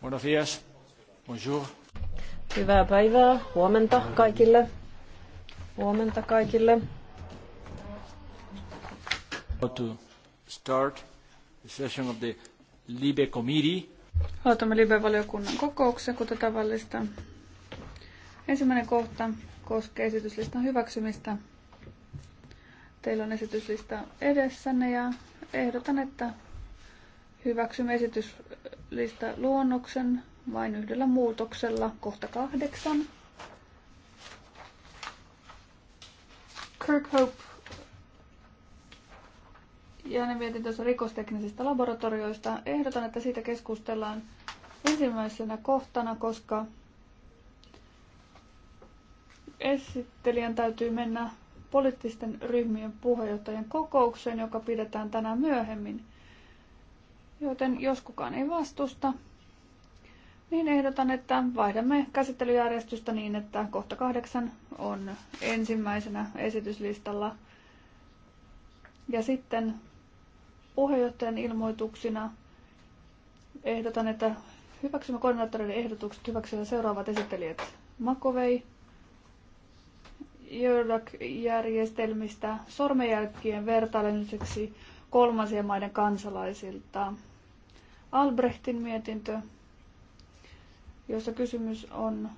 Buenos días. Bonjour. Hyvää päivää. Huomenta kaikille. Huomenta kaikille. To start the session of the Libe Committee. Aloitamme Libe-valiokunnan kokouksen, kuten tavallista. Ensimmäinen kohta koskee esityslistan hyväksymistä. Teillä on esityslista edessänne ja ehdotan, että hyväksymme esitys, esityslista luonnoksen vain yhdellä muutoksella, kohta kahdeksan. Kirkhope ja ne mietin tuossa rikosteknisistä laboratorioista. Ehdotan, että siitä keskustellaan ensimmäisenä kohtana, koska esittelijän täytyy mennä poliittisten ryhmien puheenjohtajien kokoukseen, joka pidetään tänään myöhemmin. Joten jos kukaan ei vastusta, niin ehdotan, että vaihdamme käsittelyjärjestystä niin, että kohta kahdeksan on ensimmäisenä esityslistalla. Ja sitten puheenjohtajan ilmoituksina ehdotan, että hyväksymme koordinaattoreiden ehdotukset hyväksyä seuraavat esittelijät Makovei, Jördak-järjestelmistä sormenjälkien vertailemiseksi kolmansien maiden kansalaisilta. Albrechtin mietintö, jossa kysymys on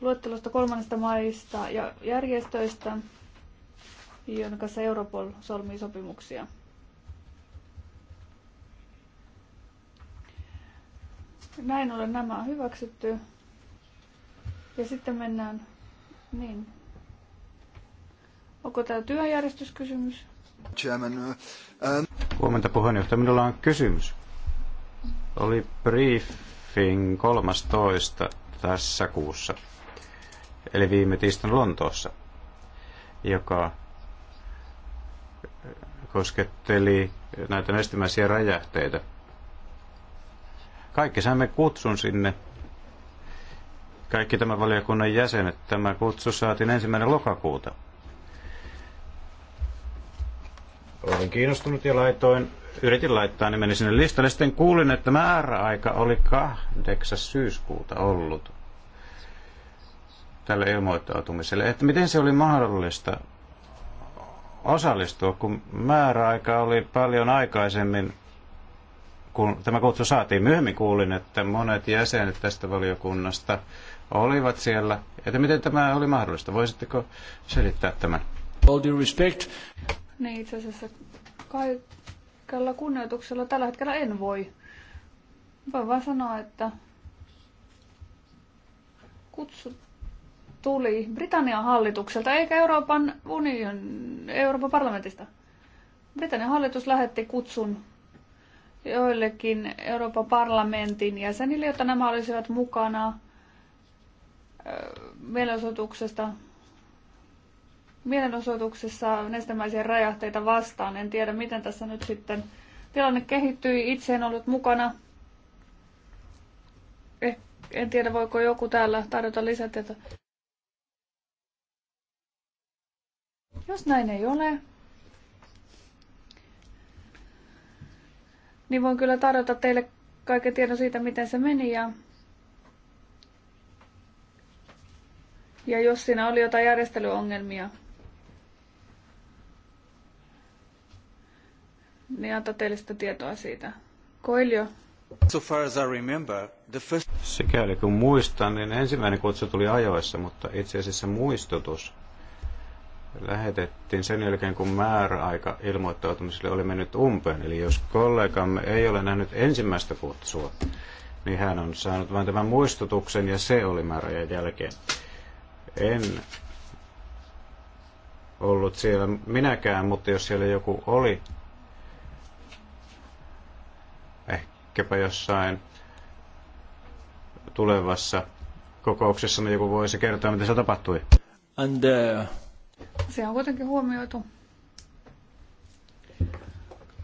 luettelosta kolmannesta maista ja järjestöistä, jonka kanssa Europol solmii sopimuksia. Näin ollen nämä on hyväksytty. Ja sitten mennään, niin. Onko tämä työjärjestyskysymys? Chairman, uh, um, Huomenta puheenjohtaja. Minulla on kysymys. Oli briefing 13 tässä kuussa, eli viime tiistaina Lontoossa, joka äh, kosketteli näitä nestemäisiä räjähteitä. Kaikki saimme kutsun sinne. Kaikki tämän valiokunnan jäsenet. Tämä kutsu saatiin ensimmäinen lokakuuta olin kiinnostunut ja laitoin, yritin laittaa niin, nimeni sinne listalle. Sitten kuulin, että määräaika oli 8. syyskuuta ollut tälle ilmoittautumiselle. Että miten se oli mahdollista osallistua, kun määräaika oli paljon aikaisemmin, kun tämä kutsu saatiin. Myöhemmin kuulin, että monet jäsenet tästä valiokunnasta olivat siellä. Että miten tämä oli mahdollista? Voisitteko selittää tämän? All due respect niin itse asiassa kaikella kunnioituksella tällä hetkellä en voi. Voin vaan sanoa, että kutsu tuli Britannian hallitukselta eikä Euroopan union, Euroopan parlamentista. Britannian hallitus lähetti kutsun joillekin Euroopan parlamentin jäsenille, jotta nämä olisivat mukana mielenosoituksesta mielenosoituksessa nestemäisiä räjähteitä vastaan. En tiedä, miten tässä nyt sitten tilanne kehittyi. Itse en ollut mukana. Eh, en tiedä, voiko joku täällä tarjota lisätietoa. Jos näin ei ole, niin voin kyllä tarjota teille kaiken tiedon siitä, miten se meni. Ja, ja jos siinä oli jotain järjestelyongelmia, niin antaa teille sitä tietoa siitä. Koilio. So far as I remember, the first... Sikäli kun muistan, niin ensimmäinen kutsu tuli ajoissa, mutta itse asiassa muistutus lähetettiin sen jälkeen, kun määräaika ilmoittautumiselle oli mennyt umpeen. Eli jos kollegamme ei ole nähnyt ensimmäistä kutsua, niin hän on saanut vain tämän muistutuksen ja se oli määräajan jälkeen. En ollut siellä minäkään, mutta jos siellä joku oli, ehkäpä jossain tulevassa kokouksessa niin joku voisi kertoa, mitä se tapahtui. And, uh... Se on kuitenkin huomioitu.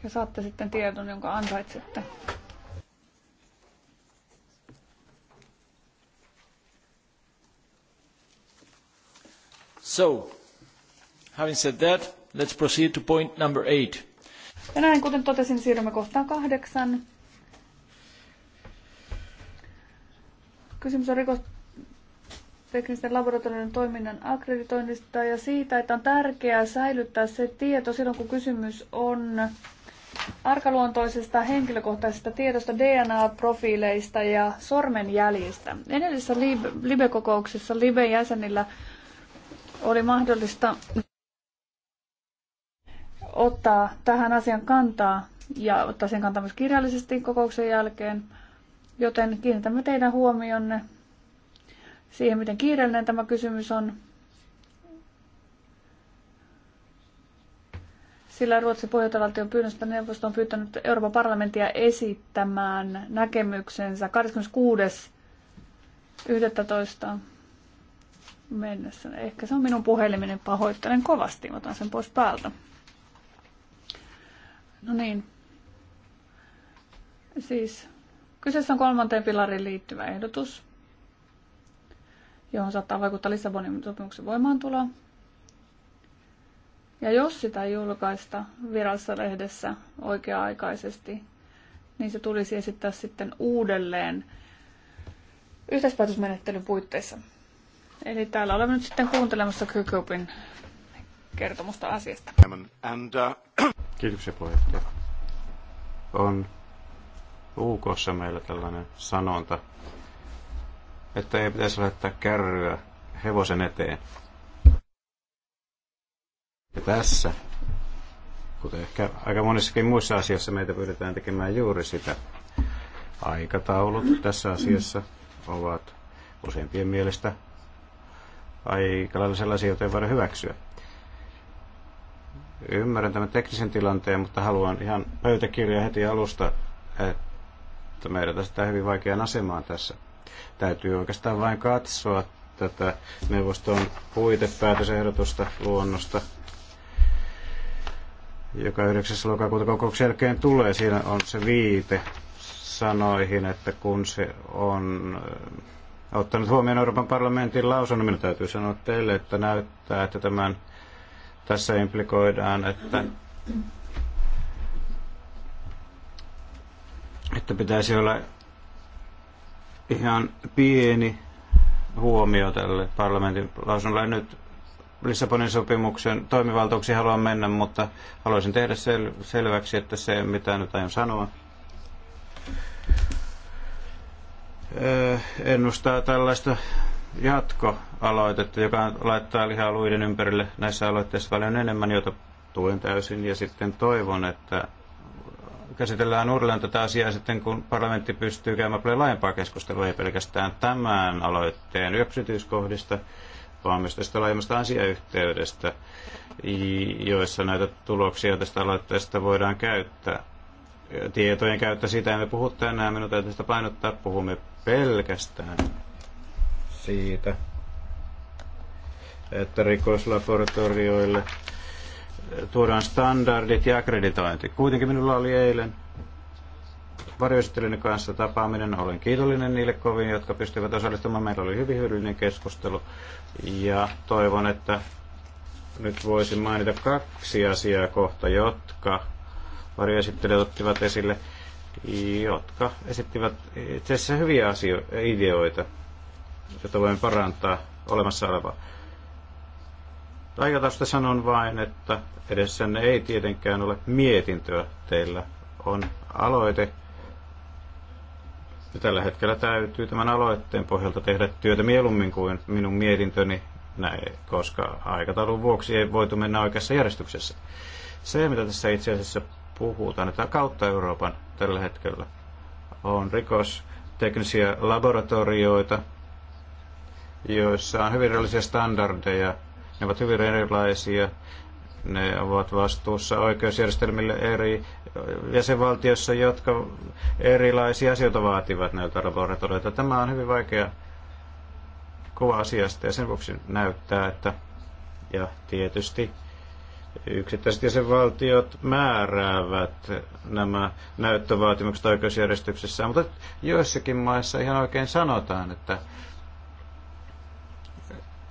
Ja saatte sitten tiedon, jonka ansaitsette. So, having said that, let's proceed to point number eight. Ja näin, kuten totesin, siirrymme kohtaan kahdeksan. Kysymys on rikosteknisten laboratorioiden toiminnan akkreditoinnista ja siitä, että on tärkeää säilyttää se tieto silloin, kun kysymys on arkaluontoisesta henkilökohtaisesta tiedosta, DNA-profiileista ja sormenjäljistä. Edellisessä Libe-kokouksessa Libe-jäsenillä oli mahdollista ottaa tähän asian kantaa ja ottaa sen kantaa myös kirjallisesti kokouksen jälkeen. Joten kiinnitämme teidän huomionne siihen, miten kiireellinen tämä kysymys on. Sillä Ruotsin puheenjohtajavaltion pyynnöstä neuvosto on pyytänyt Euroopan parlamenttia esittämään näkemyksensä 26.11. mennessä. Ehkä se on minun puhelimeni, pahoittelen kovasti, otan sen pois päältä. No niin. Siis Kyseessä on kolmanteen pilariin liittyvä ehdotus, johon saattaa vaikuttaa Lissabonin sopimuksen voimaantulo. Ja jos sitä ei julkaista virallisessa lehdessä oikea-aikaisesti, niin se tulisi esittää sitten uudelleen yhteispäätösmenettelyn puitteissa. Eli täällä olemme nyt sitten kuuntelemassa Kykopin kertomusta asiasta. Uh, Kiitoksia puheenjohtaja. On UKssa meillä tällainen sanonta, että ei pitäisi lähettää kärryä hevosen eteen. Ja tässä, kuten ehkä aika monissakin muissa asioissa, meitä pyydetään tekemään juuri sitä. Aikataulut tässä asiassa ovat useimpien mielestä aika lailla sellaisia, joita ei voida hyväksyä. Ymmärrän tämän teknisen tilanteen, mutta haluan ihan pöytäkirjaa heti alusta, että mutta meidät asetetaan hyvin vaikeaan asemaan tässä. Täytyy oikeastaan vain katsoa tätä neuvoston puitepäätösehdotusta luonnosta, joka 9. lokakuuta kokouksen jälkeen tulee. Siinä on se viite sanoihin, että kun se on äh, ottanut huomioon Euroopan parlamentin lausunnon, minun täytyy sanoa teille, että näyttää, että tämän tässä implikoidaan, että että pitäisi olla ihan pieni huomio tälle parlamentin lausunnolle. Nyt Lissabonin sopimuksen toimivaltuuksiin haluan mennä, mutta haluaisin tehdä sel- selväksi, että se mitä nyt aion sanoa eh, ennustaa tällaista jatkoaloitetta, joka laittaa luiden ympärille näissä aloitteissa paljon enemmän, jota tuen täysin ja sitten toivon, että käsitellään uudelleen tätä asiaa sitten, kun parlamentti pystyy käymään paljon laajempaa keskustelua, ei pelkästään tämän aloitteen yksityiskohdista, vaan myös tästä laajemmasta asiayhteydestä, joissa näitä tuloksia tästä aloitteesta voidaan käyttää. Tietojen käyttö, siitä emme puhu tänään, minun täytyy sitä painottaa, puhumme pelkästään siitä, että rikoslaboratorioille tuodaan standardit ja akkreditointi. Kuitenkin minulla oli eilen varjoistelijoiden kanssa tapaaminen. Olen kiitollinen niille kovin, jotka pystyivät osallistumaan. Meillä oli hyvin hyödyllinen keskustelu ja toivon, että nyt voisin mainita kaksi asiaa kohta, jotka varjoesittelijät ottivat esille, jotka esittivät itse asiassa hyviä asioita, ideoita, joita voimme parantaa olemassa olevaa. Aikatausta sanon vain, että edessänne ei tietenkään ole mietintöä. Teillä on aloite. Ja tällä hetkellä täytyy tämän aloitteen pohjalta tehdä työtä mieluummin kuin minun mietintöni, näin, koska aikataulun vuoksi ei voitu mennä oikeassa järjestyksessä. Se, mitä tässä itse asiassa puhutaan, että kautta Euroopan tällä hetkellä on rikosteknisiä laboratorioita, joissa on hyvin erilaisia standardeja – ne ovat hyvin erilaisia. Ne ovat vastuussa oikeusjärjestelmille eri jäsenvaltioissa, jotka erilaisia asioita vaativat näiltä laboratorioilta. Tämä on hyvin vaikea kuva asiasta ja sen vuoksi näyttää, että ja tietysti yksittäiset jäsenvaltiot määräävät nämä näyttövaatimukset oikeusjärjestyksessä, mutta joissakin maissa ihan oikein sanotaan, että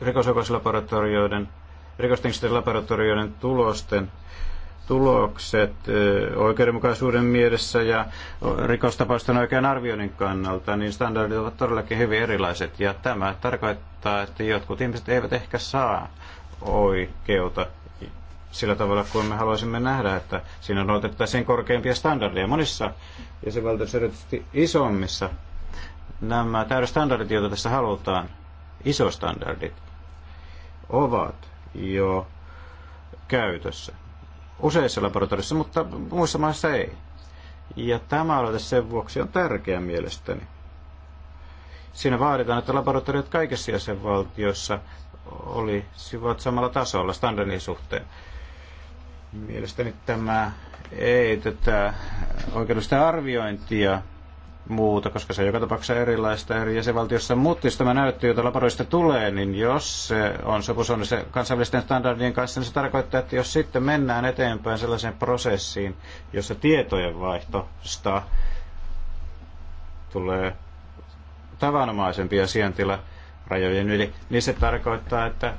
rikosopaslaboratorioiden, rikosten laboratorioiden tulosten tulokset oikeudenmukaisuuden mielessä ja rikostapausten oikean arvioinnin kannalta, niin standardit ovat todellakin hyvin erilaiset. Ja tämä tarkoittaa, että jotkut ihmiset eivät ehkä saa oikeuta sillä tavalla, kuin me haluaisimme nähdä, että siinä otettaisiin korkeimpia standardeja. Monissa jäsenvaltioissa, erityisesti isommissa, nämä täydestandardit, joita tässä halutaan, isostandardit, ovat jo käytössä useissa laboratorioissa, mutta muissa maissa ei. Ja tämä aloite sen vuoksi on tärkeä mielestäni. Siinä vaaditaan, että laboratoriot kaikissa jäsenvaltioissa olisivat samalla tasolla standardin suhteen. Mielestäni tämä ei tätä oikeudellista arviointia muuta, koska se on joka tapauksessa erilaista eri jäsenvaltiossa. Mutta jos tämä näyttö, jota laboroista tulee, niin jos se on sopusuunnassa kansainvälisten standardien kanssa, niin se tarkoittaa, että jos sitten mennään eteenpäin sellaiseen prosessiin, jossa tietojen vaihtosta tulee tavanomaisempi ja rajojen yli, niin se tarkoittaa, että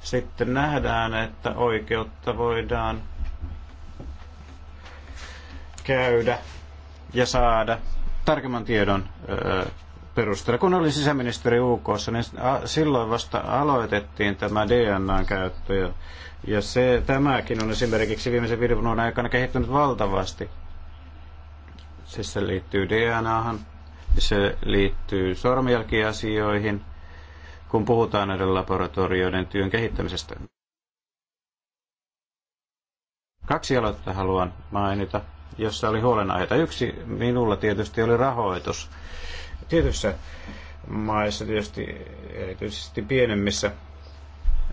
sitten nähdään, että oikeutta voidaan käydä ja saada tarkemman tiedon perusteella. Kun olin sisäministeri UK, niin silloin vasta aloitettiin tämä DNA käyttö. Ja, ja se, tämäkin on esimerkiksi viimeisen viiden vuoden aikana kehittynyt valtavasti. Siis se liittyy DNAhan, se liittyy sormenjälkiasioihin, kun puhutaan näiden laboratorioiden työn kehittämisestä. Kaksi aloitetta haluan mainita jossa oli huolenaiheita. Yksi minulla tietysti oli rahoitus. Tietyissä maissa, tietysti erityisesti pienemmissä,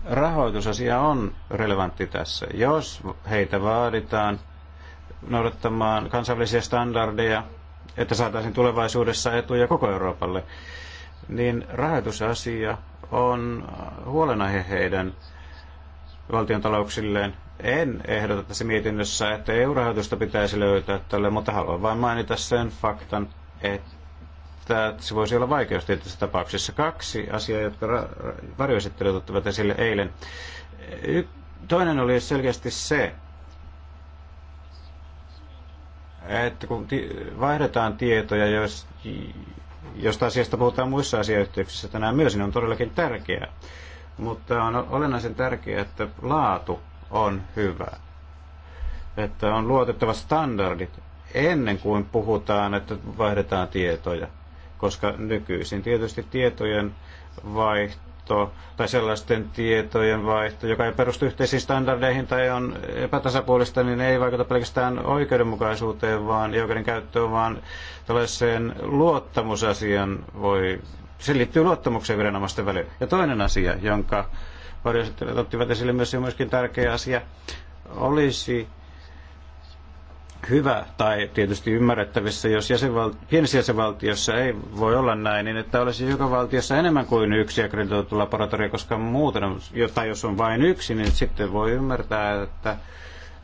rahoitusasia on relevantti tässä. Jos heitä vaaditaan noudattamaan kansainvälisiä standardeja, että saataisiin tulevaisuudessa etuja koko Euroopalle, niin rahoitusasia on huolenaihe heidän valtiontalouksilleen. En ehdota tässä mietinnössä, että EU-rahoitusta pitäisi löytää tälle, mutta haluan vain mainita sen faktan, että se voisi olla vaikeus tietyissä tapauksissa. Kaksi asiaa, jotka ra- varjoesittelijät ottivat esille eilen. Y- toinen oli selkeästi se, että kun vaihdetaan tietoja, jos, josta asiasta puhutaan muissa asiayhteyksissä tänään myös, niin on todellakin tärkeää mutta on olennaisen tärkeää, että laatu on hyvä. Että on luotettava standardit ennen kuin puhutaan, että vaihdetaan tietoja. Koska nykyisin tietysti tietojen vaihto tai sellaisten tietojen vaihto, joka ei perustu yhteisiin standardeihin tai on epätasapuolista, niin ei vaikuta pelkästään oikeudenmukaisuuteen vaan ja käyttöön, vaan tällaiseen luottamusasian voi se liittyy luottamukseen viranomaisten välillä. Ja toinen asia, jonka varjoisettelijat ottivat esille myös, ja myöskin tärkeä asia, olisi hyvä tai tietysti ymmärrettävissä, jos jäsenval- pienessä jäsenvaltiossa ei voi olla näin, niin että olisi joka valtiossa enemmän kuin yksi akkreditoitu laboratorio, koska muuten, tai jos on vain yksi, niin sitten voi ymmärtää, että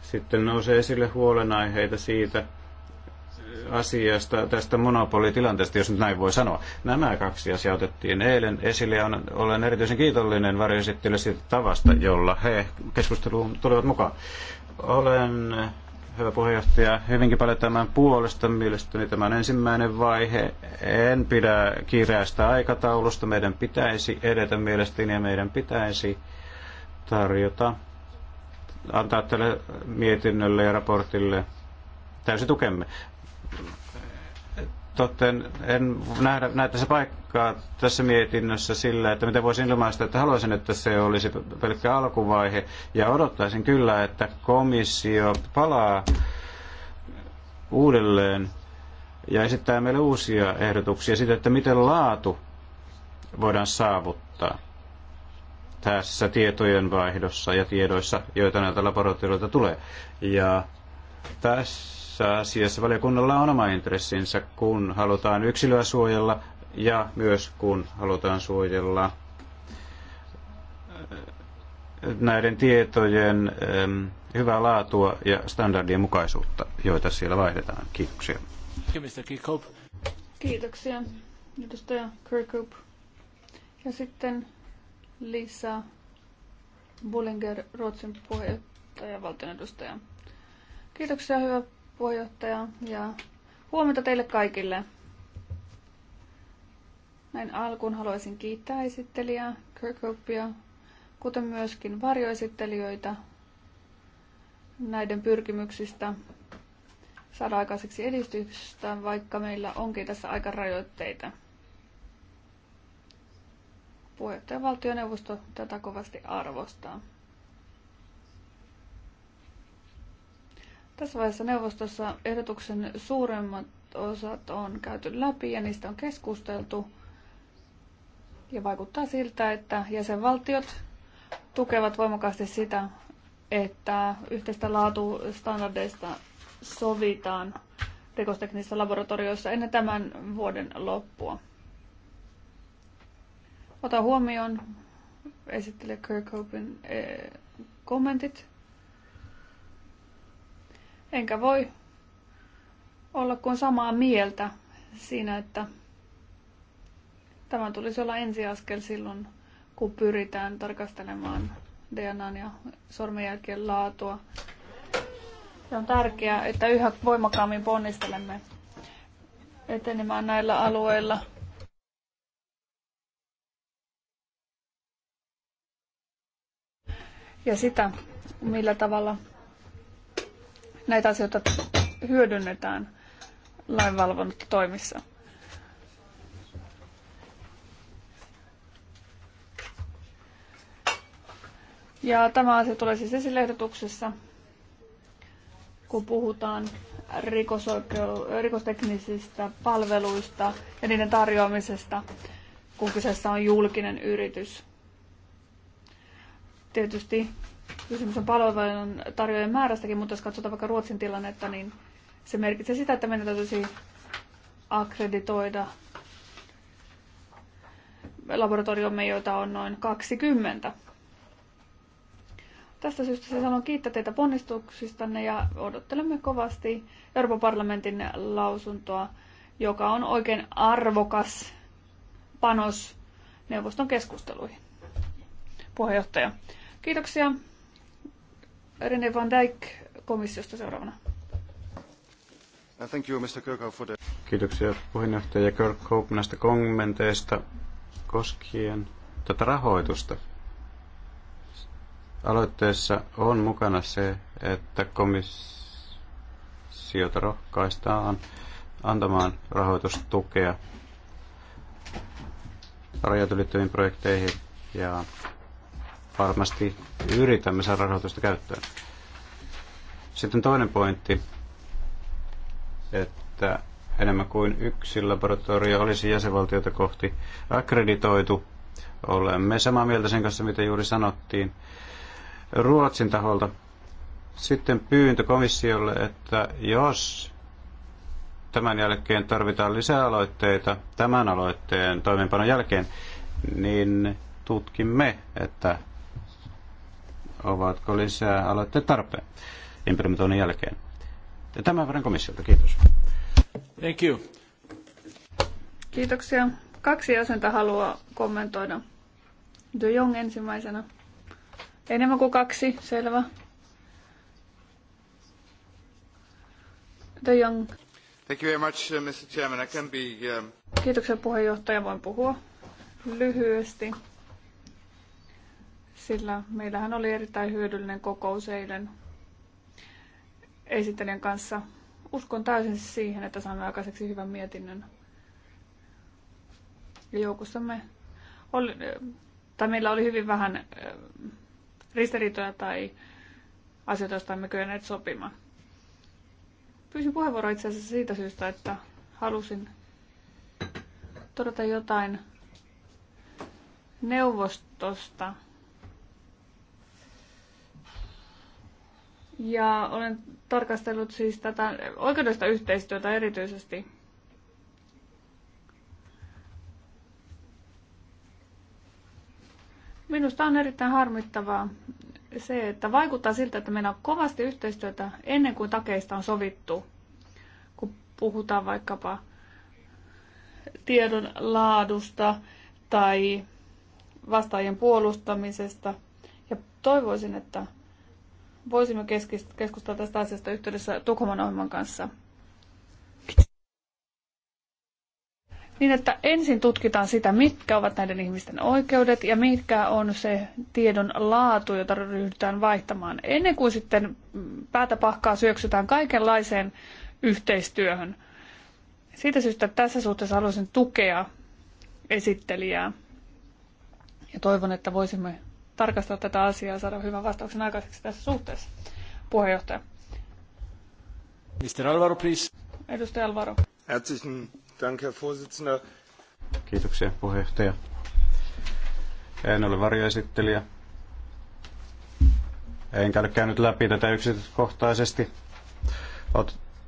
sitten nousee esille huolenaiheita siitä, asiasta, tästä monopolitilanteesta, jos nyt näin voi sanoa. Nämä kaksi asiaa otettiin eilen esille ja olen erityisen kiitollinen varjoesittelylle siitä tavasta, jolla he keskusteluun tulevat mukaan. Olen hyvä puheenjohtaja, hyvinkin paljon tämän puolesta. Mielestäni tämä on ensimmäinen vaihe. En pidä kiireästä aikataulusta. Meidän pitäisi edetä mielestäni ja meidän pitäisi tarjota, antaa tälle mietinnölle ja raportille täysi tukemme toten en nähdä, näe tässä paikkaa tässä mietinnössä sillä, että miten voisin ilmaista, että haluaisin, että se olisi pelkkä alkuvaihe. Ja odottaisin kyllä, että komissio palaa uudelleen ja esittää meille uusia ehdotuksia siitä, että miten laatu voidaan saavuttaa tässä tietojen vaihdossa ja tiedoissa, joita näitä laboratorioita tulee. Ja tässä tässä asiassa valiokunnalla on oma intressinsä, kun halutaan yksilöä suojella ja myös kun halutaan suojella äh, näiden tietojen ähm, hyvää laatua ja standardien mukaisuutta, joita siellä vaihdetaan. Kiitoksia. Kiitoksia, edustaja Kirkup. Ja sitten Lisa Bullinger, Ruotsin puheenjohtaja, valtionedustaja. Kiitoksia, hyvä puheenjohtaja ja huomenta teille kaikille. Näin alkuun haluaisin kiittää esittelijää Kirkhopea, kuten myöskin varjoesittelijöitä näiden pyrkimyksistä saada aikaiseksi edistystä, vaikka meillä onkin tässä aika rajoitteita. Puheenjohtaja valtioneuvosto tätä kovasti arvostaa. Tässä vaiheessa neuvostossa ehdotuksen suuremmat osat on käyty läpi ja niistä on keskusteltu. Ja vaikuttaa siltä, että jäsenvaltiot tukevat voimakkaasti sitä, että yhteistä laatustandardeista sovitaan rikosteknisissä laboratorioissa ennen tämän vuoden loppua. Ota huomioon esittelijä Kirkhopin eh, kommentit Enkä voi olla kuin samaa mieltä siinä, että tämän tulisi olla ensiaskel silloin, kun pyritään tarkastelemaan DNAn ja sormenjälkien laatua. Se on tärkeää, että yhä voimakkaammin ponnistelemme etenemään näillä alueilla. Ja sitä, millä tavalla näitä asioita hyödynnetään lainvalvontatoimissa. Ja tämä asia tulee siis esille ehdotuksessa, kun puhutaan rikosteknisistä palveluista ja niiden tarjoamisesta, kun kyseessä on julkinen yritys. Tietysti Kysymys on palveluiden tarjoajien määrästäkin, mutta jos katsotaan vaikka Ruotsin tilannetta, niin se merkitsee sitä, että meidän täytyisi akkreditoida laboratoriomme, joita on noin 20. Tästä syystä siis haluan kiittää teitä ponnistuksistanne ja odottelemme kovasti Euroopan parlamentin lausuntoa, joka on oikein arvokas panos neuvoston keskusteluihin. Puheenjohtaja, kiitoksia. René van Dijk komissiosta seuraavana. Thank you, Mr. for the... Kiitoksia puheenjohtaja Kirkhope näistä kommenteista koskien tätä rahoitusta. Aloitteessa on mukana se, että komissiota rohkaistaan antamaan rahoitustukea rajat ylittäviin projekteihin ja varmasti yritämme saada rahoitusta käyttöön. Sitten toinen pointti, että enemmän kuin yksi laboratorio olisi jäsenvaltiota kohti akkreditoitu. Olemme samaa mieltä sen kanssa, mitä juuri sanottiin Ruotsin taholta. Sitten pyyntö komissiolle, että jos tämän jälkeen tarvitaan lisää aloitteita tämän aloitteen toimeenpanon jälkeen, niin tutkimme, että ovatko lisää aloitteet tarpeen implementoinnin jälkeen. Ja tämän verran komissiolta. Kiitos. Thank you. Kiitoksia. Kaksi jäsentä haluaa kommentoida. De Jong ensimmäisenä. Enemmän kuin kaksi, selvä. De Jong. Thank you very much, uh, Mr. Chairman. I can be, um... Kiitoksia puheenjohtaja. Voin puhua lyhyesti sillä meillähän oli erittäin hyödyllinen kokous eilen esittelijän kanssa. Uskon täysin siihen, että saamme aikaiseksi hyvän mietinnön. Ja joukossamme oli, tai meillä oli hyvin vähän ristiriitoja tai asioita, joista emme kyenneet sopimaan. Pyysin puheenvuoroa itse asiassa siitä syystä, että halusin todeta jotain neuvostosta Ja olen tarkastellut siis tätä oikeudesta yhteistyötä erityisesti. Minusta on erittäin harmittavaa se, että vaikuttaa siltä, että meillä on kovasti yhteistyötä ennen kuin takeista on sovittu, kun puhutaan vaikkapa tiedon laadusta tai vastaajien puolustamisesta. Ja toivoisin, että voisimme keskustella tästä asiasta yhteydessä Tukholman ohjelman kanssa. Niin, että ensin tutkitaan sitä, mitkä ovat näiden ihmisten oikeudet ja mitkä on se tiedon laatu, jota ryhdytään vaihtamaan, ennen kuin sitten päätä pahkaa syöksytään kaikenlaiseen yhteistyöhön. Siitä syystä tässä suhteessa haluaisin tukea esittelijää ja toivon, että voisimme tarkastaa tätä asiaa ja saada hyvän vastauksen aikaiseksi tässä suhteessa. Puheenjohtaja. Mr. Alvaro, please. Edustaja Alvaro. Herzlichen Dank, Herr Vorsitzender. Kiitoksia, puheenjohtaja. En ole varjoesittelijä. Enkä ole käynyt läpi tätä yksityiskohtaisesti.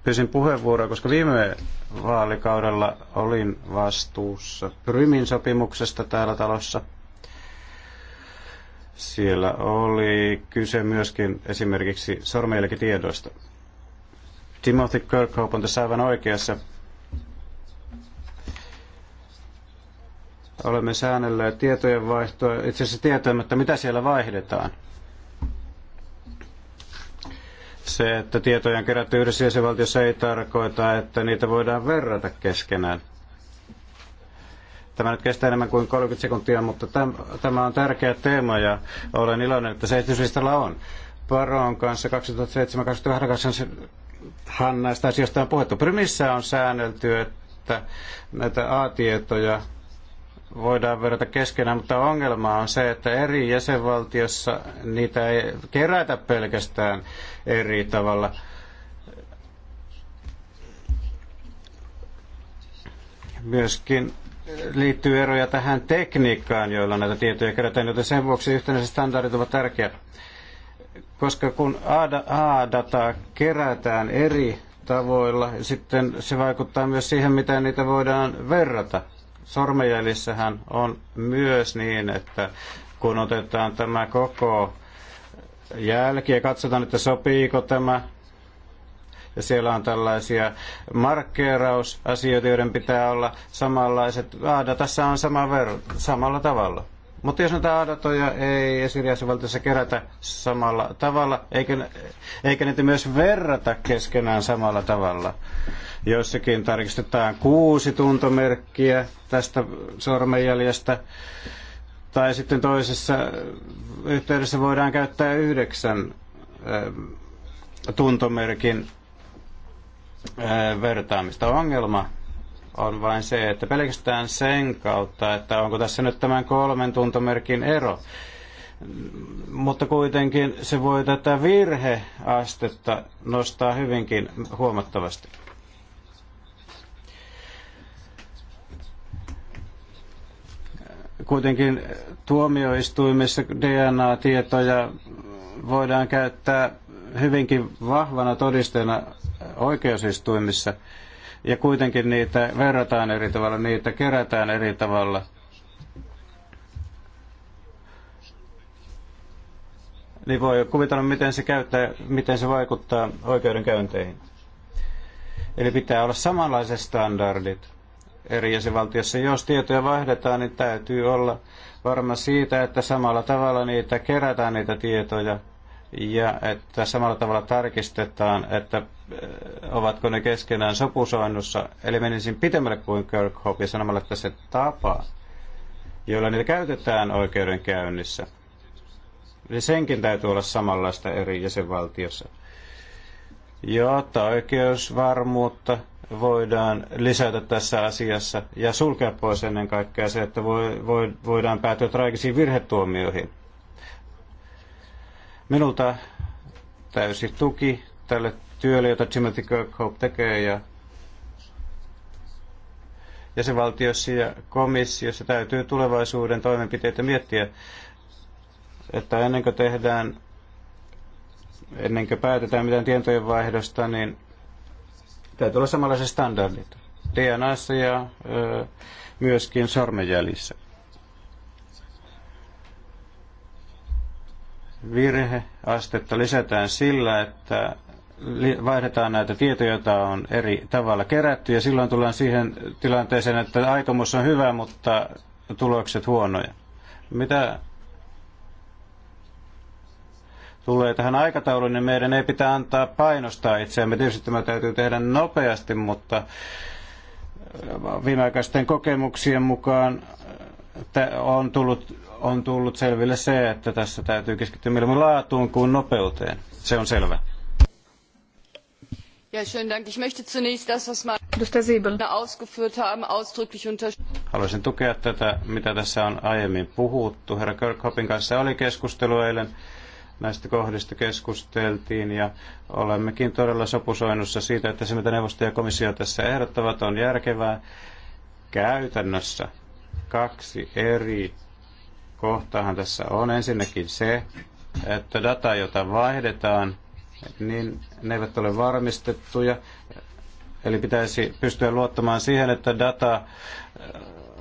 pysin puheenvuoroa, koska viime vaalikaudella olin vastuussa Prymin sopimuksesta täällä talossa – siellä oli kyse myöskin esimerkiksi sormenjälkitiedoista. Timothy Kirkhope on tässä aivan oikeassa. Olemme säännelleet tietojen vaihtoa, itse asiassa tietämättä mitä siellä vaihdetaan. Se, että tietoja on kerätty yhdessä jäsenvaltiossa ei tarkoita, että niitä voidaan verrata keskenään. Tämä nyt kestää enemmän kuin 30 sekuntia, mutta täm, tämä on tärkeä teema ja olen iloinen, että se esityslistalla on. Paron kanssa 2007-2008 hän näistä asioista on puhuttu. Prymissä on säännelty, että näitä A-tietoja voidaan verrata keskenään, mutta ongelma on se, että eri jäsenvaltiossa niitä ei kerätä pelkästään eri tavalla. Myöskin liittyy eroja tähän tekniikkaan, joilla näitä tietoja kerätään, joten sen vuoksi yhtenäiset standardit ovat tärkeät. Koska kun A-dataa kerätään eri tavoilla, sitten se vaikuttaa myös siihen, miten niitä voidaan verrata. Sormenjäljissähän on myös niin, että kun otetaan tämä koko jälki ja katsotaan, että sopiiko tämä siellä on tällaisia markkeerausasioita, joiden pitää olla samanlaiset. tässä on sama ver samalla tavalla. Mutta jos näitä aadatoja ei syrjäisvaltiossa kerätä samalla tavalla, eikä, eikä niitä myös verrata keskenään samalla tavalla. Joissakin tarkistetaan kuusi tuntomerkkiä tästä sormenjäljestä, tai sitten toisessa yhteydessä voidaan käyttää yhdeksän eh, tuntomerkin Äh, vertaamista. Ongelma on vain se, että pelkästään sen kautta, että onko tässä nyt tämän kolmen tuntomerkin ero. Mutta kuitenkin se voi tätä virheastetta nostaa hyvinkin huomattavasti. Kuitenkin tuomioistuimissa DNA-tietoja voidaan käyttää hyvinkin vahvana todisteena oikeusistuimissa ja kuitenkin niitä verrataan eri tavalla, niitä kerätään eri tavalla. Niin voi kuvitella, miten se, käyttää, miten se vaikuttaa oikeudenkäynteihin. Eli pitää olla samanlaiset standardit eri jäsenvaltiossa. Jos tietoja vaihdetaan, niin täytyy olla varma siitä, että samalla tavalla niitä kerätään niitä tietoja – ja että samalla tavalla tarkistetaan, että äh, ovatko ne keskenään sopusoinnussa. Eli menisin pitemmälle kuin Kirkhope ja sanomalla, että se tapa, jolla niitä käytetään oikeudenkäynnissä, niin senkin täytyy olla samanlaista eri jäsenvaltiossa, jotta oikeusvarmuutta voidaan lisätä tässä asiassa ja sulkea pois ennen kaikkea se, että voi, voi, voidaan päätyä traagisiin virhetuomioihin Minulta täysi tuki tälle työlle, jota Timothy Kirkhope tekee ja jäsenvaltiossa ja komissiossa täytyy tulevaisuuden toimenpiteitä miettiä, että ennen kuin tehdään, ennen kuin päätetään mitään tietojen vaihdosta, niin täytyy olla samanlaiset standardit DNAssa ja ö, myöskin sormenjäljissä. virheastetta lisätään sillä, että vaihdetaan näitä tietoja, joita on eri tavalla kerätty, ja silloin tullaan siihen tilanteeseen, että aikomus on hyvä, mutta tulokset huonoja. Mitä tulee tähän aikatauluun, niin meidän ei pitää antaa painostaa itseämme. Tietysti tämä täytyy tehdä nopeasti, mutta viimeaikaisten kokemuksien mukaan äh, on tullut on tullut selville se, että tässä täytyy keskittyä mieluummin laatuun kuin nopeuteen. Se on selvä. Ja, Dank. Ich möchte zunächst das, was ausgeführt haben, ausdrücklich Haluaisin tukea tätä, mitä tässä on aiemmin puhuttu. Herra Kirkhopin kanssa oli keskustelu eilen. Näistä kohdista keskusteltiin ja olemmekin todella sopusoinnussa siitä, että se mitä neuvosto ja komissio tässä ehdottavat on järkevää. Käytännössä kaksi eri kohtahan tässä on ensinnäkin se, että data, jota vaihdetaan, niin ne eivät ole varmistettuja. Eli pitäisi pystyä luottamaan siihen, että data äh,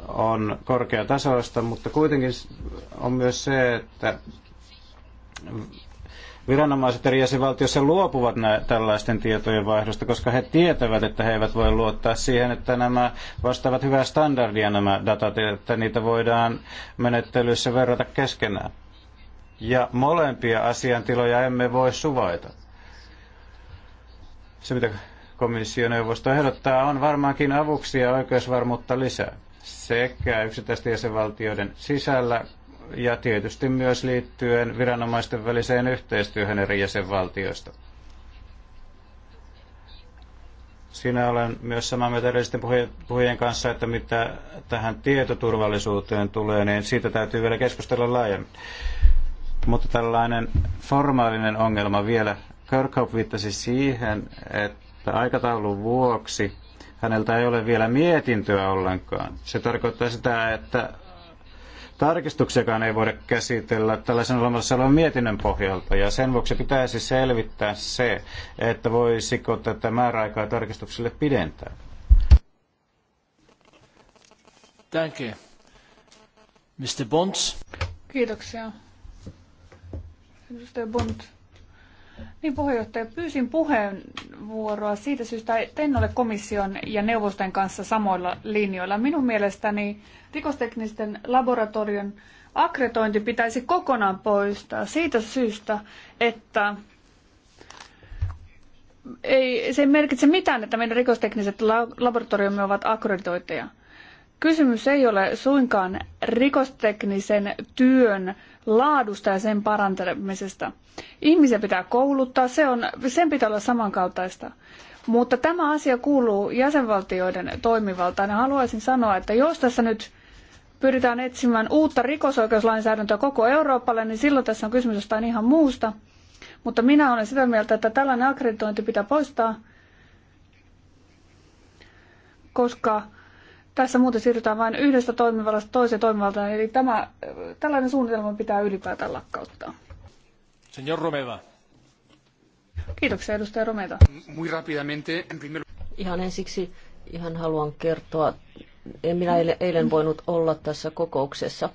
on korkeatasoista, mutta kuitenkin on myös se, että viranomaiset eri jäsenvaltioissa luopuvat nä- tällaisten tietojen vaihdosta, koska he tietävät, että he eivät voi luottaa siihen, että nämä vastaavat hyvää standardia nämä datat, että niitä voidaan menettelyissä verrata keskenään. Ja molempia asiantiloja emme voi suvaita. Se, mitä komissioneuvosto ehdottaa, on varmaankin avuksi ja oikeusvarmuutta lisää sekä yksittäisten jäsenvaltioiden sisällä ja tietysti myös liittyen viranomaisten väliseen yhteistyöhön eri jäsenvaltioista. Siinä olen myös samaa mieltä edellisten puhujien kanssa, että mitä tähän tietoturvallisuuteen tulee, niin siitä täytyy vielä keskustella laajemmin. Mutta tällainen formaalinen ongelma vielä. Kirkhope viittasi siihen, että aikataulun vuoksi häneltä ei ole vielä mietintöä ollenkaan. Se tarkoittaa sitä, että Tarkistuksiakaan ei voida käsitellä tällaisen olemassa olevan mietinnön pohjalta, ja sen vuoksi pitäisi selvittää se, että voisiko tätä määräaikaa tarkistuksille pidentää. Thank you. Mr. Bonds. Kiitoksia. Mr. Bond. Niin puheenjohtaja, pyysin puheenvuoroa siitä syystä, että en ole komission ja neuvosten kanssa samoilla linjoilla. Minun mielestäni rikosteknisten laboratorion akretointi pitäisi kokonaan poistaa siitä syystä, että ei, se ei merkitse mitään, että meidän rikostekniset laboratoriomme ovat akkreditoituja. Kysymys ei ole suinkaan rikosteknisen työn laadusta ja sen parantamisesta. Ihmisiä pitää kouluttaa, se on, sen pitää olla samankaltaista. Mutta tämä asia kuuluu jäsenvaltioiden toimivaltaan. Ja haluaisin sanoa, että jos tässä nyt pyritään etsimään uutta rikosoikeuslainsäädäntöä koko Euroopalle, niin silloin tässä on kysymys jostain ihan muusta. Mutta minä olen sitä mieltä, että tällainen akkreditointi pitää poistaa, koska tässä muuten siirrytään vain yhdestä toimivallasta toiseen toimivaltaan, eli tämä, tällainen suunnitelma pitää ylipäätään lakkauttaa. Señor Romeva. Kiitoksia, edustaja Romeva. Muy rápidamente, en primer... Ihan ensiksi ihan haluan kertoa, en minä eilen voinut olla tässä kokouksessa.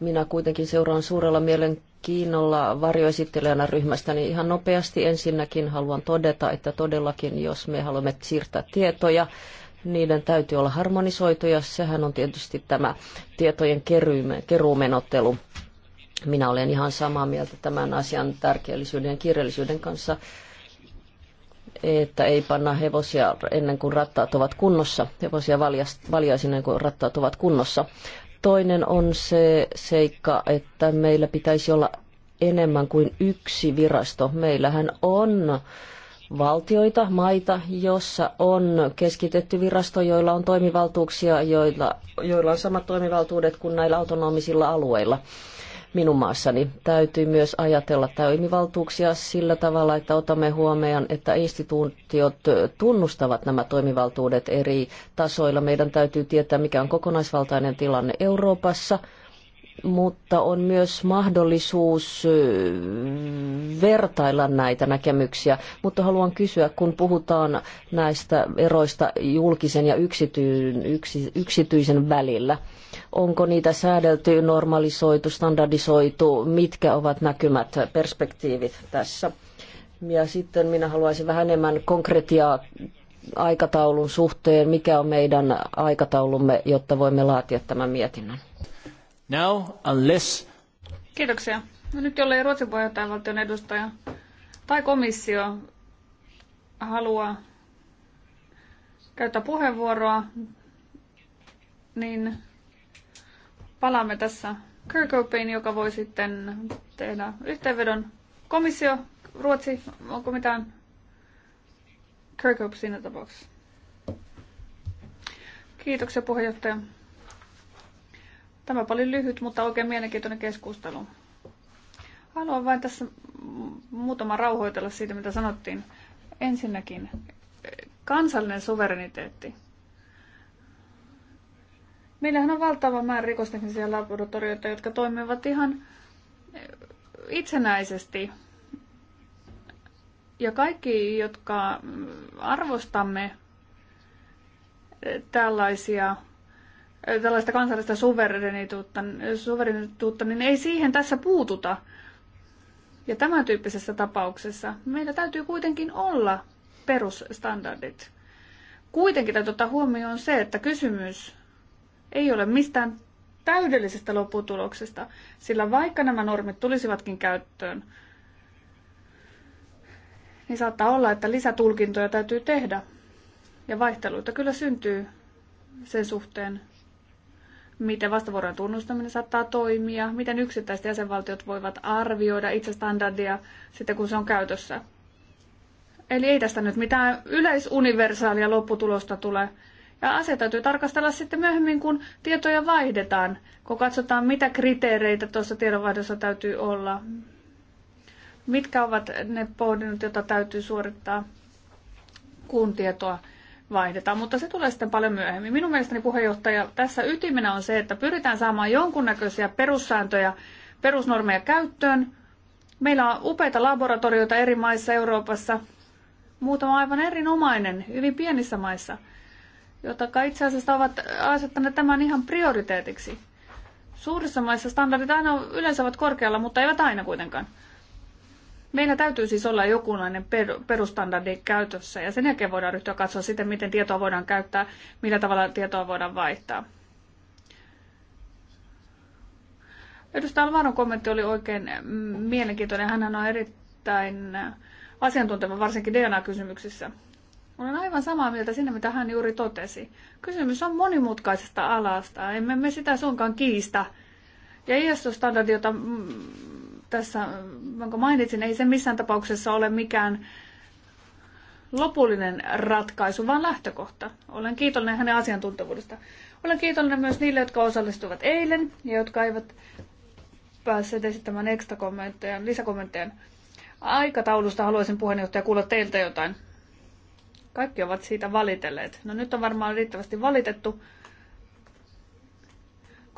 Minä kuitenkin seuraan suurella mielenkiinnolla varjoesittelijänä ryhmästä, niin ihan nopeasti ensinnäkin haluan todeta, että todellakin jos me haluamme siirtää tietoja, niiden täytyy olla harmonisoituja. Sehän on tietysti tämä tietojen keruumenottelu. Minä olen ihan samaa mieltä tämän asian tärkeellisyyden ja kirjallisuuden kanssa, että ei panna hevosia ennen kuin rattaat ovat kunnossa, hevosia valjaisi ennen kuin rattaat ovat kunnossa. Toinen on se seikka, että meillä pitäisi olla enemmän kuin yksi virasto. Meillähän on äh, valtioita, maita, jossa on keskitetty virasto, joilla on toimivaltuuksia, joilla, joilla on samat toimivaltuudet kuin näillä autonomisilla alueilla minun maassani. Täytyy myös ajatella toimivaltuuksia sillä tavalla, että otamme huomioon, että instituutiot tunnustavat nämä toimivaltuudet eri tasoilla. Meidän täytyy tietää, mikä on kokonaisvaltainen tilanne Euroopassa – mutta on myös mahdollisuus vertailla näitä näkemyksiä. Mutta haluan kysyä, kun puhutaan näistä eroista julkisen ja yksityisen välillä, onko niitä säädelty, normalisoitu, standardisoitu, mitkä ovat näkymät, perspektiivit tässä? Ja sitten minä haluaisin vähän enemmän konkretiaa aikataulun suhteen, mikä on meidän aikataulumme, jotta voimme laatia tämän mietinnön. Now, unless... Kiitoksia. No nyt jollei Ruotsin puheenjohtajavaltion edustaja tai komissio halua käyttää puheenvuoroa, niin palaamme tässä Kirkhopein, joka voi sitten tehdä yhteenvedon. Komissio, Ruotsi, onko mitään Kirkhope siinä tapauksessa? Kiitoksia puheenjohtaja. Tämä oli lyhyt, mutta oikein mielenkiintoinen keskustelu. Haluan vain tässä muutama rauhoitella siitä, mitä sanottiin. Ensinnäkin kansallinen suvereniteetti. Meillähän on valtava määrä rikosteknisiä laboratorioita, jotka toimivat ihan eh, itsenäisesti. Ja kaikki, jotka arvostamme eh, tällaisia tällaista kansallista suverenituutta, suverenituutta, niin ei siihen tässä puututa. Ja tämän tyyppisessä tapauksessa meillä täytyy kuitenkin olla perusstandardit. Kuitenkin täytyy ottaa huomioon se, että kysymys ei ole mistään täydellisestä lopputuloksesta, sillä vaikka nämä normit tulisivatkin käyttöön, niin saattaa olla, että lisätulkintoja täytyy tehdä. Ja vaihteluita kyllä syntyy sen suhteen, miten vastavuoron tunnustaminen saattaa toimia, miten yksittäiset jäsenvaltiot voivat arvioida itse standardia sitten, kun se on käytössä. Eli ei tästä nyt mitään yleisuniversaalia lopputulosta tule. Ja asia täytyy tarkastella sitten myöhemmin, kun tietoja vaihdetaan, kun katsotaan, mitä kriteereitä tuossa tiedonvaihdossa täytyy olla, mitkä ovat ne pohdinnut, joita täytyy suorittaa, kun tietoa vaihdetaan, mutta se tulee sitten paljon myöhemmin. Minun mielestäni puheenjohtaja, tässä ytimenä on se, että pyritään saamaan jonkunnäköisiä perussääntöjä, perusnormeja käyttöön. Meillä on upeita laboratorioita eri maissa Euroopassa, muutama aivan erinomainen, hyvin pienissä maissa, jotka itse asiassa ovat asettaneet tämän ihan prioriteetiksi. Suurissa maissa standardit aina yleensä ovat korkealla, mutta eivät aina kuitenkaan. Meillä täytyy siis olla jokunlainen perustandardi käytössä ja sen jälkeen voidaan ryhtyä katsoa sitten, miten tietoa voidaan käyttää, millä tavalla tietoa voidaan vaihtaa. Edustaja Alvaron kommentti oli oikein mm, mielenkiintoinen. Hän on erittäin äh, asiantunteva, varsinkin DNA-kysymyksissä. Olen aivan samaa mieltä sinne mitä hän juuri totesi. Kysymys on monimutkaisesta alasta. Emme me sitä suinkaan kiistä. Ja ISO-standardi, jota mm, tässä, jonka mainitsin, ei se missään tapauksessa ole mikään lopullinen ratkaisu, vaan lähtökohta. Olen kiitollinen hänen asiantuntevuudesta. Olen kiitollinen myös niille, jotka osallistuvat eilen ja jotka eivät päässeet esittämään ekstra kommentteja, lisäkommentteja. Aikataulusta haluaisin puheenjohtaja kuulla teiltä jotain. Kaikki ovat siitä valitelleet. No nyt on varmaan riittävästi valitettu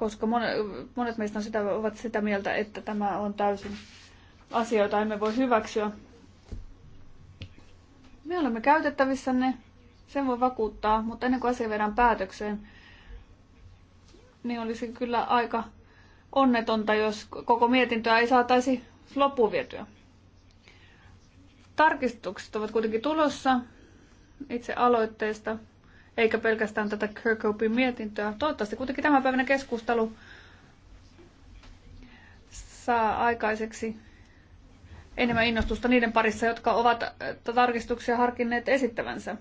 koska monet meistä on sitä, ovat sitä mieltä, että tämä on täysin asia, jota emme voi hyväksyä. Me olemme käytettävissänne, sen voi vakuuttaa, mutta ennen kuin asia viedään päätökseen, niin olisi kyllä aika onnetonta, jos koko mietintöä ei saataisi loppuun vietyä. Tarkistukset ovat kuitenkin tulossa itse aloitteesta eikä pelkästään tätä Kirkopin mietintöä. Toivottavasti kuitenkin tämän päivänä keskustelu saa aikaiseksi enemmän innostusta niiden parissa, jotka ovat äh, tarkistuksia harkinneet esittävänsä.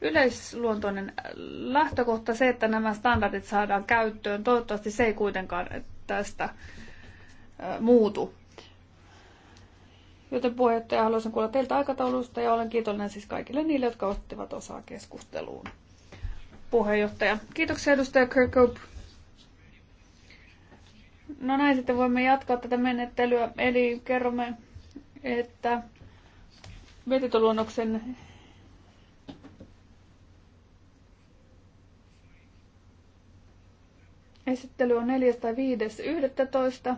Yleisluontoinen lähtökohta se, että nämä standardit saadaan käyttöön, toivottavasti se ei kuitenkaan tästä äh, muutu. Joten puheenjohtaja, haluaisin kuulla teiltä aikataulusta ja olen kiitollinen siis kaikille niille, jotka ottivat osaa keskusteluun. Puheenjohtaja. Kiitoksia edustaja Kirkhope. No näin sitten voimme jatkaa tätä menettelyä. Eli kerromme, että mietintöluonnoksen esittely on 4. tai 11.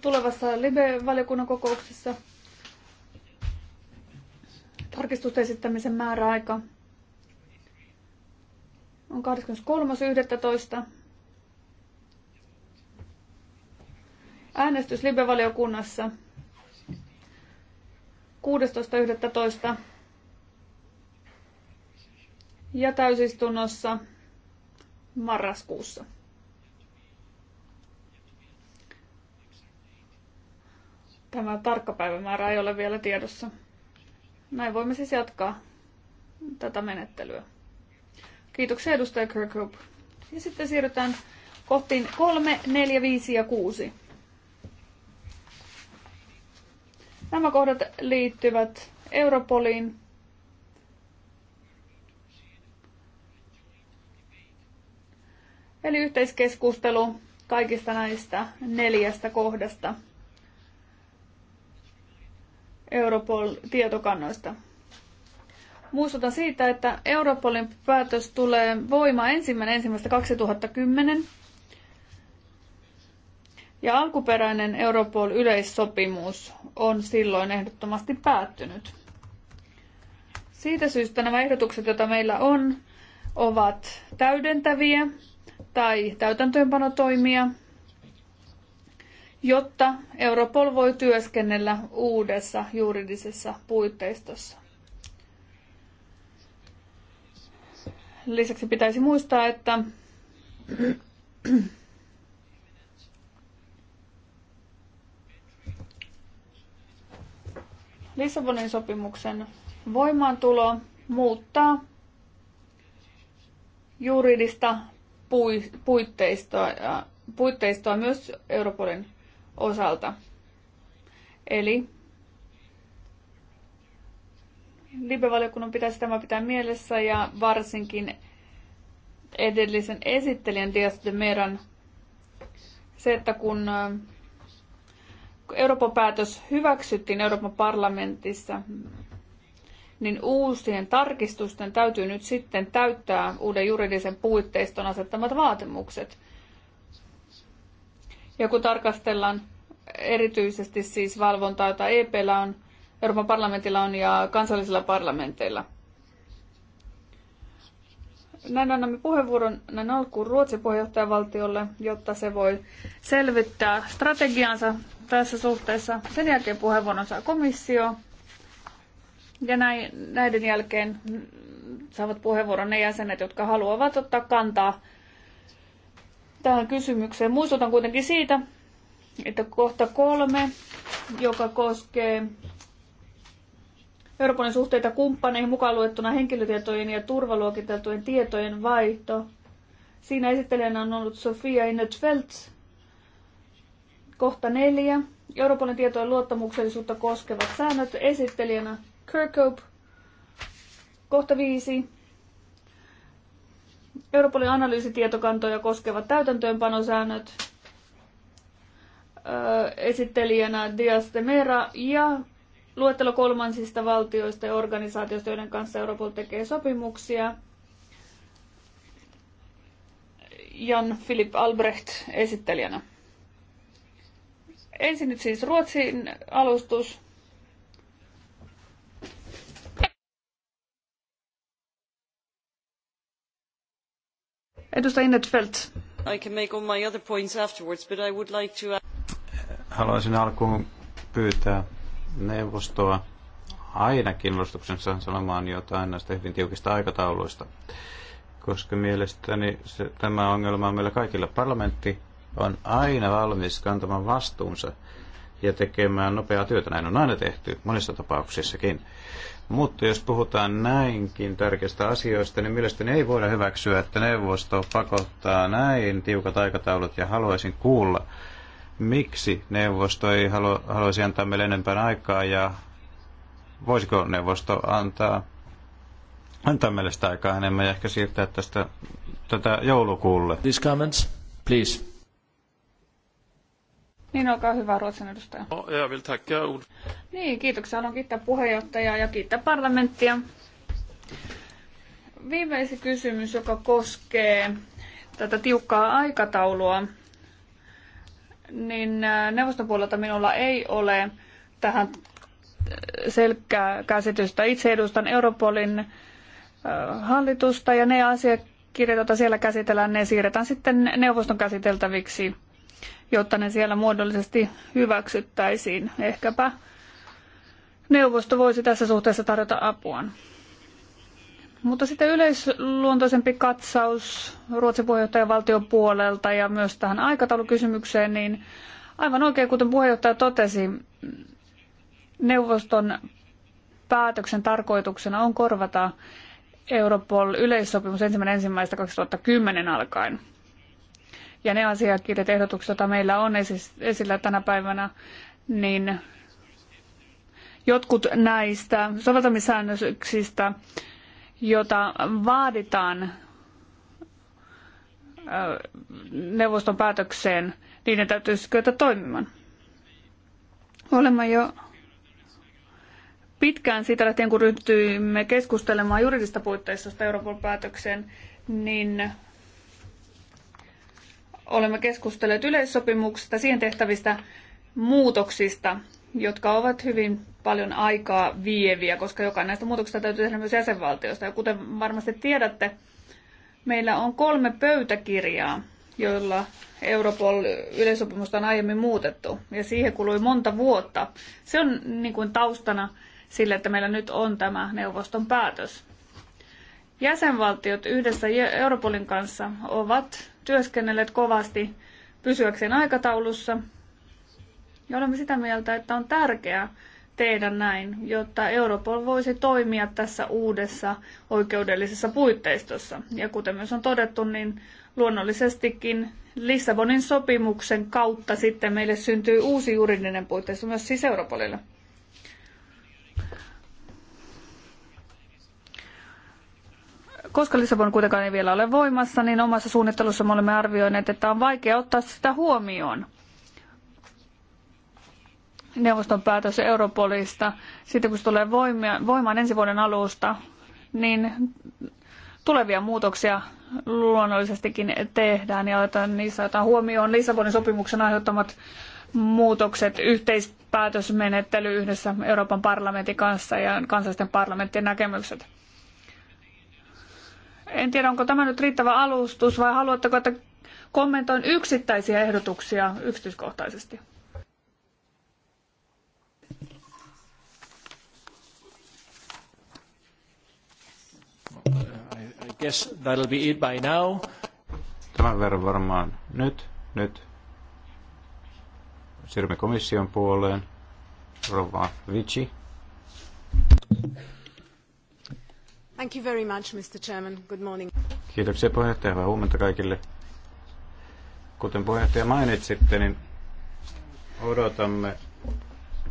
tulevassa LIBE-valiokunnan kokouksessa. Tarkistusten esittämisen määräaika on 23.11. Äänestys LIBE-valiokunnassa 16.11. ja täysistunnossa marraskuussa. Tämä tarkka päivämäärä ei ole vielä tiedossa. Näin voimme siis jatkaa tätä menettelyä. Kiitoksia edustaja Kirkhope. Ja sitten siirrytään kohtiin 3, 4, 5 ja 6. Nämä kohdat liittyvät Europoliin. Eli yhteiskeskustelu kaikista näistä neljästä kohdasta. Europol-tietokannoista. Muistutan siitä, että Europolin päätös tulee voimaan ensimmäinen 2010 ja alkuperäinen Europol-yleissopimus on silloin ehdottomasti päättynyt. Siitä syystä nämä ehdotukset, joita meillä on, ovat täydentäviä tai täytäntöönpanotoimia – jotta Europol voi työskennellä uudessa juridisessa puitteistossa. Lisäksi pitäisi muistaa, että Lissabonin sopimuksen voimaantulo muuttaa juridista puitteistoa, puitteistoa myös Europolin osalta. Eli Libe-valiokunnan pitäisi tämä pitää mielessä ja varsinkin edellisen esittelijän Dias de Meran se, että kun Euroopan päätös hyväksyttiin Euroopan parlamentissa, niin uusien tarkistusten täytyy nyt sitten täyttää uuden juridisen puitteiston asettamat vaatimukset – ja kun tarkastellaan erityisesti siis valvontaa, jota EPllä on, Euroopan parlamentilla on ja kansallisilla parlamenteilla. Näin annamme puheenvuoron näin alkuun Ruotsin puheenjohtajavaltiolle, jotta se voi selvittää strategiansa tässä suhteessa. Sen jälkeen puheenvuoron saa komissio. Ja näin, näiden jälkeen saavat puheenvuoron ne jäsenet, jotka haluavat ottaa kantaa tähän kysymykseen. Muistutan kuitenkin siitä, että kohta kolme, joka koskee Euroopan suhteita kumppaneihin mukaan luettuna henkilötietojen ja turvaluokiteltujen tietojen vaihto. Siinä esittelijänä on ollut Sofia Innetfeldt. Kohta neljä. Euroopan tietojen luottamuksellisuutta koskevat säännöt. Esittelijänä Kirkhope. Kohta viisi. Europolin analyysitietokantoja koskevat täytäntöönpanosäännöt esittelijänä Dias de Mera ja luettelo kolmansista valtioista ja organisaatioista, joiden kanssa Europol tekee sopimuksia. Jan Philip Albrecht esittelijänä. Ensin nyt siis Ruotsin alustus. Edustaja I can make all my other points afterwards, but I would like to... Haluaisin alkuun pyytää neuvostoa ainakin nostuksensa sanomaan jotain näistä hyvin tiukista aikatauluista, koska mielestäni se, tämä ongelma on meillä kaikilla. Parlamentti on aina valmis kantamaan vastuunsa ja tekemään nopeaa työtä. Näin on aina tehty, monissa tapauksissakin. Mutta jos puhutaan näinkin tärkeistä asioista, niin mielestäni ei voida hyväksyä, että neuvosto pakottaa näin tiukat aikataulut ja haluaisin kuulla, miksi neuvosto ei halu, haluaisi antaa meille enempää aikaa ja voisiko neuvosto antaa, antaa meille sitä aikaa enemmän ja ehkä siirtää tästä tätä joulukuulle. These comments, please. Niin, olkaa hyvä, Ruotsin edustaja. No, ja vielä tacka Niin, kiitoksia. Haluan kiittää puheenjohtajaa ja kiittää parlamenttia. Viimeisin kysymys, joka koskee tätä tiukkaa aikataulua, niin äh, neuvoston puolelta minulla ei ole tähän äh, selkkää käsitystä. Itse edustan Europolin äh, hallitusta ja ne asiakirjat, joita siellä käsitellään, ne siirretään sitten neuvoston käsiteltäviksi jotta ne siellä muodollisesti hyväksyttäisiin. Ehkäpä neuvosto voisi tässä suhteessa tarjota apuaan. Mutta sitten yleisluontoisempi katsaus Ruotsin puheenjohtajavaltion puolelta ja myös tähän aikataulukysymykseen, niin aivan oikein, kuten puheenjohtaja totesi, neuvoston päätöksen tarkoituksena on korvata Europol yleissopimus ensimmäinen ensimmäistä 2010 alkaen ja ne asiakirjat ehdotukset, joita meillä on esillä tänä päivänä, niin jotkut näistä soveltamissäännöksistä, joita vaaditaan neuvoston päätökseen, niin ne täytyisi kyetä toimimaan. Olemme jo pitkään siitä lähtien, kun ryhtyimme keskustelemaan juridista puitteistosta Euroopan päätökseen, niin olemme keskustelleet yleissopimuksesta, siihen tehtävistä muutoksista, jotka ovat hyvin paljon aikaa vieviä, koska jokainen näistä muutoksista täytyy tehdä myös jäsenvaltiosta. Ja kuten varmasti tiedätte, meillä on kolme pöytäkirjaa, joilla europol yleissopimusta on aiemmin muutettu, ja siihen kului monta vuotta. Se on niin kuin taustana sille, että meillä nyt on tämä neuvoston päätös. Jäsenvaltiot yhdessä Europolin kanssa ovat työskennelleet kovasti pysyäkseen aikataulussa. Ja olemme sitä mieltä, että on tärkeää tehdä näin, jotta Europol voisi toimia tässä uudessa oikeudellisessa puitteistossa. Ja kuten myös on todettu, niin luonnollisestikin Lissabonin sopimuksen kautta sitten meille syntyy uusi juridinen puitteisto myös siis Europolille. Koska Lissabon kuitenkaan ei vielä ole voimassa, niin omassa suunnittelussa me olemme arvioineet, että on vaikea ottaa sitä huomioon. Neuvoston päätös Europolista, sitten kun se tulee voimaan ensi vuoden alusta, niin tulevia muutoksia luonnollisestikin tehdään ja otetaan niissä otetaan huomioon Lissabonin sopimuksen aiheuttamat muutokset, yhteispäätösmenettely yhdessä Euroopan parlamentin kanssa ja kansallisten parlamenttien näkemykset. En tiedä, onko tämä nyt riittävä alustus vai haluatteko, että kommentoin yksittäisiä ehdotuksia yksityiskohtaisesti? I guess that'll be it by now. Tämän verran varmaan nyt, nyt. Siirrymme komission puoleen. Rova Vici. Thank you very much, Mr. Chairman. Good morning. Kiitoksia puheenjohtaja. Hyvää huomenta kaikille. Kuten puheenjohtaja mainitsitte, niin odotamme,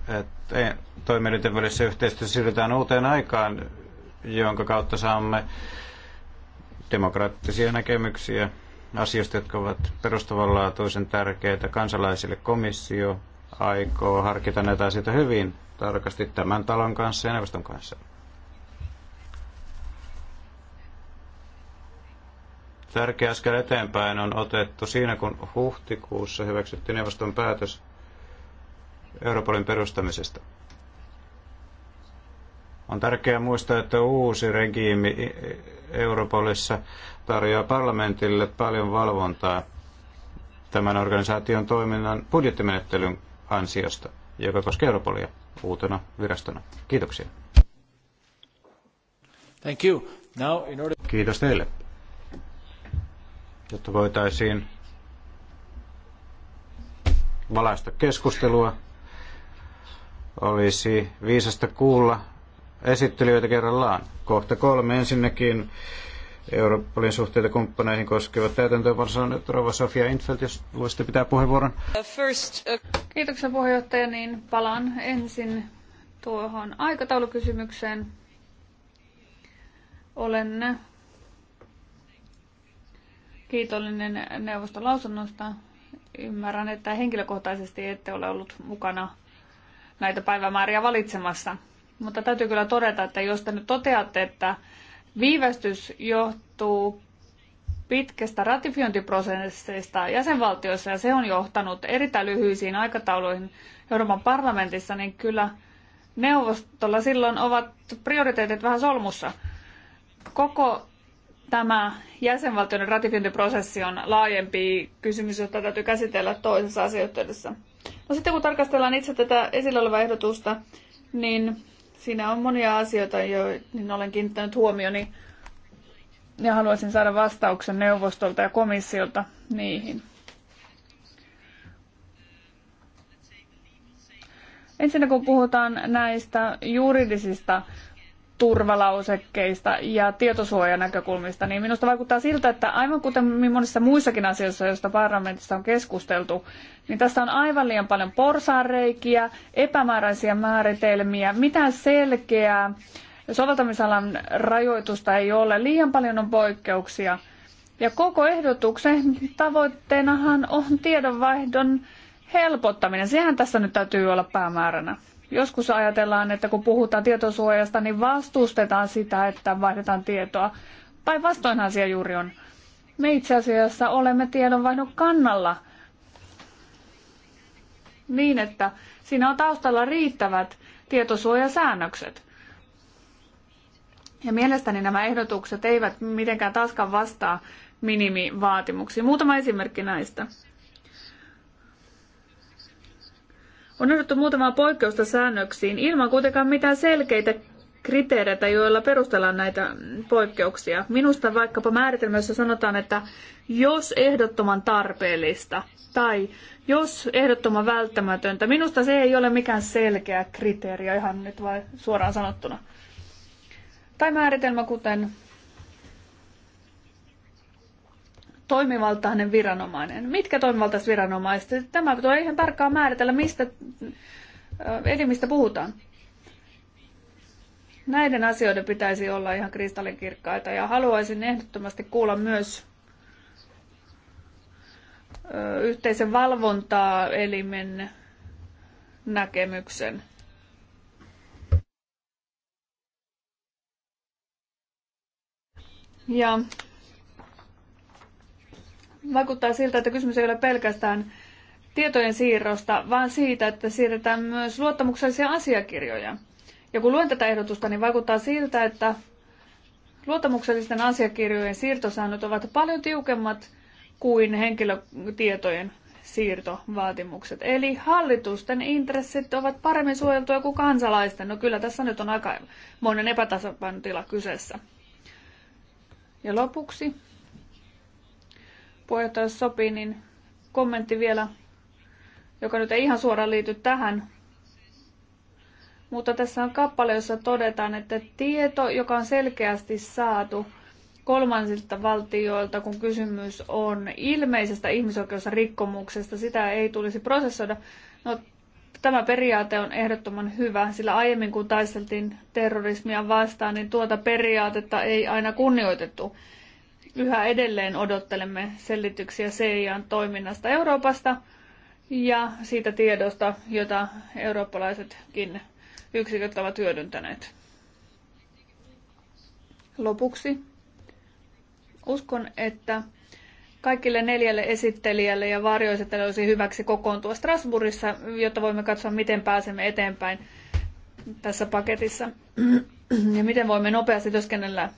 että toimijoiden välissä yhteistyössä siirrytään uuteen aikaan, jonka kautta saamme demokraattisia näkemyksiä asioista, jotka ovat perustavanlaatuisen tärkeitä kansalaisille. Komissio aikoo harkita näitä asioita hyvin tarkasti tämän talon kanssa ja neuvoston kanssa. Tärkeä askel eteenpäin on otettu siinä, kun huhtikuussa hyväksyttiin neuvoston päätös Europolin perustamisesta. On tärkeää muistaa, että uusi regiimi Europolissa tarjoaa parlamentille paljon valvontaa tämän organisaation toiminnan budjettimenettelyn ansiosta, joka koskee Europolia uutena virastona. Kiitoksia. Thank you. Now, in order... Kiitos teille jotta voitaisiin valaista keskustelua. Olisi viisasta kuulla esittelijöitä kerrallaan. Kohta kolme ensinnäkin Euroopan suhteita kumppaneihin koskevat täytäntöönpansa nyt Rova Sofia Infeld, jos voisitte pitää puheenvuoron. First, uh... Kiitoksia puheenjohtaja, niin palaan ensin tuohon aikataulukysymykseen. Olen kiitollinen neuvoston lausunnosta. Ymmärrän, että henkilökohtaisesti ette ole ollut mukana näitä päivämääriä valitsemassa. Mutta täytyy kyllä todeta, että jos te nyt toteatte, että viivästys johtuu pitkästä ratifiointiprosessista jäsenvaltioissa ja se on johtanut erittäin lyhyisiin aikatauluihin Euroopan parlamentissa, niin kyllä neuvostolla silloin ovat prioriteetit vähän solmussa. Koko tämä jäsenvaltioiden ratifiointiprosessi on laajempi kysymys, jota täytyy käsitellä toisessa asiayhteydessä. No sitten kun tarkastellaan itse tätä esillä olevaa ehdotusta, niin siinä on monia asioita, joihin olen kiinnittänyt huomioni ja haluaisin saada vastauksen neuvostolta ja komissiolta niihin. Ensinnä kun puhutaan näistä juridisista turvalausekkeista ja tietosuojanäkökulmista, niin minusta vaikuttaa siltä, että aivan kuten monissa muissakin asioissa, joista parlamentissa on keskusteltu, niin tässä on aivan liian paljon porsaanreikiä, epämääräisiä määritelmiä, mitään selkeää soveltamisalan rajoitusta ei ole, liian paljon on poikkeuksia. Ja koko ehdotuksen tavoitteenahan on tiedonvaihdon helpottaminen. Sehän tässä nyt täytyy olla päämääränä. Joskus ajatellaan, että kun puhutaan tietosuojasta, niin vastustetaan sitä, että vaihdetaan tietoa. Päinvastoinhan asia juuri on. Me itse asiassa olemme tiedonvaihdon kannalla niin, että siinä on taustalla riittävät tietosuojasäännökset. Ja mielestäni nämä ehdotukset eivät mitenkään taaskaan vastaa minimivaatimuksiin. Muutama esimerkki näistä. On otettu muutamaa poikkeusta säännöksiin ilman kuitenkaan mitään selkeitä kriteereitä, joilla perustellaan näitä poikkeuksia. Minusta vaikkapa määritelmässä sanotaan, että jos ehdottoman tarpeellista tai jos ehdottoman välttämätöntä, minusta se ei ole mikään selkeä kriteeri ihan nyt vai suoraan sanottuna. Tai määritelmä kuten toimivaltainen viranomainen. Mitkä toimivaltaiset viranomaiset? Tämä tuo ihan tarkkaan määritellä, mistä elimistä puhutaan. Näiden asioiden pitäisi olla ihan kristallinkirkkaita ja haluaisin ehdottomasti kuulla myös yhteisen valvontaa elimen näkemyksen. Ja vaikuttaa siltä, että kysymys ei ole pelkästään tietojen siirrosta, vaan siitä, että siirretään myös luottamuksellisia asiakirjoja. Ja kun luen tätä ehdotusta, niin vaikuttaa siltä, että luottamuksellisten asiakirjojen siirtosäännöt ovat paljon tiukemmat kuin henkilötietojen siirtovaatimukset. Eli hallitusten intressit ovat paremmin suojeltuja kuin kansalaisten. No kyllä tässä nyt on aika monen epätasapainotila kyseessä. Ja lopuksi puheenjohtaja sopii, niin kommentti vielä, joka nyt ei ihan suoraan liity tähän. Mutta tässä on kappale, jossa todetaan, että tieto, joka on selkeästi saatu kolmansilta valtioilta, kun kysymys on ilmeisestä ihmisoikeusrikkomuksesta, sitä ei tulisi prosessoida. No, tämä periaate on ehdottoman hyvä, sillä aiemmin kun taisteltiin terrorismia vastaan, niin tuota periaatetta ei aina kunnioitettu yhä edelleen odottelemme selityksiä CIAn toiminnasta Euroopasta ja siitä tiedosta, jota eurooppalaisetkin yksiköt ovat hyödyntäneet. Lopuksi uskon, että kaikille neljälle esittelijälle ja varjoisetelle olisi hyväksi kokoontua Strasbourgissa, jotta voimme katsoa, miten pääsemme eteenpäin tässä paketissa ja miten voimme nopeasti työskennellä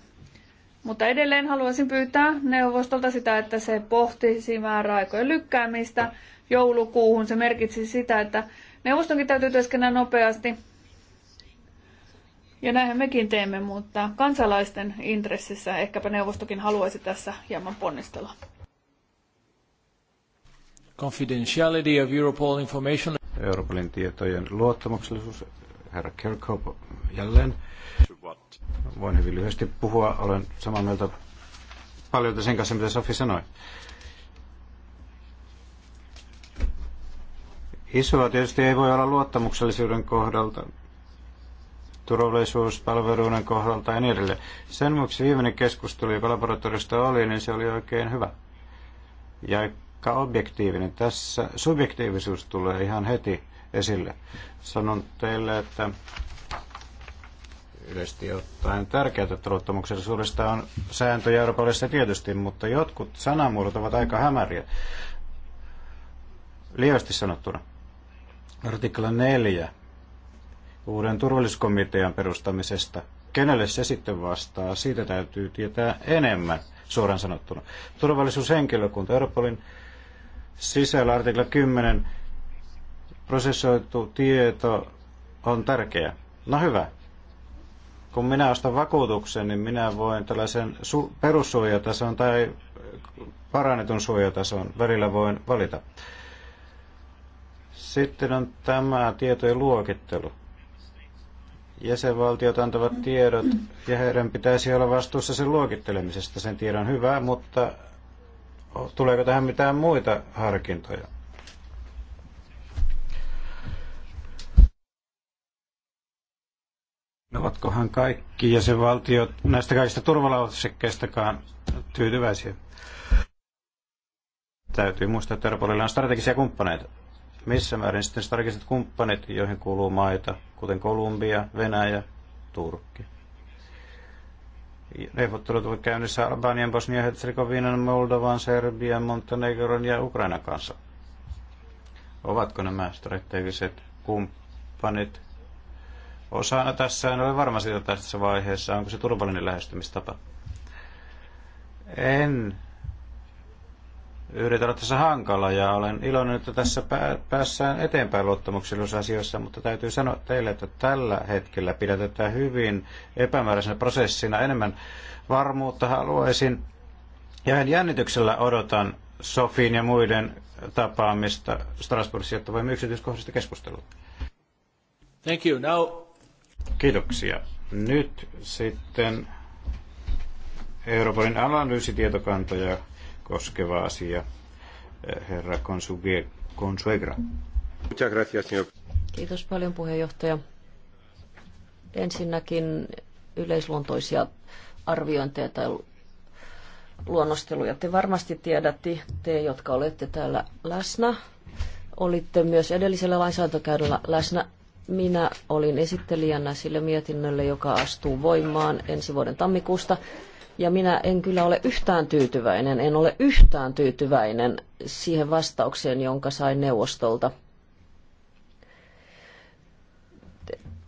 mutta edelleen haluaisin pyytää neuvostolta sitä, että se pohtisi määräaikojen lykkäämistä joulukuuhun. Se merkitsi sitä, että neuvostonkin täytyy työskennellä nopeasti. Ja näinhän mekin teemme, mutta kansalaisten intressissä ehkäpä neuvostokin haluaisi tässä hieman ponnistella. Confidentiality of Europol information. Europolin tietojen luottamuksellisuus. Herra Kirkhope jälleen. Voin hyvin lyhyesti puhua. Olen samaa mieltä paljon sen kanssa, mitä Sofi sanoi. Isoa tietysti ei voi olla luottamuksellisuuden kohdalta, turvallisuuspalveluiden kohdalta ja niin edelleen. Sen vuoksi viimeinen keskustelu, joka laboratoriosta oli, niin se oli oikein hyvä. Ja aika objektiivinen. Tässä subjektiivisuus tulee ihan heti esille. Sanon teille, että yleisesti ottaen. Tärkeää talouttamuksellisuudesta on sääntöjä eurooppalaisessa tietysti, mutta jotkut sanamuodot ovat aika hämäriä. Lievästi sanottuna. Artikla 4 uuden turvallisuuskomitean perustamisesta. Kenelle se sitten vastaa? Siitä täytyy tietää enemmän, suoraan sanottuna. Turvallisuushenkilökunta Europolin sisällä artikla 10 prosessoitu tieto on tärkeä. No hyvä, kun minä ostan vakuutuksen, niin minä voin tällaisen su- perussuojatason tai parannetun suojatason välillä voin valita. Sitten on tämä tietojen luokittelu. Jäsenvaltiot antavat tiedot ja heidän pitäisi olla vastuussa sen luokittelemisesta. Sen tiedon hyvää, mutta tuleeko tähän mitään muita harkintoja? No, ovatkohan kaikki jäsenvaltiot näistä kaikista turvalausekkeistakaan tyytyväisiä? Täytyy muistaa, että Europolilla on strategisia kumppaneita. Missä määrin sitten strategiset kumppanit, joihin kuuluu maita, kuten Kolumbia, Venäjä, Turkki? Neuvottelut ovat käynnissä Albanian, Bosnian, Herzegovinan, Moldovan, Serbian, Montenegron ja Ukrainan kanssa. Ovatko nämä strategiset kumppanit osana tässä. En ole varma siitä tässä vaiheessa, onko se turvallinen lähestymistapa. En yritä olla tässä hankala ja olen iloinen, että tässä päässään eteenpäin luottamuksellisissa asioissa, mutta täytyy sanoa teille, että tällä hetkellä pidätetään hyvin epämääräisenä prosessina. Enemmän varmuutta haluaisin ja jännityksellä odotan Sofiin ja muiden tapaamista Strasbourgissa, että voimme yksityiskohdista keskustella. Thank you. Now Kiitoksia. Nyt sitten Euroopan analyysitietokantoja koskeva asia. Eh, herra Consuegra. Kiitos paljon puheenjohtaja. Ensinnäkin yleisluontoisia arviointeja tai luonnosteluja. Te varmasti tiedätte, te jotka olette täällä läsnä, olitte myös edellisellä lainsäädäntökäydellä läsnä minä olin esittelijänä sille mietinnölle, joka astuu voimaan ensi vuoden tammikuusta. Ja minä en kyllä ole yhtään tyytyväinen, en ole yhtään tyytyväinen siihen vastaukseen, jonka sain neuvostolta.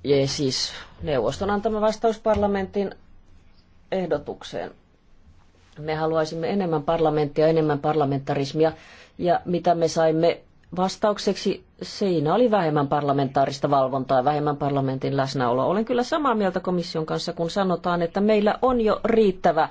Ja siis neuvoston antama vastaus parlamentin ehdotukseen. Me haluaisimme enemmän parlamenttia, enemmän parlamentarismia. Ja mitä me saimme Vastaukseksi siinä oli vähemmän parlamentaarista valvontaa, vähemmän parlamentin läsnäoloa. Olen kyllä samaa mieltä komission kanssa, kun sanotaan, että meillä on jo riittävä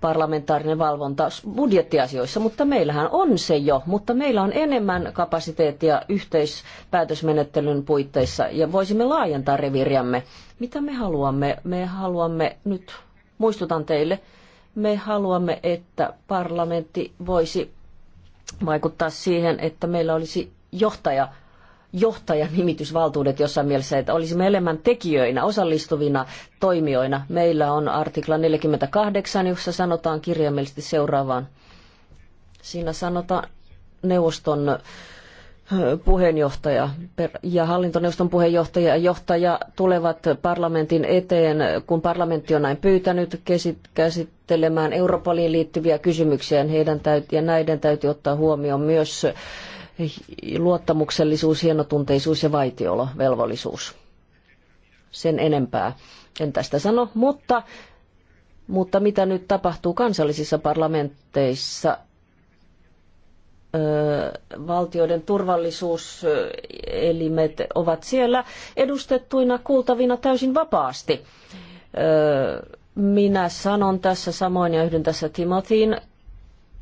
parlamentaarinen valvonta budjettiasioissa, mutta meillähän on se jo, mutta meillä on enemmän kapasiteettia yhteispäätösmenettelyn puitteissa ja voisimme laajentaa reviiriämme. Mitä me haluamme? Me haluamme nyt, muistutan teille, me haluamme, että parlamentti voisi vaikuttaa siihen, että meillä olisi johtaja johtajan nimitysvaltuudet jossain mielessä, että olisimme elämän tekijöinä, osallistuvina toimijoina. Meillä on artikla 48, jossa sanotaan kirjaimellisesti seuraavaan. Siinä sanotaan neuvoston puheenjohtaja ja hallintoneuvoston puheenjohtaja ja johtaja tulevat parlamentin eteen, kun parlamentti on näin pyytänyt käsittelemään Europoliin liittyviä kysymyksiä. Heidän täytyy, ja näiden täytyy ottaa huomioon myös luottamuksellisuus, hienotunteisuus ja vaitiolovelvollisuus. Sen enempää en tästä sano, mutta, mutta mitä nyt tapahtuu kansallisissa parlamenteissa valtioiden turvallisuuselimet ovat siellä edustettuina kuultavina täysin vapaasti. Minä sanon tässä samoin ja yhdyn tässä Timothyin.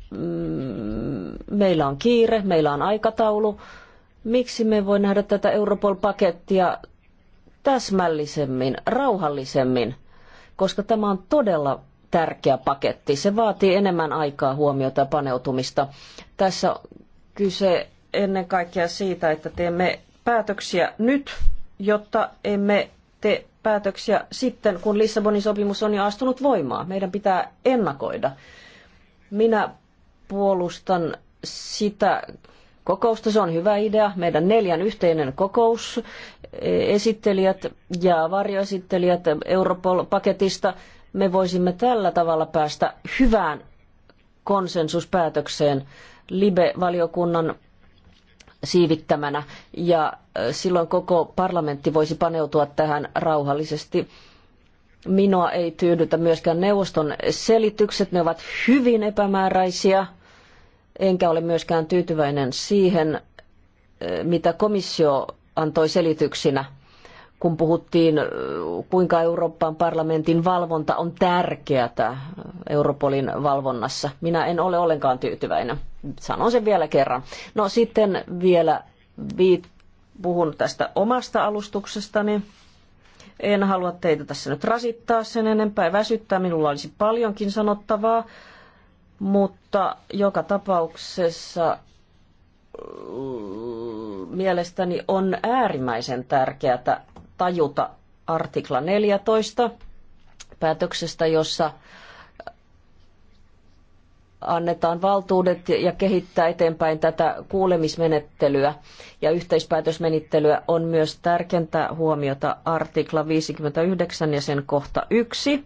Mm, meillä on kiire, meillä on aikataulu. Miksi me voi nähdä tätä Europol-pakettia täsmällisemmin, rauhallisemmin? Koska tämä on todella tärkeä paketti. Se vaatii enemmän aikaa huomiota ja paneutumista. Tässä on kyse ennen kaikkea siitä, että teemme päätöksiä nyt, jotta emme tee päätöksiä sitten, kun Lissabonin sopimus on jo astunut voimaan. Meidän pitää ennakoida. Minä puolustan sitä kokousta. Se on hyvä idea. Meidän neljän yhteinen kokous, e, esittelijät ja varjoesittelijät Europol-paketista, me voisimme tällä tavalla päästä hyvään konsensuspäätökseen Libe-valiokunnan siivittämänä ja silloin koko parlamentti voisi paneutua tähän rauhallisesti. Minua ei tyydytä myöskään neuvoston selitykset, ne ovat hyvin epämääräisiä, enkä ole myöskään tyytyväinen siihen, mitä komissio antoi selityksinä, kun puhuttiin, kuinka Euroopan parlamentin valvonta on tärkeää Europolin valvonnassa. Minä en ole ollenkaan tyytyväinen sanon sen vielä kerran. No sitten vielä viit, puhun tästä omasta alustuksestani. En halua teitä tässä nyt rasittaa sen enempää väsyttää. Minulla olisi paljonkin sanottavaa, mutta joka tapauksessa mm, mielestäni on äärimmäisen tärkeää tajuta artikla 14 päätöksestä, jossa annetaan valtuudet ja kehittää eteenpäin tätä kuulemismenettelyä ja yhteispäätösmenettelyä on myös tärkeintä huomiota artikla 59 ja sen kohta 1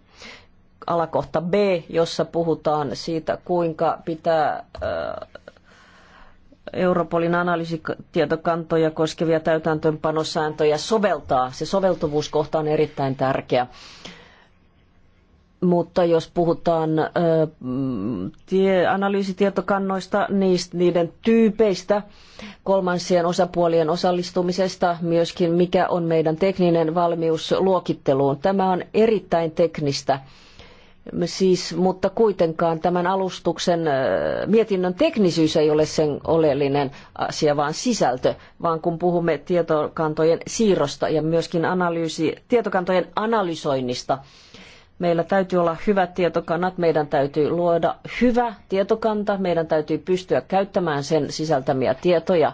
alakohta B, jossa puhutaan siitä, kuinka pitää Europolin analyysitietokantoja koskevia täytäntöönpanosääntöjä soveltaa. Se soveltuvuuskohta on erittäin tärkeä. Mutta jos puhutaan ö, tie, analyysitietokannoista, niistä, niiden tyypeistä, kolmansien osapuolien osallistumisesta, myöskin mikä on meidän tekninen valmius luokitteluun. Tämä on erittäin teknistä. Siis, mutta kuitenkaan tämän alustuksen mietinnön teknisyys ei ole sen oleellinen asia, vaan sisältö, vaan kun puhumme tietokantojen siirrosta ja myöskin analyysi, tietokantojen analysoinnista – Meillä täytyy olla hyvät tietokannat, meidän täytyy luoda hyvä tietokanta, meidän täytyy pystyä käyttämään sen sisältämiä tietoja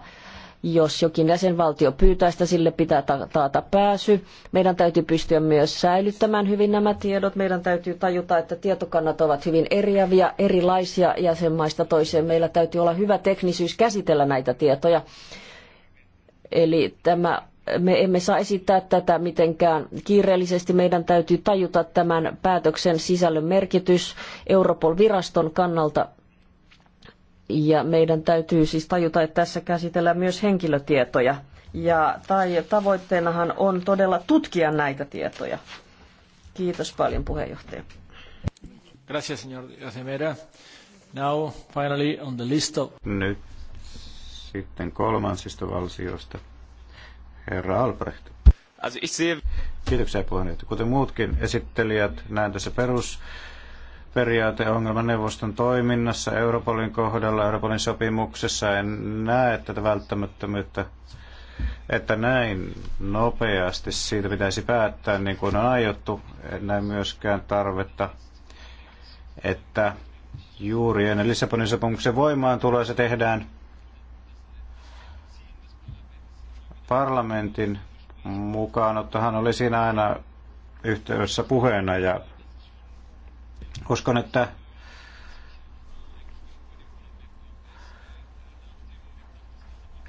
jos jokin jäsenvaltio pyytää sitä, sille pitää taata pääsy. Meidän täytyy pystyä myös säilyttämään hyvin nämä tiedot. Meidän täytyy tajuta, että tietokannat ovat hyvin eriäviä, erilaisia jäsenmaista toiseen. Meillä täytyy olla hyvä teknisyys käsitellä näitä tietoja. Eli tämä me emme saa esittää tätä mitenkään kiireellisesti. Meidän täytyy tajuta tämän päätöksen sisällön merkitys Europol-viraston kannalta. Ja meidän täytyy siis tajuta, että tässä käsitellään myös henkilötietoja. Ja tai tavoitteenahan on todella tutkia näitä tietoja. Kiitos paljon puheenjohtaja. Gracias, señor Now, finally, on the list of... Nyt sitten kolmansista valtioista. Herra Albrecht. Kiitoksia puheenjohtaja. Kuten muutkin esittelijät, näen tässä perus neuvoston toiminnassa, Europolin kohdalla, Europolin sopimuksessa. En näe tätä välttämättömyyttä, että näin nopeasti siitä pitäisi päättää, niin kuin on aiottu. En näe myöskään tarvetta, että juuri ennen Lissabonin sopimuksen voimaan tulee se tehdään. Parlamentin mukaan hän oli siinä aina yhteydessä puheena ja uskon, että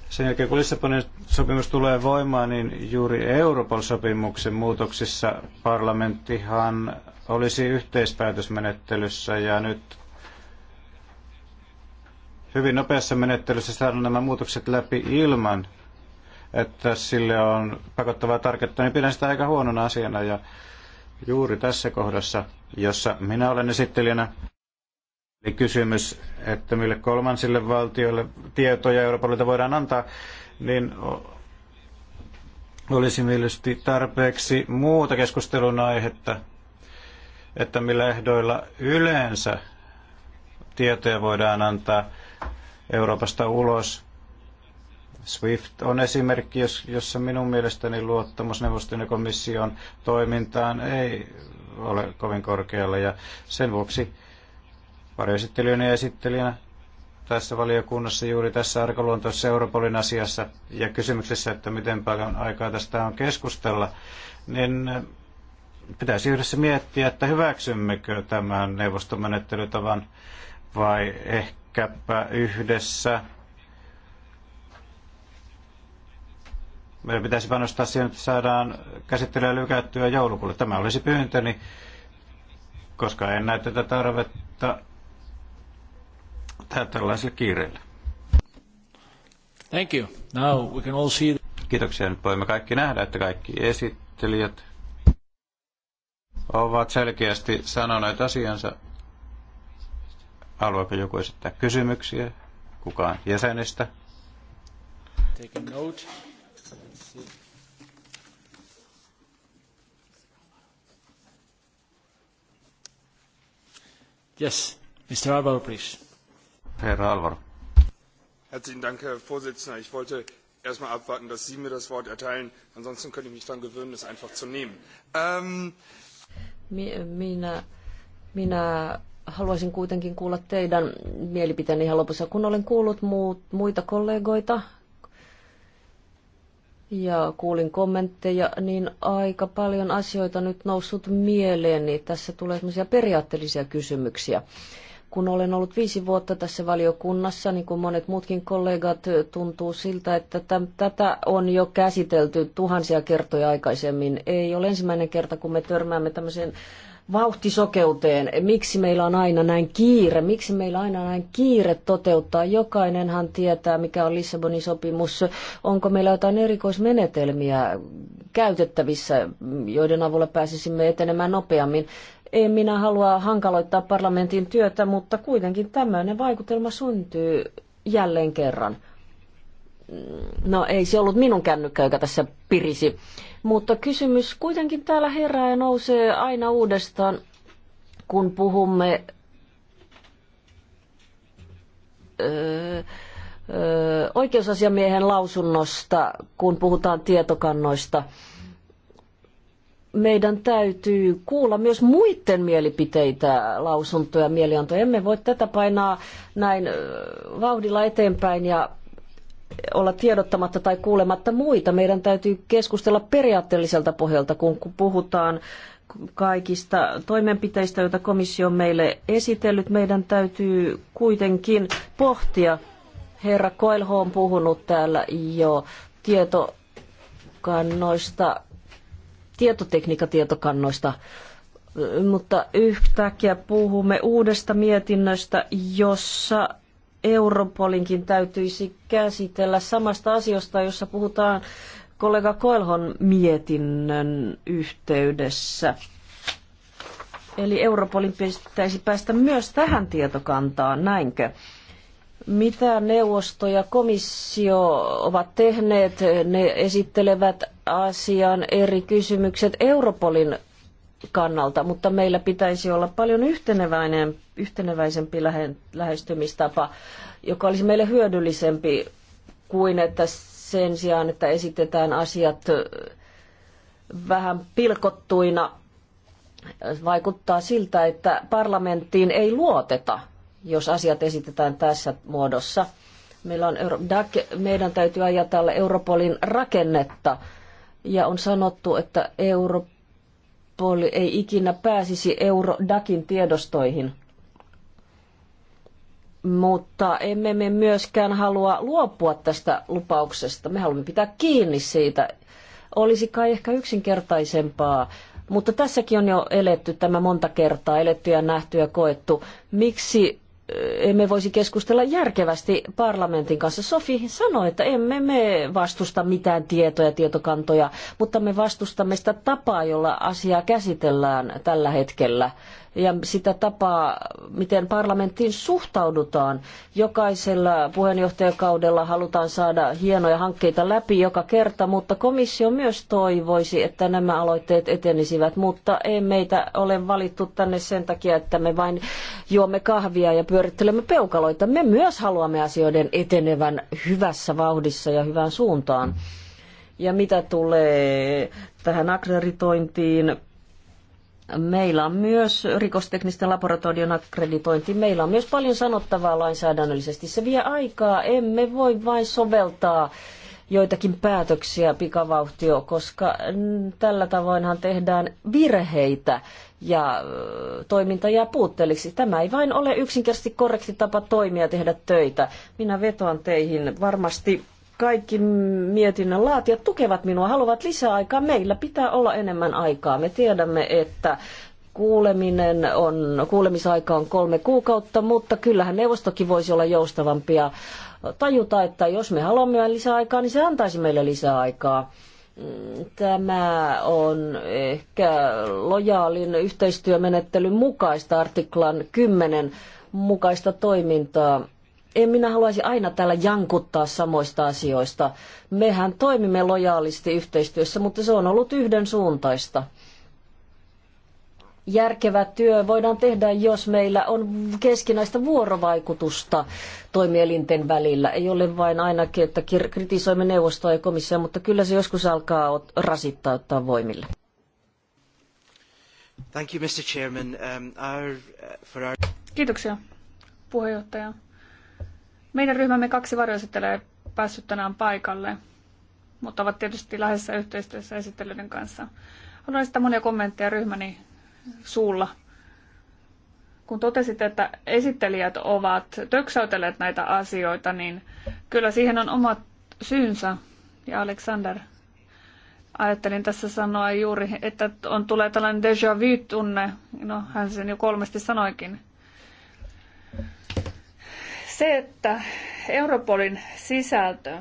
sen jälkeen kun Lissabonin sopimus tulee voimaan, niin juuri Euroopan sopimuksen muutoksissa parlamenttihan olisi yhteispäätösmenettelyssä ja nyt hyvin nopeassa menettelyssä saada nämä muutokset läpi ilman, että sille on pakottavaa tarketta, niin pidän sitä aika huonona asiana. Ja juuri tässä kohdassa, jossa minä olen esittelijänä, eli kysymys, että mille kolmansille valtioille tietoja Euroopan voidaan antaa, niin olisi mielestäni tarpeeksi muuta keskustelun aihetta, että millä ehdoilla yleensä tietoja voidaan antaa Euroopasta ulos SWIFT on esimerkki, jossa minun mielestäni neuvoston ja komission toimintaan ei ole kovin korkealla ja sen vuoksi varjoesittelijöinä ja esittelijänä tässä valiokunnassa juuri tässä arkaluontoisessa Europolin asiassa ja kysymyksessä, että miten paljon aikaa tästä on keskustella, niin pitäisi yhdessä miettiä, että hyväksymmekö tämän neuvostomenettelytavan vai ehkäpä yhdessä Meidän pitäisi panostaa siihen, että saadaan käsittelyä lykättyä joulukuulle. Tämä olisi pyyntöni, koska en näe tätä tarvetta tällaiselle kiireelle. Thank you. Now we can all see... Kiitoksia. Nyt voimme kaikki nähdä, että kaikki esittelijät ovat selkeästi sanoneet asiansa. Haluaako joku esittää kysymyksiä? Kukaan jäsenistä? Take a note. Yes, Mr. Alvaro, please. Herra Alvaro. Herzlichen Dank, Herr Vorsitzender. Ich wollte erst mal abwarten, dass Sie mir das Wort erteilen. Ansonsten könnte ich mich daran gewöhnen, es einfach zu nehmen. Ähm... Minä, minä haluaisin kuitenkin kuulla teidän mielipiteenne ihan lopussa. Kun olen kuullut muut, muita kollegoita, ja kuulin kommentteja, niin aika paljon asioita nyt noussut mieleen, niin tässä tulee sellaisia periaatteellisia kysymyksiä. Kun olen ollut viisi vuotta tässä valiokunnassa, niin kuin monet muutkin kollegat, tuntuu siltä, että täm, tätä on jo käsitelty tuhansia kertoja aikaisemmin. Ei ole ensimmäinen kerta, kun me törmäämme tämmöiseen vauhtisokeuteen. Miksi meillä on aina näin kiire? Miksi meillä on aina näin kiire toteuttaa? Jokainenhan tietää, mikä on Lissabonin sopimus. Onko meillä jotain erikoismenetelmiä käytettävissä, joiden avulla pääsisimme etenemään nopeammin? En minä halua hankaloittaa parlamentin työtä, mutta kuitenkin tämmöinen vaikutelma syntyy jälleen kerran no ei se ollut minun kännykkä, joka tässä pirisi. Mutta kysymys kuitenkin täällä herää ja nousee aina uudestaan, kun puhumme öö, öö, oikeusasiamiehen lausunnosta, kun puhutaan tietokannoista. Meidän täytyy kuulla myös muiden mielipiteitä, lausuntoja, mieliantoja. Emme voi tätä painaa näin vauhdilla eteenpäin ja olla tiedottamatta tai kuulematta muita. Meidän täytyy keskustella periaatteelliselta pohjalta, kun puhutaan kaikista toimenpiteistä, joita komissio on meille esitellyt. Meidän täytyy kuitenkin pohtia, herra Koelho on puhunut täällä jo tietokannoista, tietotekniikatietokannoista, mutta yhtäkkiä puhumme uudesta mietinnöstä, jossa Europolinkin täytyisi käsitellä samasta asiasta, jossa puhutaan kollega Koelhon mietinnön yhteydessä. Eli Europolin pitäisi päästä myös tähän tietokantaan, näinkö? Mitä neuvosto ja komissio ovat tehneet? Ne esittelevät asian eri kysymykset Europolin kannalta, mutta meillä pitäisi olla paljon yhteneväinen, yhteneväisempi lähe, lähestymistapa, joka olisi meille hyödyllisempi kuin että sen sijaan, että esitetään asiat vähän pilkottuina, vaikuttaa siltä, että parlamenttiin ei luoteta, jos asiat esitetään tässä muodossa. Meillä on Euro- DAC, meidän täytyy ajatella Europolin rakennetta, ja on sanottu, että Eurooppa Europol ei ikinä pääsisi Eurodakin tiedostoihin. Mutta emme me myöskään halua luopua tästä lupauksesta. Me haluamme pitää kiinni siitä. Olisi kai ehkä yksinkertaisempaa mutta tässäkin on jo eletty tämä monta kertaa, eletty ja nähty ja koettu. Miksi emme voisi keskustella järkevästi parlamentin kanssa. Sofi sanoi, että emme me vastusta mitään tietoja, tietokantoja, mutta me vastustamme sitä tapaa, jolla asiaa käsitellään tällä hetkellä ja sitä tapaa, miten parlamenttiin suhtaudutaan. Jokaisella puheenjohtajakaudella halutaan saada hienoja hankkeita läpi joka kerta, mutta komissio myös toivoisi, että nämä aloitteet etenisivät, mutta ei meitä ole valittu tänne sen takia, että me vain juomme kahvia ja pyörittelemme peukaloita. Me myös haluamme asioiden etenevän hyvässä vauhdissa ja hyvään suuntaan. Ja mitä tulee tähän akreditointiin, Meillä on myös rikosteknisten laboratorion akkreditointi. Meillä on myös paljon sanottavaa lainsäädännöllisesti. Se vie aikaa. Emme voi vain soveltaa joitakin päätöksiä pikavauhtio, koska tällä tavoinhan tehdään virheitä ja toiminta jää puutteelliksi. Tämä ei vain ole yksinkertaisesti korrekti tapa toimia ja tehdä töitä. Minä vetoan teihin varmasti kaikki mietinnän laatijat tukevat minua, haluavat lisää aikaa. Meillä pitää olla enemmän aikaa. Me tiedämme, että kuuleminen on, kuulemisaika on kolme kuukautta, mutta kyllähän neuvostokin voisi olla joustavampia tajuta, että jos me haluamme lisää aikaa, niin se antaisi meille lisää aikaa. Mm, tämä on ehkä lojaalin yhteistyömenettelyn mukaista artiklan 10 mukaista toimintaa en minä haluaisi aina täällä jankuttaa samoista asioista. Mehän toimimme lojaalisti yhteistyössä, mutta se on ollut yhdensuuntaista. Järkevä työ voidaan tehdä, jos meillä on keskinäistä vuorovaikutusta toimielinten välillä. Ei ole vain ainakin, että kritisoimme neuvostoa ja komissiota, mutta kyllä se joskus alkaa rasittaa ottaa voimille. Thank you, Mr. Chairman. Um, our, uh, for our... Kiitoksia, puheenjohtaja meidän ryhmämme kaksi varjoesittelyä päässyt tänään paikalle, mutta ovat tietysti läheisessä yhteistyössä esittelyiden kanssa. Haluan esittää monia kommentteja ryhmäni suulla. Kun totesit, että esittelijät ovat töksäytelleet näitä asioita, niin kyllä siihen on omat syynsä. Ja Alexander, ajattelin tässä sanoa juuri, että on, tulee tällainen déjà vu-tunne. No, hän sen jo kolmesti sanoikin. Se, että Europolin sisältö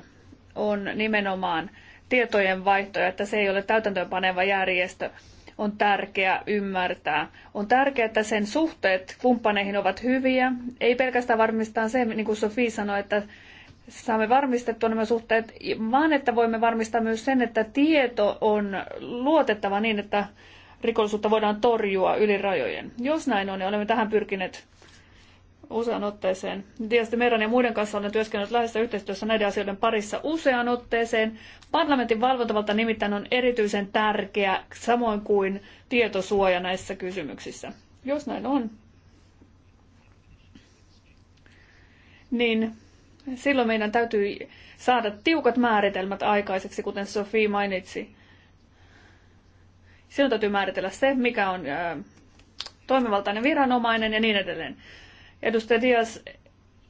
on nimenomaan tietojen vaihto että se ei ole täytäntöönpaneva järjestö, on tärkeää ymmärtää. On tärkeää, että sen suhteet kumppaneihin ovat hyviä. Ei pelkästään varmistaa se, niin kuin Sofi sanoi, että saamme varmistettua nämä suhteet, vaan että voimme varmistaa myös sen, että tieto on luotettava niin, että rikollisuutta voidaan torjua yli rajojen. Jos näin on, niin olemme tähän pyrkineet usean otteeseen. Diasti Meran ja muiden kanssa olen työskennellyt läheisessä yhteistyössä näiden asioiden parissa useaan otteeseen. Parlamentin valvontavalta nimittäin on erityisen tärkeä, samoin kuin tietosuoja näissä kysymyksissä. Jos näin on, niin silloin meidän täytyy saada tiukat määritelmät aikaiseksi, kuten Sophie mainitsi. Silloin täytyy määritellä se, mikä on toimivaltainen viranomainen ja niin edelleen. Edustaja Dias,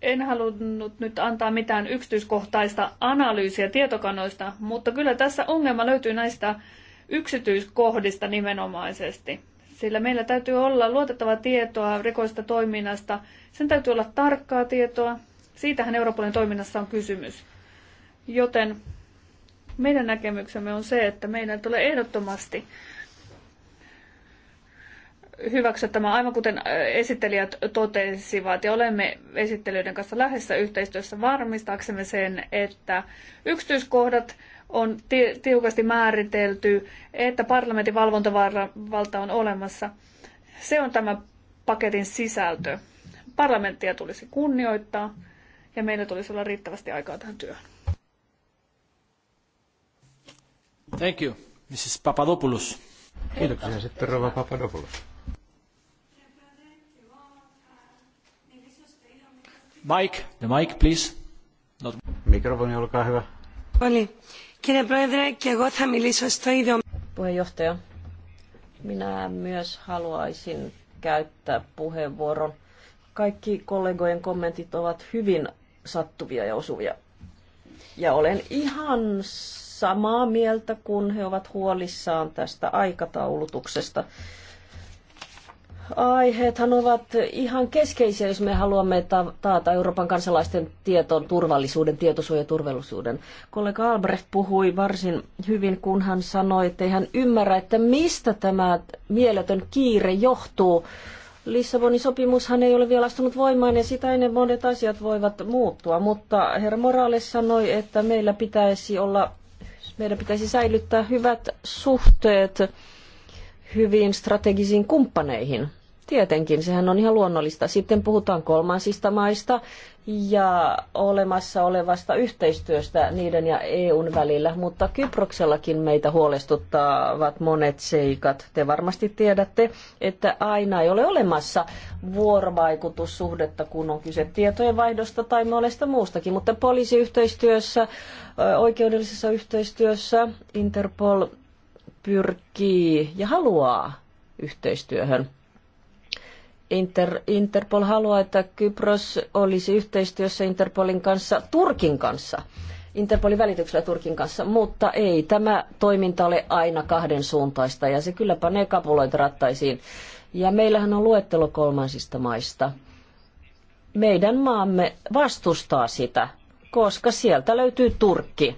en halunnut nyt antaa mitään yksityiskohtaista analyysiä tietokannoista, mutta kyllä tässä ongelma löytyy näistä yksityiskohdista nimenomaisesti. Sillä meillä täytyy olla luotettavaa tietoa rikoista toiminnasta. Sen täytyy olla tarkkaa tietoa. Siitähän Euroopan toiminnassa on kysymys. Joten meidän näkemyksemme on se, että meidän tulee ehdottomasti hyväksyä tämä aivan kuten esittelijät totesivat ja olemme esittelijöiden kanssa lähessä yhteistyössä varmistaaksemme sen, että yksityiskohdat on tiukasti määritelty, että parlamentin valvontavalta on olemassa. Se on tämä paketin sisältö. Parlamenttia tulisi kunnioittaa ja meillä tulisi olla riittävästi aikaa tähän työhön. Thank you, Mrs. Papadopoulos. Kiitoksia sitten Rova Papadopoulos. Mike, the mic, please. Not... Mikrofoni, olkaa hyvä. Κύριε Πρόεδρε, και εγώ θα μιλήσω στο ίδιο. Puheenjohtaja, minä myös haluaisin käyttää puheenvuoron. Kaikki kollegojen kommentit ovat hyvin sattuvia ja osuvia. Ja olen ihan samaa mieltä, kun he ovat huolissaan tästä aikataulutuksesta aiheethan ovat ihan keskeisiä, jos me haluamme taata Euroopan kansalaisten tieton turvallisuuden, tietosuojaturvallisuuden. Kollega Albrecht puhui varsin hyvin, kun hän sanoi, että ei hän ymmärrä, että mistä tämä mieletön kiire johtuu. Lissabonin sopimushan ei ole vielä astunut voimaan ja sitä ennen monet asiat voivat muuttua, mutta herra Morales sanoi, että meillä pitäisi olla, meidän pitäisi säilyttää hyvät suhteet hyviin strategisiin kumppaneihin. Tietenkin, sehän on ihan luonnollista. Sitten puhutaan kolmansista maista ja olemassa olevasta yhteistyöstä niiden ja EUn välillä, mutta Kyproksellakin meitä huolestuttavat monet seikat. Te varmasti tiedätte, että aina ei ole olemassa vuorovaikutussuhdetta, kun on kyse tietojenvaihdosta tai monesta muustakin, mutta poliisiyhteistyössä, oikeudellisessa yhteistyössä, Interpol pyrkii ja haluaa yhteistyöhön. Inter, Interpol haluaa, että Kypros olisi yhteistyössä Interpolin kanssa Turkin kanssa. Interpolin välityksellä Turkin kanssa, mutta ei tämä toiminta ole aina kahden suuntaista ja se kyllä panee kapuloita rattaisiin. Ja meillähän on luettelo kolmansista maista. Meidän maamme vastustaa sitä, koska sieltä löytyy Turkki.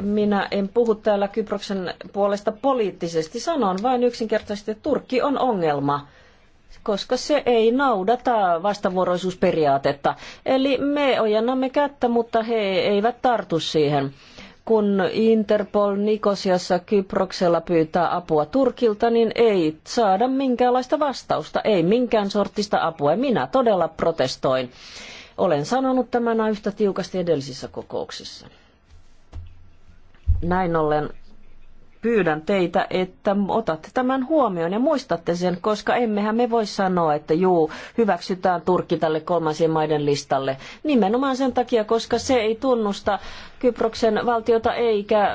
Minä en puhu täällä Kyproksen puolesta poliittisesti, sanon vain yksinkertaisesti, että Turkki on ongelma koska se ei naudata vastavuoroisuusperiaatetta. Eli me ojennamme kättä, mutta he eivät tartu siihen. Kun Interpol Nikosiassa Kyproksella pyytää apua Turkilta, niin ei saada minkäänlaista vastausta, ei minkään sortista apua. Minä todella protestoin. Olen sanonut tämän yhtä tiukasti edellisissä kokouksissa. Näin ollen pyydän teitä, että otatte tämän huomioon ja muistatte sen, koska emmehän me voi sanoa, että juu, hyväksytään Turkki tälle kolmansien maiden listalle. Nimenomaan sen takia, koska se ei tunnusta Kyproksen valtiota eikä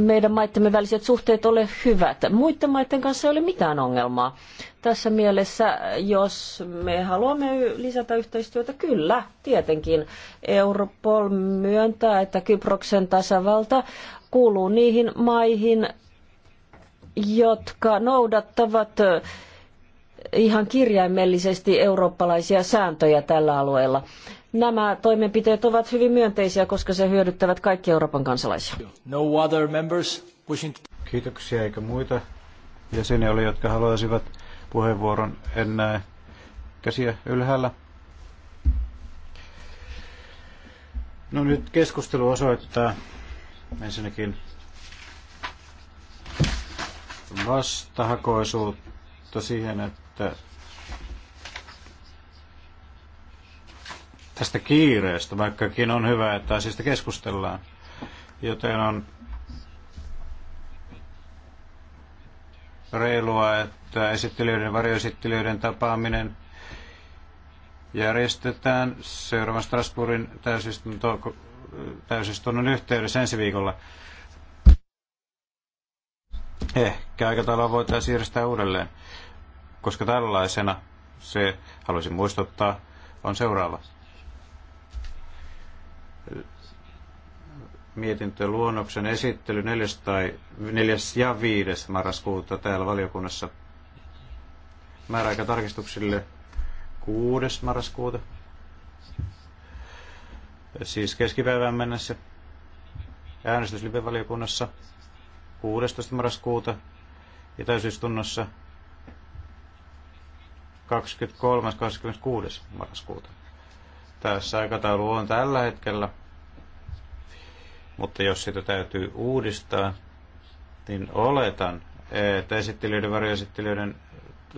meidän maittemme väliset suhteet ole hyvät. Muiden maiden kanssa ei ole mitään ongelmaa. Tässä mielessä, jos me haluamme lisätä yhteistyötä, kyllä, tietenkin. Europol myöntää, että Kyproksen tasavalta kuuluu niihin maihin, jotka noudattavat ihan kirjaimellisesti eurooppalaisia sääntöjä tällä alueella. Nämä toimenpiteet ovat hyvin myönteisiä, koska se hyödyttävät kaikki Euroopan kansalaisia. No other members pushing... Kiitoksia, eikä muita jäseniä ole, jotka haluaisivat puheenvuoron. En näe käsiä ylhäällä. No nyt keskustelu osoittaa, Ensinnäkin vastahakoisuutta siihen, että tästä kiireestä, vaikkakin on hyvä, että asiasta keskustellaan, joten on reilua, että esittelijöiden varjoesittelijöiden tapaaminen järjestetään seuraavan Strasbourgin täysistunto täysistunnon yhteydessä ensi viikolla. Ehkä aikataulua voitaisiin siirtää uudelleen, koska tällaisena se, haluaisin muistuttaa, on seuraava. Mietintö luonnoksen esittely 4, tai 4 ja 5 marraskuuta täällä valiokunnassa. Määräaika tarkistuksille 6. marraskuuta siis keskipäivään mennessä. äänestyslipevaliokunnassa 16. marraskuuta ja täysistunnossa 23.26. marraskuuta. Tässä aikataulu on tällä hetkellä, mutta jos sitä täytyy uudistaa, niin oletan, että esittelijöiden varjoesittelijöiden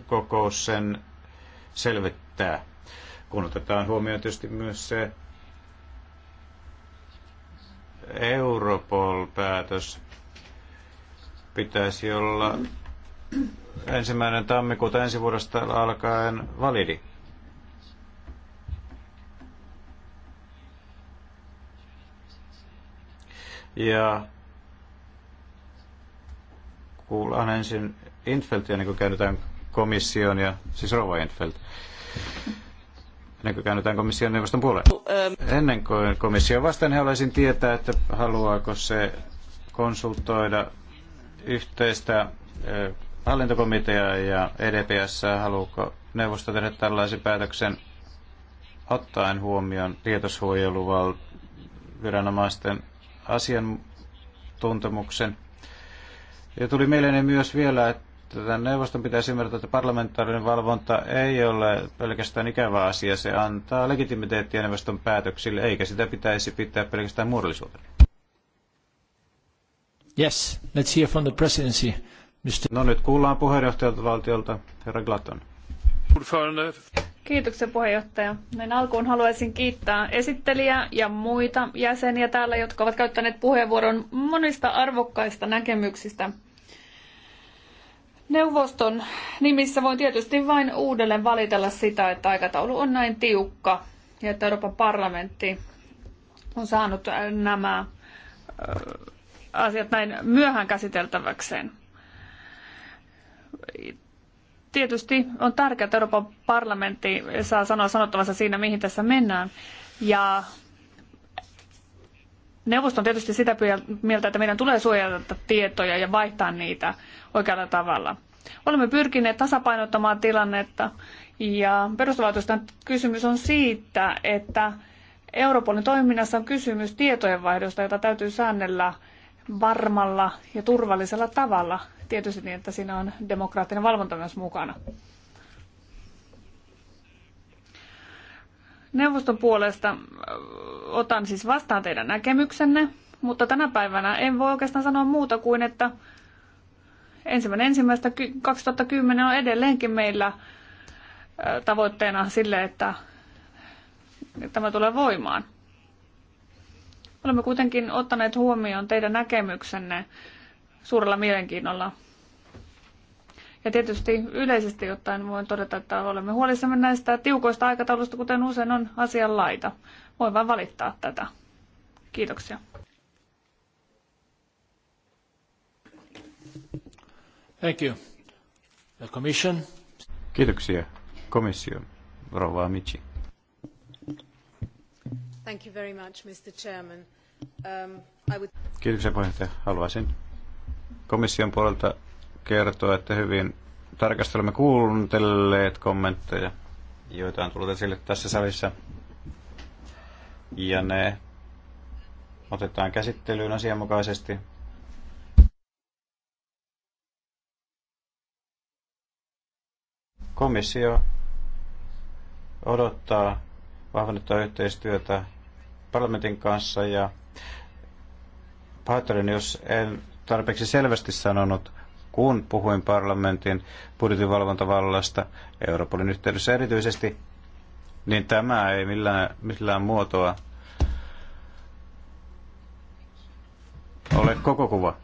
kokous sen selvittää. Kun otetaan huomioon tietysti myös se, Europol-päätös pitäisi olla ensimmäinen tammikuuta ensi vuodesta alkaen validi. Ja kuullaan ensin Infeltia, niin kuin käydetään komission ja siis Rova Infeld. Ennen komission neuvoston puoleen. Ennen kuin komission vastaan, niin haluaisin tietää, että haluaako se konsultoida yhteistä hallintokomiteaa ja EDPS, haluaako neuvosto tehdä tällaisen päätöksen ottaen huomioon tietosuojeluval viranomaisten asiantuntemuksen. Ja tuli mieleen myös vielä, että Tämän neuvoston pitäisi ymmärtää, että parlamentaarinen valvonta ei ole pelkästään ikävä asia. Se antaa legitimiteettiä neuvoston päätöksille, eikä sitä pitäisi pitää pelkästään muodollisuutena. Yes, let's hear from the presidency. Mr. No nyt kuullaan puheenjohtajalta valtiolta, herra Glatton. Kiitoksia puheenjohtaja. Näin alkuun haluaisin kiittää esittelijä ja muita jäseniä täällä, jotka ovat käyttäneet puheenvuoron monista arvokkaista näkemyksistä – Neuvoston nimissä voin tietysti vain uudelleen valitella sitä, että aikataulu on näin tiukka ja että Euroopan parlamentti on saanut nämä asiat näin myöhään käsiteltäväkseen. Tietysti on tärkeää, että Euroopan parlamentti saa sanoa sanottavansa siinä, mihin tässä mennään. Ja Neuvosto on tietysti sitä mieltä, että meidän tulee suojata tietoja ja vaihtaa niitä oikealla tavalla. Olemme pyrkineet tasapainottamaan tilannetta ja perustavaltuustan kysymys on siitä, että Europolin toiminnassa on kysymys tietojenvaihdosta, jota täytyy säännellä varmalla ja turvallisella tavalla. Tietysti niin, että siinä on demokraattinen valvonta myös mukana. Neuvoston puolesta äh, otan siis vastaan teidän näkemyksenne, mutta tänä päivänä en voi oikeastaan sanoa muuta kuin, että ensimmäinen ensimmäistä 2010 on edelleenkin meillä äh, tavoitteena sille, että tämä tulee voimaan. Olemme kuitenkin ottaneet huomioon teidän näkemyksenne suurella mielenkiinnolla ja tietysti yleisesti ottaen voin todeta, että olemme huolissamme näistä tiukoista aikataulusta, kuten usein on asian laita. Voin vain valittaa tätä. Kiitoksia. Thank you. The commission. Kiitoksia. Komission. Rova Amici. Thank you very much, Mr. Chairman. Um, I would... Kiitoksia puheenjohtaja. Haluaisin komission puolelta kertoa, että hyvin tarkasti olemme kuuntelleet kommentteja, joita on tullut esille tässä salissa. Ja ne otetaan käsittelyyn asianmukaisesti. Komissio odottaa vahvennettua yhteistyötä parlamentin kanssa ja pahoittelen, jos en tarpeeksi selvästi sanonut, kun puhuin parlamentin budjetinvalvontavallasta Europolin yhteydessä erityisesti, niin tämä ei millään, millään muotoa ole koko kuva.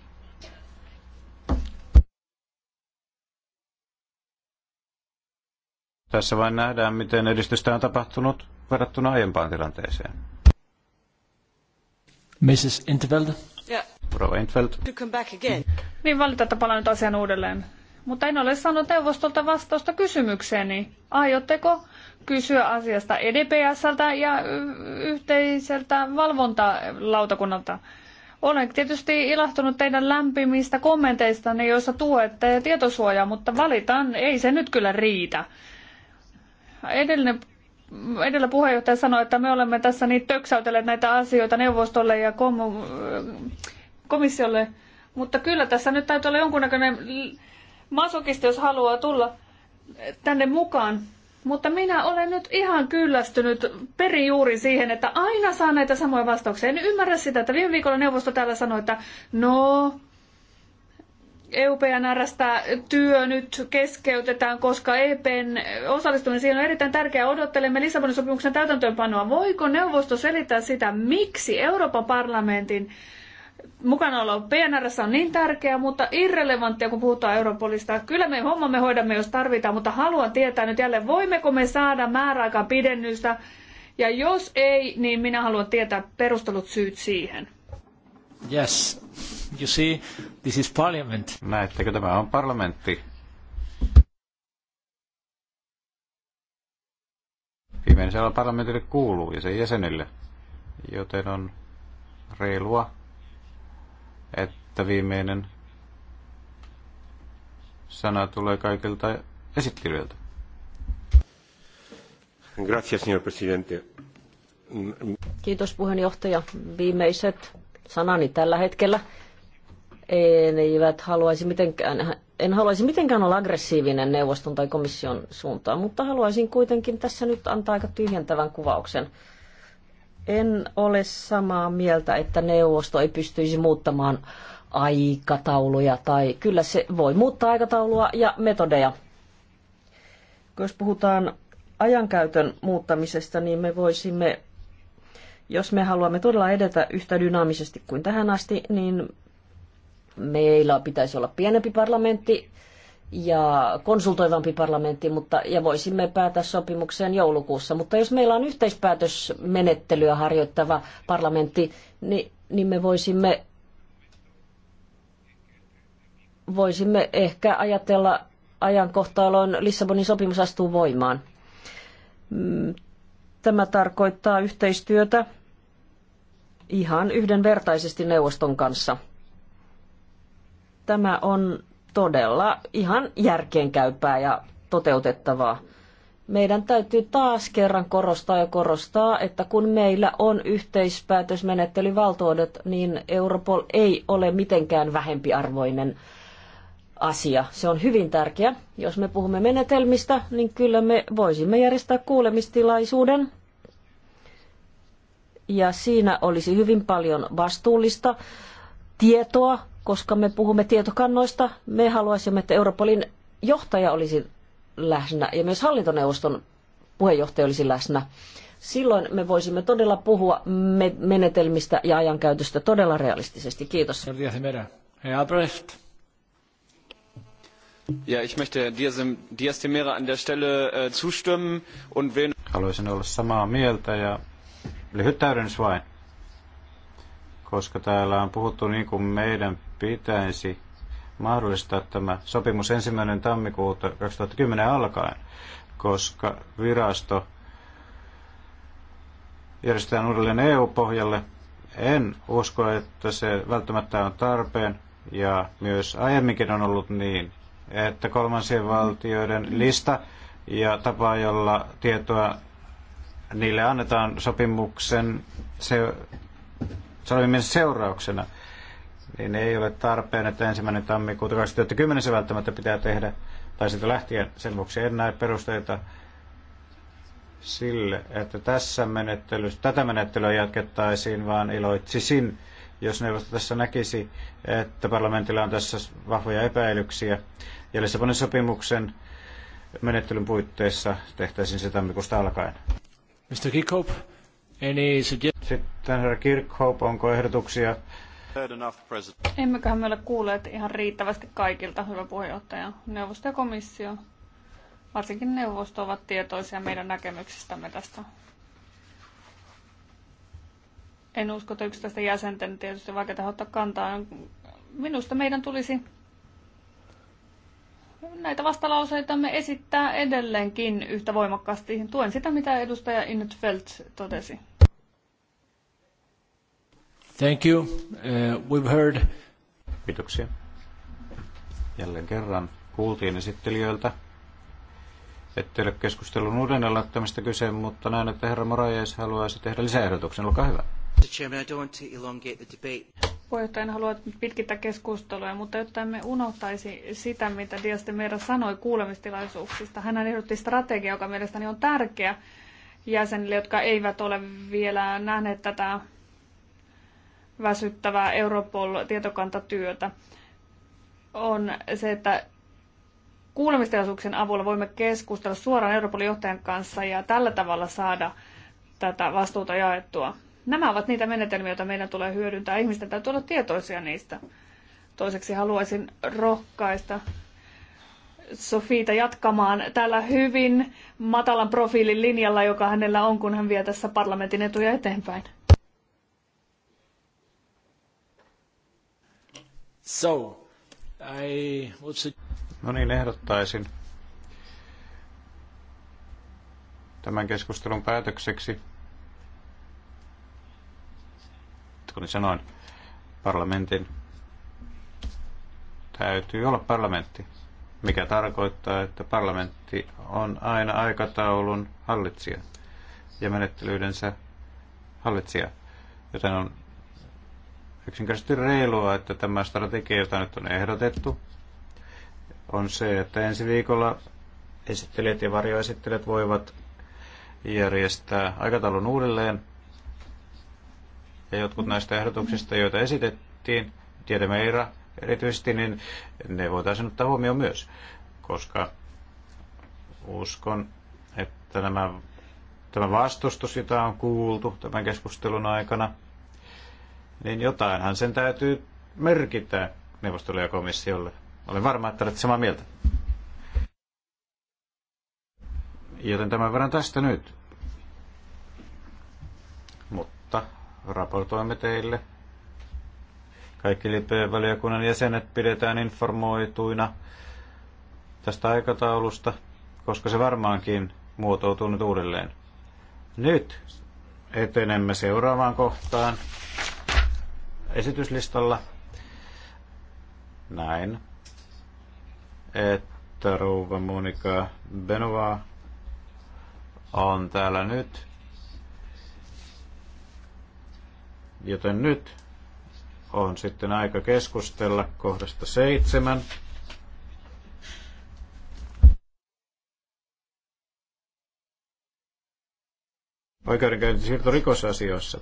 Tässä vain nähdään, miten edistystä on tapahtunut verrattuna aiempaan tilanteeseen. Mrs. Intervelde. Niin valita, että palaan nyt asian uudelleen. Mutta en ole saanut neuvostolta vastausta kysymykseeni. Aiotteko kysyä asiasta EDPSltä ja yhteiseltä valvontalautakunnalta? Olen tietysti ilahtunut teidän lämpimistä kommenteistanne, joissa tuette tietosuojaa, mutta valitan, ei se nyt kyllä riitä. Edellinen edellä puheenjohtaja sanoi, että me olemme tässä niin töksäytelleet näitä asioita neuvostolle ja kommu komissiolle, mutta kyllä tässä nyt täytyy olla jonkunnäköinen masokisti, jos haluaa tulla tänne mukaan. Mutta minä olen nyt ihan kyllästynyt perijuuri siihen, että aina saa näitä samoja vastauksia. En ymmärrä sitä, että viime viikolla neuvosto täällä sanoi, että no, EUPNRstä työ nyt keskeytetään, koska EPn osallistuminen siihen on erittäin tärkeää. Odottelemme Lissabonin sopimuksen täytäntöönpanoa. Voiko neuvosto selittää sitä, miksi Euroopan parlamentin mukanaolo PNR on niin tärkeää, mutta irrelevanttia, kun puhutaan Europolista. Kyllä me hommamme hoidamme, jos tarvitaan, mutta haluan tietää nyt jälleen, voimmeko me saada määräaikaan pidennystä, ja jos ei, niin minä haluan tietää perustelut syyt siihen. Yes, you see, this is parliament. Näettekö, tämä on parlamentti. Viimeisellä parlamentille kuuluu ja sen jäsenille, joten on reilua että viimeinen sana tulee kaikilta esittelijöiltä. Gracias, señor presidente. Kiitos puheenjohtaja. Viimeiset sanani tällä hetkellä en, eivät haluaisi mitenkään, en haluaisi mitenkään olla aggressiivinen neuvoston tai komission suuntaan, mutta haluaisin kuitenkin tässä nyt antaa aika tyhjentävän kuvauksen en ole samaa mieltä, että neuvosto ei pystyisi muuttamaan aikatauluja tai kyllä se voi muuttaa aikataulua ja metodeja. Jos puhutaan ajankäytön muuttamisesta, niin me voisimme, jos me haluamme todella edetä yhtä dynaamisesti kuin tähän asti, niin meillä pitäisi olla pienempi parlamentti, ja konsultoivampi parlamentti, mutta, ja voisimme päätä sopimukseen joulukuussa. Mutta jos meillä on yhteispäätösmenettelyä harjoittava parlamentti, niin, niin me voisimme, voisimme ehkä ajatella ajankohtaa, Lissabonin sopimus astuu voimaan. Mm, tämä tarkoittaa yhteistyötä ihan yhdenvertaisesti neuvoston kanssa. Tämä on todella ihan järkeenkäypää ja toteutettavaa. Meidän täytyy taas kerran korostaa ja korostaa, että kun meillä on yhteispäätösmenettelyvaltuudet, niin Europol ei ole mitenkään vähempiarvoinen asia. Se on hyvin tärkeä. Jos me puhumme menetelmistä, niin kyllä me voisimme järjestää kuulemistilaisuuden. Ja siinä olisi hyvin paljon vastuullista tietoa koska me puhumme tietokannoista, me haluaisimme, että Europolin johtaja olisi läsnä ja myös hallintoneuvoston puheenjohtaja olisi läsnä. Silloin me voisimme todella puhua me- menetelmistä ja ajankäytöstä todella realistisesti. Kiitos. Ja, ich möchte Dias an der Stelle äh, zustimmen und wen... Haluaisin olla samaa mieltä ja lyhyt täydennys vain koska täällä on puhuttu niin kuin meidän pitäisi mahdollistaa tämä sopimus ensimmäinen tammikuuta 2010 alkaen, koska virasto järjestetään uudelleen EU-pohjalle. En usko, että se välttämättä on tarpeen, ja myös aiemminkin on ollut niin, että kolmansien valtioiden lista ja tapa, jolla tietoa niille annetaan sopimuksen se, seurauksena – niin ei ole tarpeen, että ensimmäinen tammikuuta 2010 se välttämättä pitää tehdä, tai siitä lähtien sen vuoksi en näe perusteita sille, että tässä menettelyssä, tätä menettelyä jatkettaisiin, vaan iloitsisin, jos neuvosto tässä näkisi, että parlamentilla on tässä vahvoja epäilyksiä, ja Lissabonin sopimuksen menettelyn puitteissa tehtäisiin se tammikuusta alkaen. Mr. Kirkhope, any Sitten herra Kirkhope, onko ehdotuksia Emmeköhän me ole kuulleet ihan riittävästi kaikilta, hyvä puheenjohtaja. Neuvosto ja komissio, varsinkin neuvosto, ovat tietoisia meidän näkemyksistämme tästä. En usko, että yksittäistä jäsenten tietysti vaikea ottaa kantaa. Minusta meidän tulisi näitä vastalauseita me esittää edelleenkin yhtä voimakkaasti. Tuen sitä, mitä edustaja Innetfeldt totesi. Thank you. Uh, we've heard. Kiitoksia. Jälleen kerran kuultiin esittelijöiltä. Ette ole keskustelun uudelleen laittamista kyse, mutta näen, että herra Morajais haluaisi tehdä lisäehdotuksen. Olkaa hyvä. Puheenjohtaja, en halua pitkittää keskustelua, mutta jotta emme unohtaisi sitä, mitä de Mera sanoi kuulemistilaisuuksista. Hän ehdotti strategiaa, joka mielestäni on tärkeä jäsenille, jotka eivät ole vielä nähneet tätä väsyttävää Europol-tietokantatyötä on se, että kuulemistilaisuuksien avulla voimme keskustella suoraan Europolin johtajan kanssa ja tällä tavalla saada tätä vastuuta jaettua. Nämä ovat niitä menetelmiä, joita meidän tulee hyödyntää. Ihmisten täytyy olla tietoisia niistä. Toiseksi haluaisin rohkaista Sofiita jatkamaan tällä hyvin matalan profiilin linjalla, joka hänellä on, kun hän vie tässä parlamentin etuja eteenpäin. So, I would No niin, ehdottaisin tämän keskustelun päätökseksi, kuten sanoin, parlamentin täytyy olla parlamentti, mikä tarkoittaa, että parlamentti on aina aikataulun hallitsija ja menettelyydensä hallitsija, joten on yksinkertaisesti reilua, että tämä strategia, jota nyt on ehdotettu, on se, että ensi viikolla esittelijät ja varjoesittelijät voivat järjestää aikataulun uudelleen. Ja jotkut näistä ehdotuksista, joita esitettiin, tiedämme Eira erityisesti, niin ne voitaisiin ottaa huomioon myös, koska uskon, että nämä, tämä vastustus, jota on kuultu tämän keskustelun aikana – niin jotainhan sen täytyy merkitä neuvostolle ja komissiolle. Olen varma, että olette samaa mieltä. Joten tämän verran tästä nyt. Mutta raportoimme teille. Kaikki LIPE-valiokunnan jäsenet pidetään informoituina tästä aikataulusta, koska se varmaankin muotoutuu nyt uudelleen. Nyt etenemme seuraavaan kohtaan esityslistalla. Näin. Että rouva Monika Benova on täällä nyt. Joten nyt on sitten aika keskustella kohdasta seitsemän. oikeudenkäyntisiirto rikosasioissa.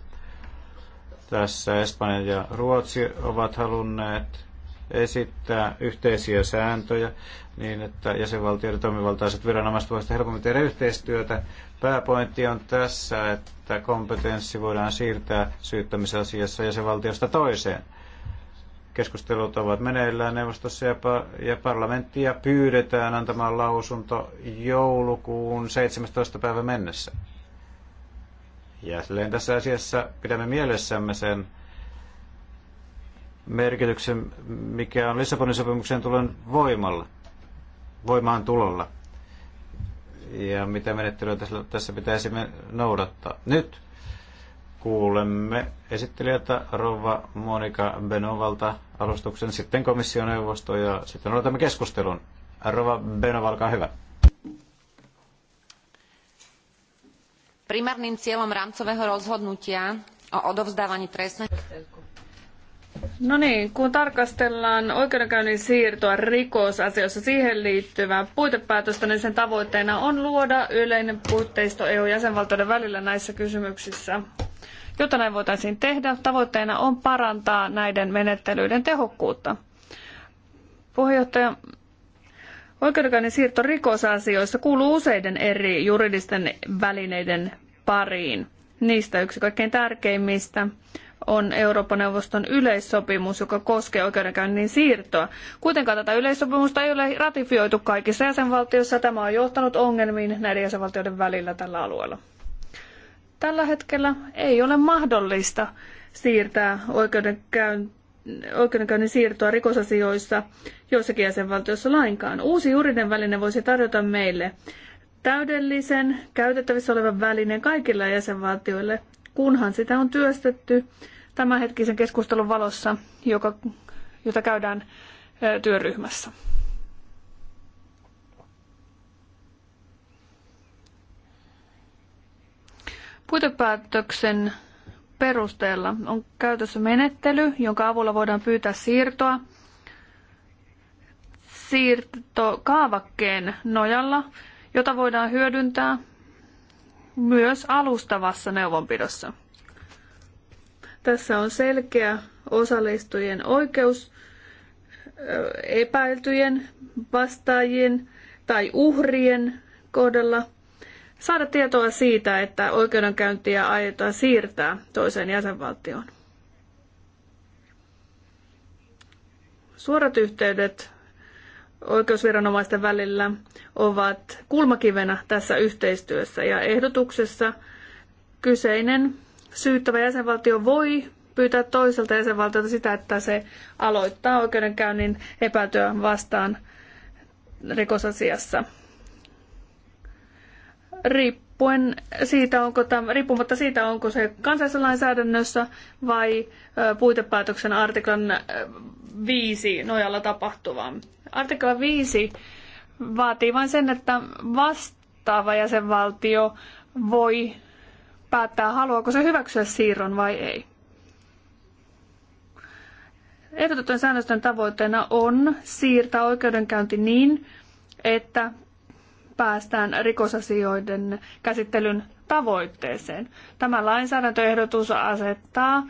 Tässä Espanja ja Ruotsi ovat halunneet esittää yhteisiä sääntöjä niin, että jäsenvaltioiden toimivaltaiset viranomaiset voivat helpommin tehdä yhteistyötä. Pääpointti on tässä, että kompetenssi voidaan siirtää syyttämisasiassa jäsenvaltiosta toiseen. Keskustelut ovat meneillään neuvostossa ja, ja parlamenttia pyydetään antamaan lausunto joulukuun 17. päivä mennessä silleen tässä asiassa pidämme mielessämme sen merkityksen, mikä on Lissabonin sopimuksen tulon voimalla, voimaan tulolla ja mitä menettelyä tässä, tässä pitäisi noudattaa. Nyt kuulemme esittelijältä Rova Monika Benovalta alustuksen, sitten komissioneuvosto ja sitten aloitamme keskustelun. Rova Benoval, olkaa hyvä. primárnym cieľom rámcového rozhodnutia o odovzdávaní No niin, kun tarkastellaan oikeudenkäynnin siirtoa rikosasioissa siihen liittyvää puitepäätöstä, niin sen tavoitteena on luoda yleinen puitteisto EU-jäsenvaltioiden välillä näissä kysymyksissä. Jotta näin voitaisiin tehdä, tavoitteena on parantaa näiden menettelyiden tehokkuutta. Puheenjohtaja, Oikeudenkäynnin siirto rikosasioissa kuuluu useiden eri juridisten välineiden pariin. Niistä yksi kaikkein tärkeimmistä on Euroopan neuvoston yleissopimus, joka koskee oikeudenkäynnin siirtoa. Kuitenkaan tätä yleissopimusta ei ole ratifioitu kaikissa jäsenvaltioissa. Tämä on johtanut ongelmiin näiden jäsenvaltioiden välillä tällä alueella. Tällä hetkellä ei ole mahdollista siirtää oikeudenkäyntiä oikeudenkäynnin siirtoa rikosasioissa joissakin jäsenvaltioissa lainkaan. Uusi juridinen väline voisi tarjota meille täydellisen, käytettävissä olevan välineen kaikille jäsenvaltioille, kunhan sitä on työstetty tämänhetkisen keskustelun valossa, joka, jota käydään työryhmässä. Puitepäätöksen perusteella. On käytössä menettely, jonka avulla voidaan pyytää siirtoa siirtokaavakkeen nojalla, jota voidaan hyödyntää myös alustavassa neuvonpidossa. Tässä on selkeä osallistujien oikeus epäiltyjen vastaajien tai uhrien kohdalla – saada tietoa siitä, että oikeudenkäyntiä aiotaan siirtää toiseen jäsenvaltioon. Suorat yhteydet oikeusviranomaisten välillä ovat kulmakivenä tässä yhteistyössä ja ehdotuksessa kyseinen syyttävä jäsenvaltio voi pyytää toiselta jäsenvaltiolta sitä, että se aloittaa oikeudenkäynnin epätyön vastaan rikosasiassa riippuen siitä, onko tämä, riippumatta siitä, onko se kansallisessa vai puitepäätöksen artiklan 5 nojalla tapahtuvaa. Artikla 5 vaatii vain sen, että vastaava jäsenvaltio voi päättää, haluaako se hyväksyä siirron vai ei. Ehdotettujen säännösten tavoitteena on siirtää oikeudenkäynti niin, että päästään rikosasioiden käsittelyn tavoitteeseen. Tämä lainsäädäntöehdotus asettaa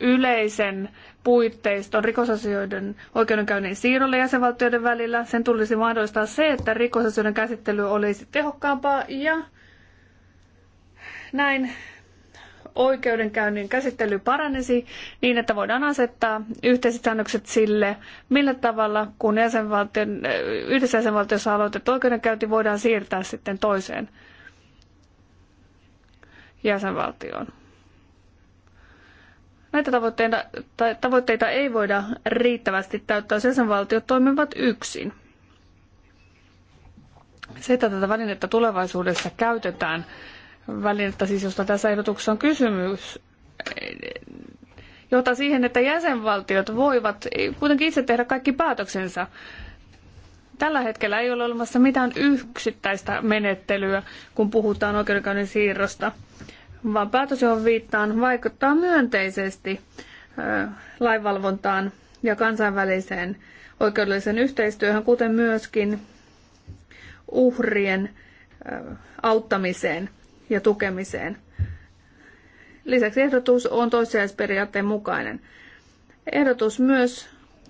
yleisen puitteiston rikosasioiden oikeudenkäynnin siirrolle jäsenvaltioiden välillä. Sen tulisi mahdollistaa se, että rikosasioiden käsittely olisi tehokkaampaa ja näin oikeudenkäynnin käsittely paranisi niin, että voidaan asettaa yhteiset säännökset sille, millä tavalla, kun jäsenvaltion, eh, yhdessä jäsenvaltiossa aloitettu oikeudenkäynti voidaan siirtää sitten toiseen jäsenvaltioon. Näitä tavoitteita, tavoitteita ei voida riittävästi täyttää, jos jäsenvaltiot toimivat yksin. Se, että tätä välinettä tulevaisuudessa käytetään välinettä, siis josta tässä ehdotuksessa on kysymys, johtaa siihen, että jäsenvaltiot voivat kuitenkin itse tehdä kaikki päätöksensä. Tällä hetkellä ei ole olemassa mitään yksittäistä menettelyä, kun puhutaan oikeudenkäynnin siirrosta, vaan päätös, johon viittaan, vaikuttaa myönteisesti lainvalvontaan ja kansainväliseen oikeudelliseen yhteistyöhön, kuten myöskin uhrien auttamiseen ja tukemiseen. Lisäksi ehdotus on toissijaisperiaatteen mukainen. Ehdotus myös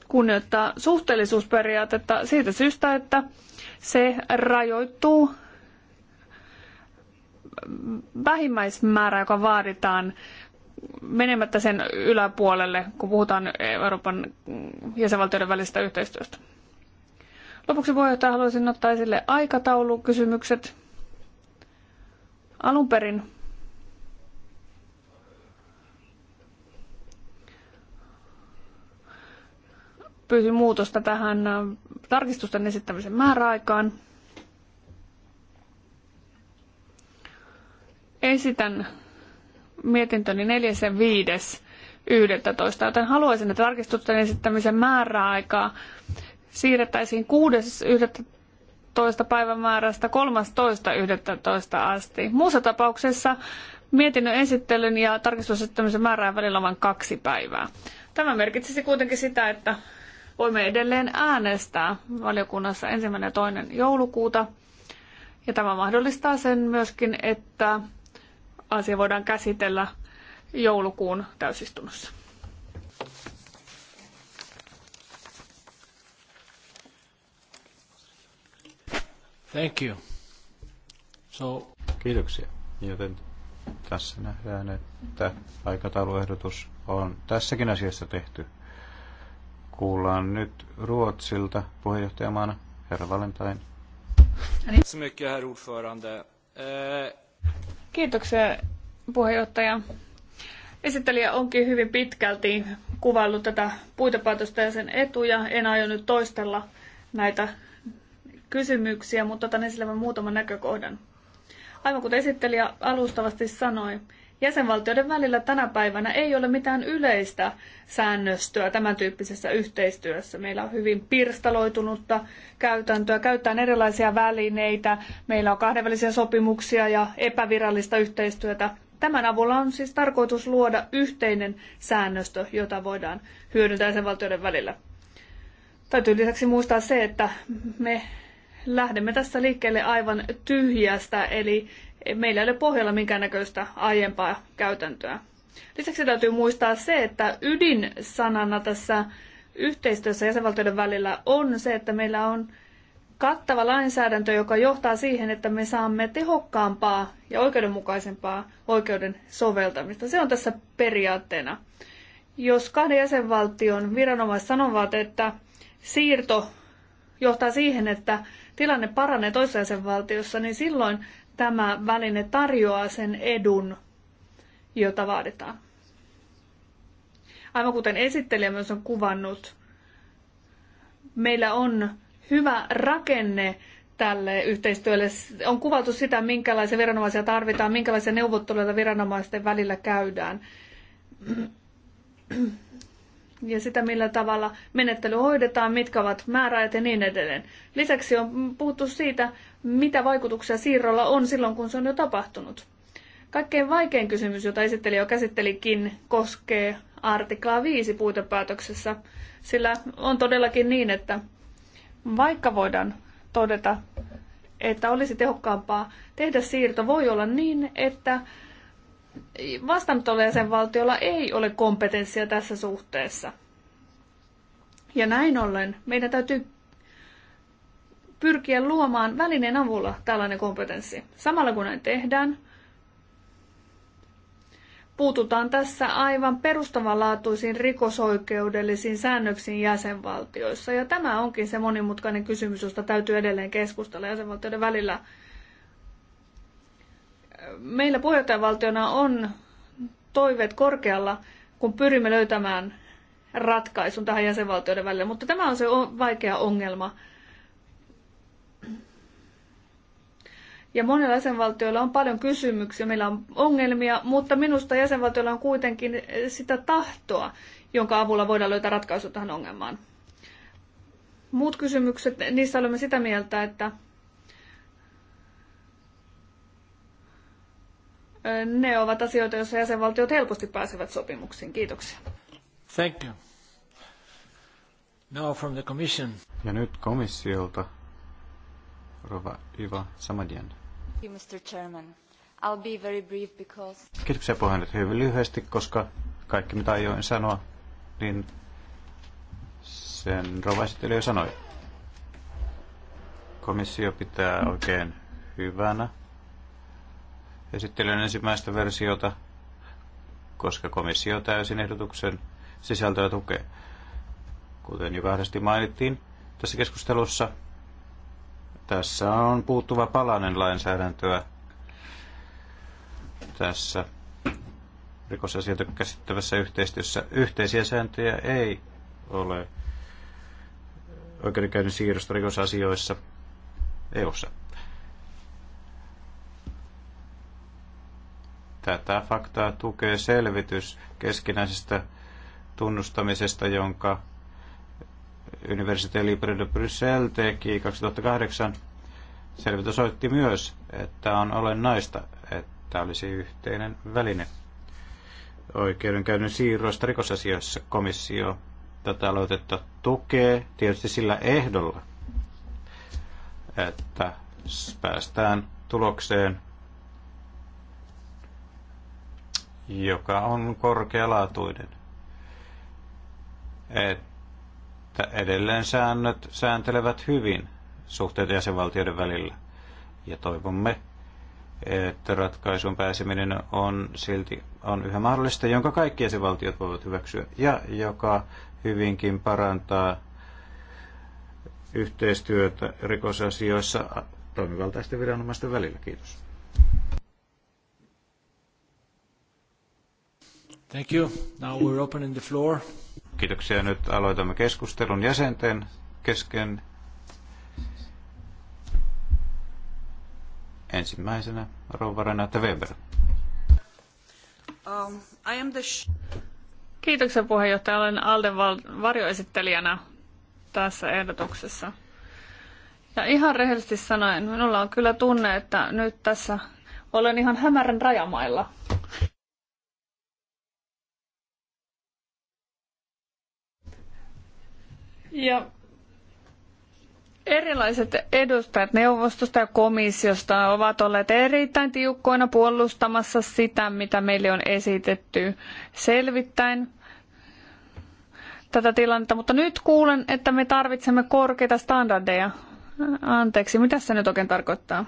kunnioittaa suhteellisuusperiaatetta siitä syystä, että se rajoittuu vähimmäismäärä, joka vaaditaan menemättä sen yläpuolelle, kun puhutaan Euroopan jäsenvaltioiden välisestä yhteistyöstä. Lopuksi puheenjohtaja haluaisin ottaa esille aikataulukysymykset. Alun perin pyysin muutosta tähän äh, tarkistusten esittämisen määräaikaan. Esitän mietintöni 4. ja 5. toista, Joten haluaisin, että tarkistusten esittämisen määräaikaa siirrettäisiin 6.11 toista päivämäärästä 13.11. asti. Muussa tapauksessa mietinnön esittelyn ja tarkistusesittelyn määrää välillä vain kaksi päivää. Tämä merkitsisi kuitenkin sitä, että voimme edelleen äänestää valiokunnassa ensimmäinen ja toinen joulukuuta. Ja tämä mahdollistaa sen myöskin, että asia voidaan käsitellä joulukuun täysistunnossa. Thank you. So... Kiitoksia. Joten tässä nähdään, että aikatauluehdotus on tässäkin asiassa tehty. Kuullaan nyt Ruotsilta puheenjohtajamaana herra Valentain. Eh. Kiitoksia puheenjohtaja. Esittelijä onkin hyvin pitkälti kuvaillut tätä puitepäätöstä ja sen etuja. En aio nyt toistella näitä kysymyksiä, mutta otan esille vain muutaman näkökohdan. Aivan kuten esittelijä alustavasti sanoi, jäsenvaltioiden välillä tänä päivänä ei ole mitään yleistä säännöstöä tämän tyyppisessä yhteistyössä. Meillä on hyvin pirstaloitunutta käytäntöä, käytetään erilaisia välineitä, meillä on kahdenvälisiä sopimuksia ja epävirallista yhteistyötä. Tämän avulla on siis tarkoitus luoda yhteinen säännöstö, jota voidaan hyödyntää jäsenvaltioiden välillä. Täytyy lisäksi muistaa se, että me lähdemme tässä liikkeelle aivan tyhjästä, eli meillä ei ole pohjalla minkäännäköistä aiempaa käytäntöä. Lisäksi täytyy muistaa se, että ydinsanana tässä yhteistyössä jäsenvaltioiden välillä on se, että meillä on kattava lainsäädäntö, joka johtaa siihen, että me saamme tehokkaampaa ja oikeudenmukaisempaa oikeuden soveltamista. Se on tässä periaatteena. Jos kahden jäsenvaltion viranomaiset sanovat, että siirto johtaa siihen, että tilanne paranee toisessa valtiossa, niin silloin tämä väline tarjoaa sen edun, jota vaaditaan. Aivan kuten esittelijä myös on kuvannut, meillä on hyvä rakenne tälle yhteistyölle. On kuvattu sitä, minkälaisia viranomaisia tarvitaan, minkälaisia neuvotteluita viranomaisten välillä käydään ja sitä, millä tavalla menettely hoidetaan, mitkä ovat määräajat ja niin edelleen. Lisäksi on puhuttu siitä, mitä vaikutuksia siirrolla on silloin, kun se on jo tapahtunut. Kaikkein vaikein kysymys, jota esitteli jo käsittelikin, koskee artiklaa 5 puitepäätöksessä, sillä on todellakin niin, että vaikka voidaan todeta, että olisi tehokkaampaa tehdä siirto, voi olla niin, että vastaanotolla jäsenvaltiolla ei ole kompetenssia tässä suhteessa. Ja näin ollen meidän täytyy pyrkiä luomaan välineen avulla tällainen kompetenssi. Samalla kun näin tehdään, puututaan tässä aivan perustavanlaatuisiin rikosoikeudellisiin säännöksiin jäsenvaltioissa. Ja tämä onkin se monimutkainen kysymys, josta täytyy edelleen keskustella jäsenvaltioiden välillä meillä puheenjohtajavaltiona on toiveet korkealla, kun pyrimme löytämään ratkaisun tähän jäsenvaltioiden välille, mutta tämä on se vaikea ongelma. Ja monilla jäsenvaltioilla on paljon kysymyksiä, meillä on ongelmia, mutta minusta jäsenvaltioilla on kuitenkin sitä tahtoa, jonka avulla voidaan löytää ratkaisu tähän ongelmaan. Muut kysymykset, niissä olemme sitä mieltä, että ne ovat asioita, joissa jäsenvaltiot helposti pääsevät sopimuksiin. Kiitoksia. Thank you. Now from the commission. Ja nyt komissiolta Rova Iva Samadian. Mr. Chairman. I'll be very brief because... Kiitoksia puhemies hyvin lyhyesti, koska kaikki mitä aioin sanoa, niin sen Rova esittelijä sanoi. Komissio pitää oikein hyvänä esittelen ensimmäistä versiota, koska komissio täysin ehdotuksen sisältöä tukee. Kuten jo kahdesti mainittiin tässä keskustelussa, tässä on puuttuva palanen lainsäädäntöä tässä rikosasioita käsittävässä yhteistyössä. Yhteisiä sääntöjä ei ole oikeudenkäynnin siirrosta rikosasioissa EU-ssa. Tätä faktaa tukee selvitys keskinäisestä tunnustamisesta, jonka Université Libre de Bruxelles teki 2008. Selvitys osoitti myös, että on olennaista, että olisi yhteinen väline oikeudenkäynnin siirroista rikosasioissa komissio tätä aloitetta tukee tietysti sillä ehdolla, että päästään tulokseen joka on korkealaatuinen. Että edelleen säännöt sääntelevät hyvin suhteet jäsenvaltioiden välillä. Ja toivomme, että ratkaisun pääseminen on silti on yhä mahdollista, jonka kaikki jäsenvaltiot voivat hyväksyä ja joka hyvinkin parantaa yhteistyötä rikosasioissa toimivaltaisten viranomaisten välillä. Kiitos. Thank you. Now we're opening the floor. Kiitoksia. Nyt aloitamme keskustelun jäsenten kesken. Ensimmäisenä rouva Renate Weber. Um, I am the Kiitoksia puheenjohtaja. Olen Alden varjoesittelijänä tässä ehdotuksessa. Ja ihan rehellisesti sanoen, minulla on kyllä tunne, että nyt tässä olen ihan hämärän rajamailla. Ja erilaiset edustajat neuvostosta ja komissiosta ovat olleet erittäin tiukkoina puolustamassa sitä, mitä meille on esitetty selvittäen tätä tilannetta, mutta nyt kuulen, että me tarvitsemme korkeita standardeja. Anteeksi, mitä se nyt oikein tarkoittaa?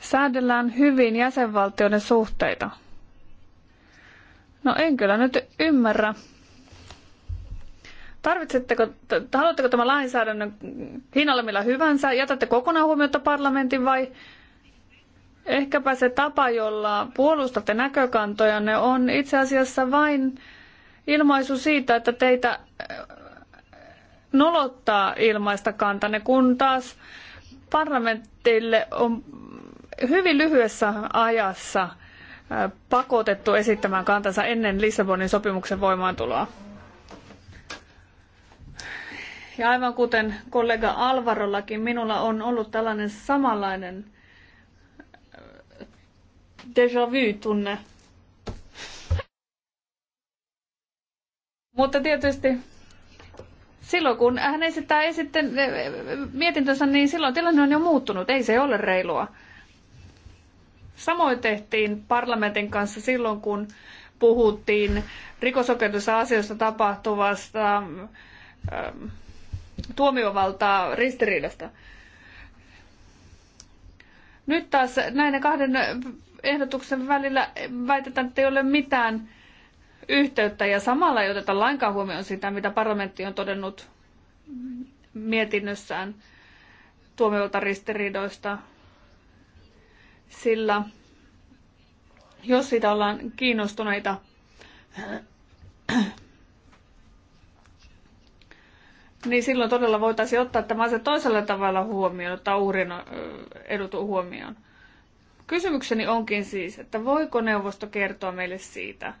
Säädellään hyvin jäsenvaltioiden suhteita. No en kyllä nyt ymmärrä, Tarvitsetteko, haluatteko tämän lainsäädännön hinnalla millä hyvänsä? Jätätte kokonaan huomiota parlamentin vai ehkäpä se tapa, jolla puolustatte ne on itse asiassa vain ilmaisu siitä, että teitä äh, nolottaa ilmaista kantanne, kun taas parlamentille on hyvin lyhyessä ajassa äh, pakotettu esittämään kantansa ennen Lissabonin sopimuksen voimaantuloa. Ja aivan kuten kollega Alvarollakin, minulla on ollut tällainen samanlainen äh, déjà vu-tunne. Mutta tietysti silloin kun hän esittää esitten, äh, mietintönsä, niin silloin tilanne on jo muuttunut. Ei se ole reilua. Samoin tehtiin parlamentin kanssa silloin, kun puhuttiin rikosoikeudessa asioista tapahtuvasta ähm, tuomiovaltaa ristiriidasta. Nyt taas näiden kahden ehdotuksen välillä väitetään, että ei ole mitään yhteyttä ja samalla ei oteta lainkaan huomioon sitä, mitä parlamentti on todennut mietinnössään tuomiolta ristiriidoista, sillä jos siitä ollaan kiinnostuneita, niin silloin todella voitaisiin ottaa tämä se toisella tavalla huomioon, ottaa uhrin edut huomioon. Kysymykseni onkin siis, että voiko neuvosto kertoa meille siitä,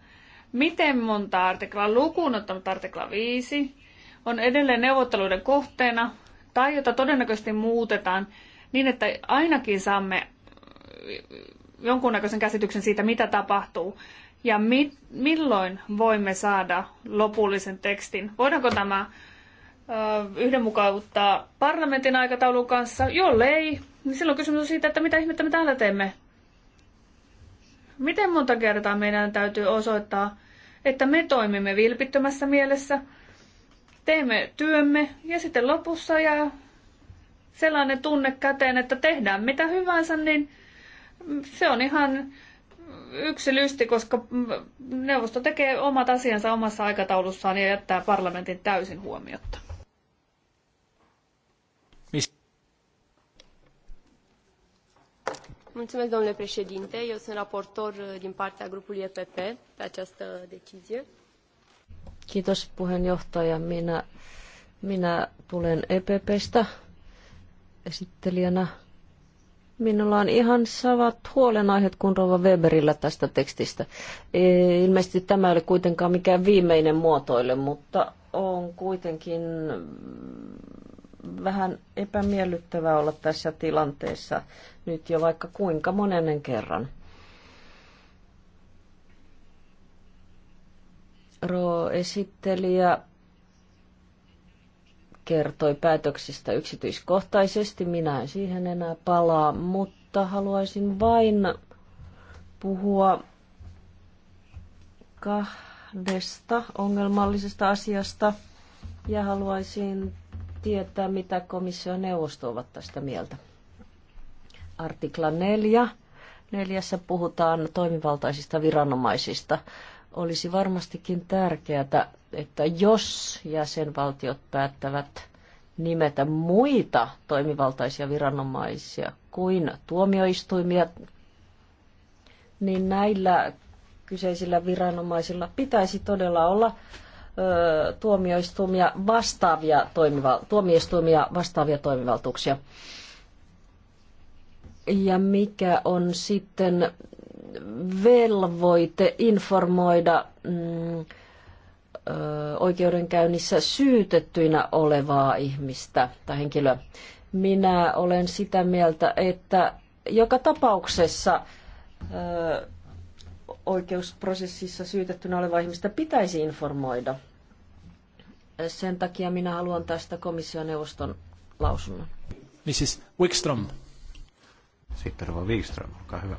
miten monta artiklaa lukuun ottanut artikla 5 on edelleen neuvotteluiden kohteena tai jota todennäköisesti muutetaan niin, että ainakin saamme jonkunnäköisen käsityksen siitä, mitä tapahtuu ja mi- milloin voimme saada lopullisen tekstin. Voidaanko tämä yhdenmukautta parlamentin aikataulun kanssa. Jollei, niin silloin kysymys on siitä, että mitä ihmettä me täällä teemme. Miten monta kertaa meidän täytyy osoittaa, että me toimimme vilpittömässä mielessä, teemme työmme ja sitten lopussa ja sellainen tunne käteen, että tehdään mitä hyvänsä, niin se on ihan yksi lysti, koska neuvosto tekee omat asiansa omassa aikataulussaan ja jättää parlamentin täysin huomiotta. Eu sunt raportor uh, din partea grupului EPP pe această decizie. Kiitos puheenjohtaja. Minä, minä tulen EPPstä esittelijänä. Minulla on ihan samat huolenaiheet kuin Rova Weberillä tästä tekstistä. E, ilmeisesti tämä ei ole kuitenkaan mikään viimeinen muotoille, mutta on kuitenkin vähän epämiellyttävää olla tässä tilanteessa nyt jo vaikka kuinka monennen kerran. Ro-esittelijä kertoi päätöksistä yksityiskohtaisesti. Minä en siihen enää palaa, mutta haluaisin vain puhua kahdesta ongelmallisesta asiasta ja haluaisin tietää, mitä komissio ja neuvosto ovat tästä mieltä. Artikla 4. Neljässä puhutaan toimivaltaisista viranomaisista. Olisi varmastikin tärkeää, että jos jäsenvaltiot päättävät nimetä muita toimivaltaisia viranomaisia kuin tuomioistuimia, niin näillä kyseisillä viranomaisilla pitäisi todella olla tuomioistuimia vastaavia, toimiva, tuomioistuimia vastaavia toimivaltuuksia. Ja mikä on sitten velvoite informoida mm, ö, oikeudenkäynnissä syytettyinä olevaa ihmistä tai henkilöä? Minä olen sitä mieltä, että joka tapauksessa ö, oikeusprosessissa syytettynä oleva ihmistä pitäisi informoida. Sen takia minä haluan tästä komissioneuvoston lausunnon. Mrs. Wikström. Sitten Rova Wikström, olkaa hyvä.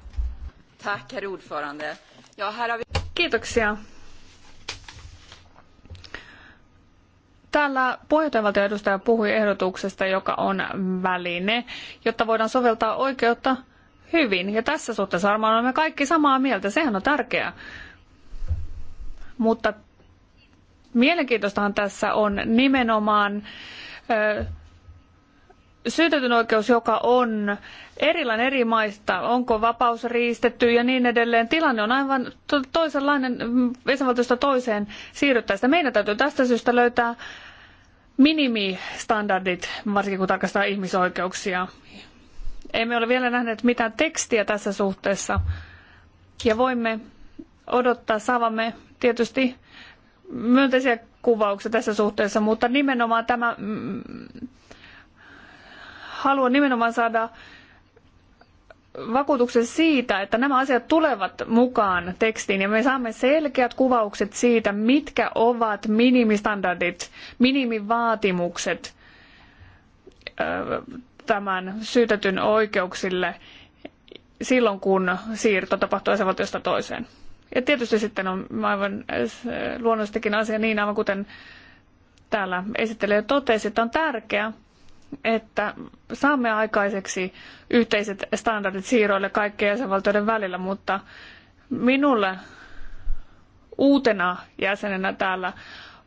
Tack, herr ordförande. Ja, här har vi... Kiitoksia. Täällä puheenjohtajavaltion edustaja puhui ehdotuksesta, joka on väline, jotta voidaan soveltaa oikeutta hyvin. Ja tässä suhteessa varmaan olemme kaikki samaa mieltä, sehän on tärkeää. Mutta mielenkiintoistahan tässä on nimenomaan ö, syytetyn oikeus, joka on erilainen eri maista, onko vapaus riistetty ja niin edelleen. Tilanne on aivan toisenlainen Esimerkiksi toiseen siirryttäessä. Meidän täytyy tästä syystä löytää minimistandardit, varsinkin kun tarkastetaan ihmisoikeuksia. Emme ole vielä nähneet mitään tekstiä tässä suhteessa. Ja voimme odottaa saavamme tietysti myönteisiä kuvauksia tässä suhteessa, mutta nimenomaan tämä, mm, haluan nimenomaan saada vakuutuksen siitä, että nämä asiat tulevat mukaan tekstiin ja me saamme selkeät kuvaukset siitä, mitkä ovat minimistandardit, minimivaatimukset tämän syytetyn oikeuksille silloin, kun siirto tapahtuu jäsenvaltiosta toiseen. Ja tietysti sitten on aivan äh, luonnollisestikin asia niin, aivan kuten täällä esittelijä totesi, että on tärkeää, että saamme aikaiseksi yhteiset standardit siirroille kaikkien jäsenvaltioiden välillä, mutta minulle uutena jäsenenä täällä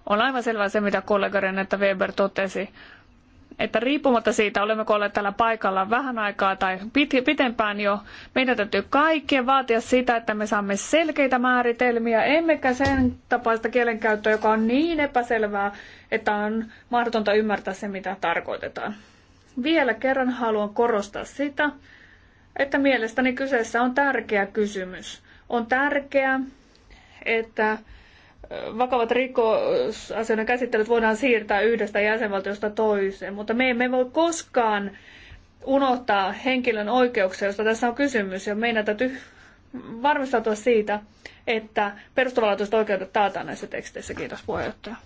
on aivan selvää se, mitä kollega että Weber totesi, että riippumatta siitä, olemmeko olleet täällä paikalla vähän aikaa tai pit- pitempään jo, meidän täytyy kaikkien vaatia sitä, että me saamme selkeitä määritelmiä, emmekä sen tapaista kielenkäyttöä, joka on niin epäselvää, että on mahdotonta ymmärtää se, mitä tarkoitetaan. Vielä kerran haluan korostaa sitä, että mielestäni kyseessä on tärkeä kysymys. On tärkeää, että vakavat rikosasioiden käsittelyt voidaan siirtää yhdestä jäsenvaltiosta toiseen, mutta me emme voi koskaan unohtaa henkilön oikeuksia, josta tässä on kysymys, ja meidän täytyy varmistautua siitä, että perustavanlaatuiset oikeudet taataan näissä teksteissä. Kiitos puheenjohtaja.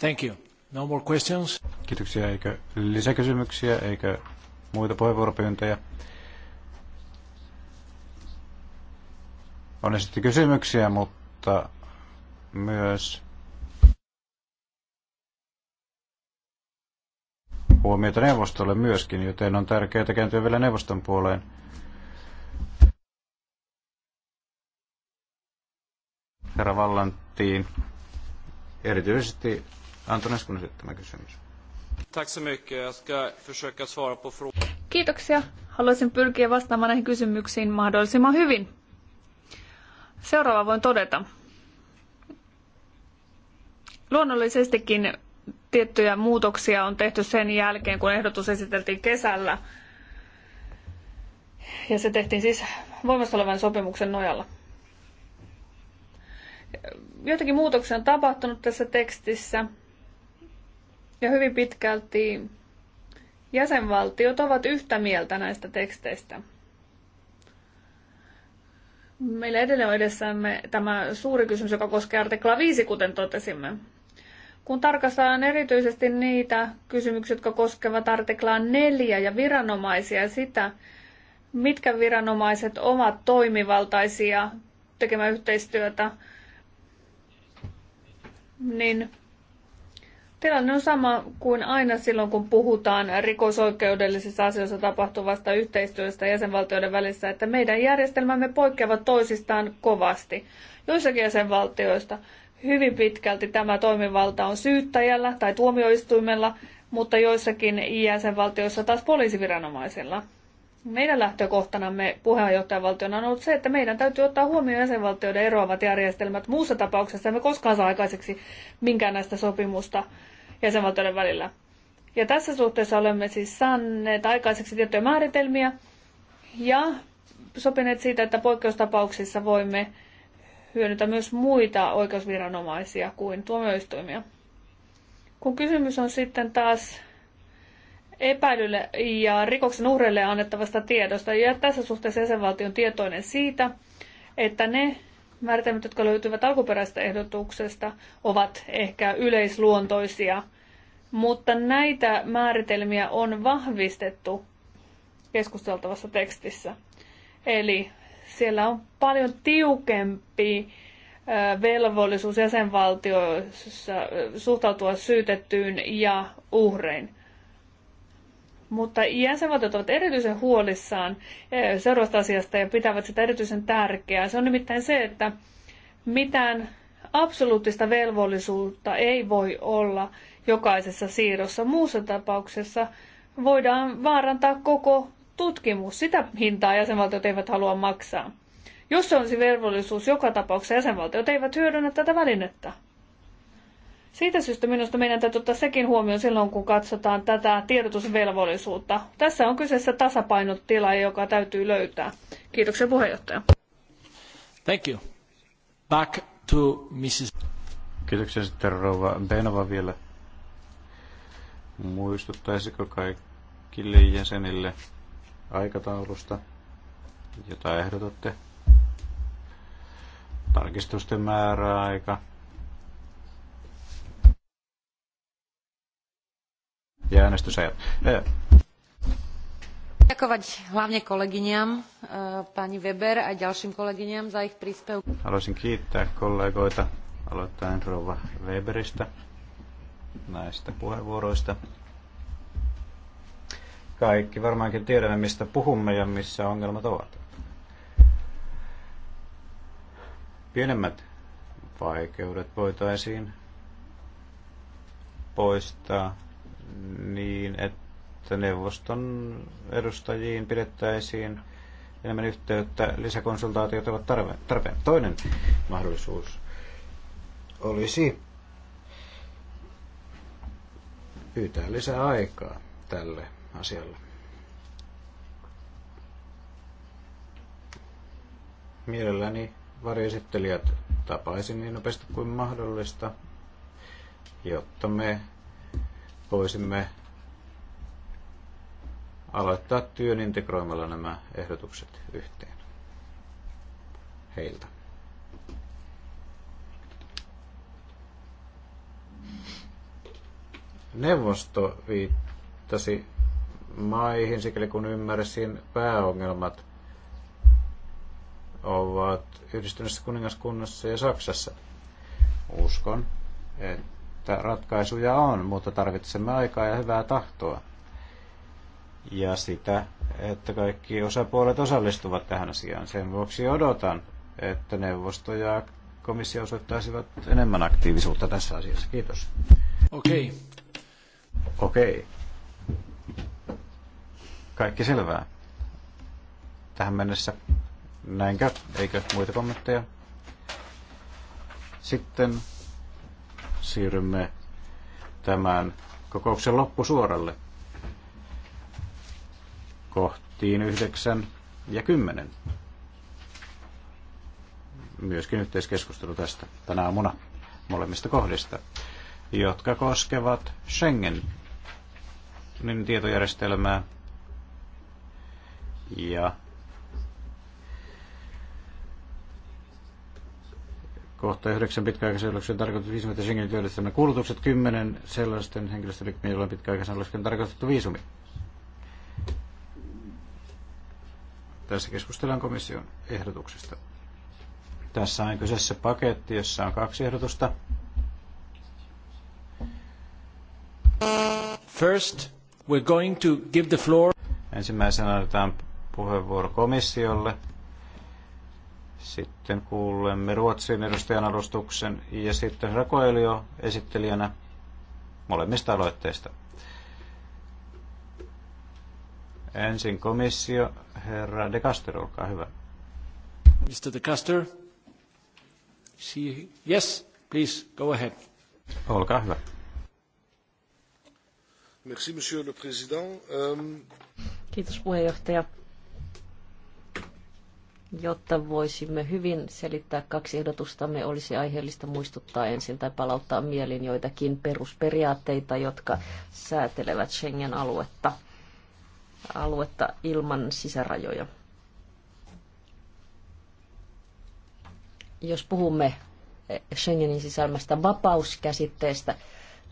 Thank you. No more questions. Kiitoksia. Eikö lisäkysymyksiä, eikö muita puheenvuoropyyntöjä? On esitetty kysymyksiä, mutta myös huomiota neuvostolle myöskin, joten on tärkeää kääntyä vielä neuvoston puoleen. Herra Vallantiin, erityisesti Antoneskun esittämä kysymys. Kiitoksia. Haluaisin pyrkiä vastaamaan näihin kysymyksiin mahdollisimman hyvin. Seuraava voin todeta. Luonnollisestikin tiettyjä muutoksia on tehty sen jälkeen, kun ehdotus esiteltiin kesällä. Ja se tehtiin siis voimassa olevan sopimuksen nojalla. Joitakin muutoksia on tapahtunut tässä tekstissä. Ja hyvin pitkälti jäsenvaltiot ovat yhtä mieltä näistä teksteistä – Meillä edelleen on edessämme tämä suuri kysymys, joka koskee artiklaa 5, kuten totesimme. Kun tarkastellaan erityisesti niitä kysymyksiä, jotka koskevat artiklaa 4 ja viranomaisia ja sitä, mitkä viranomaiset ovat toimivaltaisia tekemään yhteistyötä, niin Tilanne on sama kuin aina silloin, kun puhutaan rikosoikeudellisissa asioissa tapahtuvasta yhteistyöstä jäsenvaltioiden välissä, että meidän järjestelmämme poikkeavat toisistaan kovasti. Joissakin jäsenvaltioista hyvin pitkälti tämä toimivalta on syyttäjällä tai tuomioistuimella, mutta joissakin jäsenvaltioissa taas poliisiviranomaisilla. Meidän lähtökohtanamme puheenjohtajavaltiona on ollut se, että meidän täytyy ottaa huomioon jäsenvaltioiden eroavat järjestelmät. Muussa tapauksessa emme koskaan saa aikaiseksi minkään näistä sopimusta jäsenvaltioiden välillä. Ja tässä suhteessa olemme siis saaneet aikaiseksi tiettyjä määritelmiä ja sopineet siitä, että poikkeustapauksissa voimme hyödyntää myös muita oikeusviranomaisia kuin tuomioistuimia. Kun kysymys on sitten taas epäilylle ja rikoksen uhreille annettavasta tiedosta, ja tässä suhteessa jäsenvaltio on tietoinen siitä, että ne määritelmät, jotka löytyvät alkuperäisestä ehdotuksesta, ovat ehkä yleisluontoisia, mutta näitä määritelmiä on vahvistettu keskusteltavassa tekstissä. Eli siellä on paljon tiukempi velvollisuus jäsenvaltioissa suhtautua syytettyyn ja uhrein mutta jäsenvaltiot ovat erityisen huolissaan eh, seuraavasta asiasta ja pitävät sitä erityisen tärkeää. Se on nimittäin se, että mitään absoluuttista velvollisuutta ei voi olla jokaisessa siirrossa. Muussa tapauksessa voidaan vaarantaa koko tutkimus. Sitä hintaa jäsenvaltiot eivät halua maksaa. Jos se olisi velvollisuus joka tapauksessa, jäsenvaltiot eivät hyödynnä tätä välinettä. Siitä syystä minusta meidän täytyy ottaa sekin huomioon silloin, kun katsotaan tätä tiedotusvelvollisuutta. Tässä on kyseessä tasapainotila, joka täytyy löytää. Kiitoksia puheenjohtaja. Thank you. Back to Mrs. Kiitoksia sitten rouva Benova vielä. Muistuttaisiko kaikille jäsenille aikataulusta, jota ehdotatte? Tarkistusten määräaika ja e. hlavne e, pani Weber a ďalším kolegyňam za ich príspevky. Haluaisin kiittää kollegoita aloittaen rouva Weberistä näistä puheenvuoroista. Kaikki varmaankin tiedämme, mistä puhumme ja missä ongelmat ovat. Pienemmät vaikeudet voitaisiin poistaa niin, että neuvoston edustajiin pidettäisiin enemmän yhteyttä. Lisäkonsultaatiot ovat tarpeen. Toinen mahdollisuus olisi pyytää lisää aikaa tälle asialle. Mielelläni varjoesittelijät tapaisin niin nopeasti kuin mahdollista, jotta me voisimme aloittaa työn integroimalla nämä ehdotukset yhteen heiltä. Neuvosto viittasi maihin, sikäli kun ymmärsin pääongelmat ovat yhdistyneessä kuningaskunnassa ja Saksassa. Uskon, että että ratkaisuja on, mutta tarvitsemme aikaa ja hyvää tahtoa. Ja sitä, että kaikki osapuolet osallistuvat tähän asiaan. Sen vuoksi odotan, että neuvosto ja komissio osoittaisivat enemmän aktiivisuutta tässä asiassa. Kiitos. Okei. Okay. Okei. Okay. Kaikki selvää. Tähän mennessä näinkö? Eikö muita kommentteja? Sitten siirrymme tämän kokouksen loppusuoralle kohtiin 9 ja 10. Myöskin yhteiskeskustelu tästä tänä aamuna molemmista kohdista, jotka koskevat Schengen niin tietojärjestelmää ja kohta 9 pitkäaikaisen oleskelun tarkoitettu viisumit ja Schengenin työllistäminen kuulutukset, 10 sellaisten henkilöstöryhmien, joilla on pitkäaikaisen oleskelun tarkoitettu viisumi. Tässä keskustellaan komission ehdotuksesta. Tässä on kyseessä paketti, jossa on kaksi ehdotusta. First, we're going to give the floor. Ensimmäisenä annetaan puheenvuoro komissiolle. Sitten kuulemme Ruotsin edustajan alustuksen ja sitten Rakoelio esittelijänä molemmista aloitteista. Ensin komissio, herra De Caster, olkaa hyvä. Mr. De Caster, see, yes, please, go ahead. Olkaa hyvä. Merci, monsieur le président. Um... Kiitos puheenjohtaja. Jotta voisimme hyvin selittää kaksi ehdotustamme, olisi aiheellista muistuttaa ensin tai palauttaa mieliin joitakin perusperiaatteita, jotka säätelevät Schengen-aluetta aluetta ilman sisärajoja. Jos puhumme Schengenin sisälmästä vapauskäsitteestä,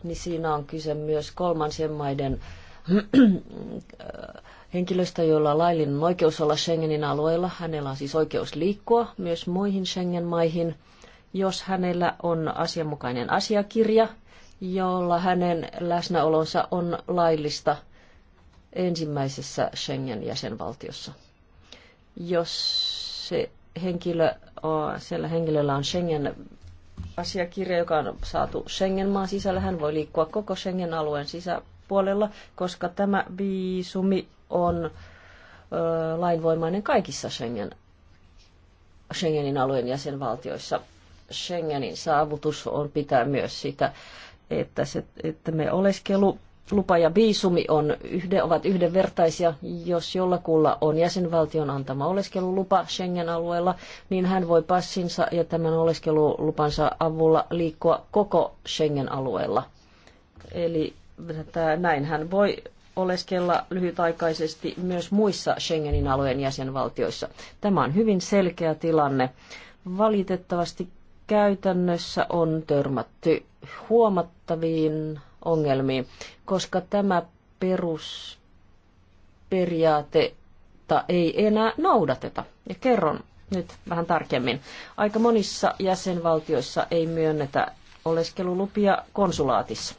niin siinä on kyse myös kolmansien maiden äh, henkilöstä, jolla on laillinen oikeus olla Schengenin alueella. Hänellä on siis oikeus liikkua myös muihin Schengen-maihin, jos hänellä on asianmukainen asiakirja, jolla hänen läsnäolonsa on laillista ensimmäisessä Schengen-jäsenvaltiossa. Jos se henkilö, siellä henkilöllä on Schengen asiakirja, joka on saatu Schengen-maan sisällä, hän voi liikkua koko Schengen-alueen sisä, puolella, koska tämä viisumi on lainvoimainen kaikissa Schengen, Schengenin alueen jäsenvaltioissa. Schengenin saavutus on pitää myös sitä, että, se, että me oleskelu lupa ja viisumi on yhde ovat yhdenvertaisia. Jos jollakulla on jäsenvaltion antama oleskelulupa Schengen-alueella, niin hän voi passinsa ja tämän oleskelulupansa avulla liikkua koko Schengen-alueella. Eli näin hän voi oleskella lyhytaikaisesti myös muissa Schengenin alueen jäsenvaltioissa. Tämä on hyvin selkeä tilanne. Valitettavasti käytännössä on törmätty huomattaviin ongelmiin, koska tämä perusperiaatetta ei enää noudateta. Ja kerron nyt vähän tarkemmin. Aika monissa jäsenvaltioissa ei myönnetä oleskelulupia konsulaatissa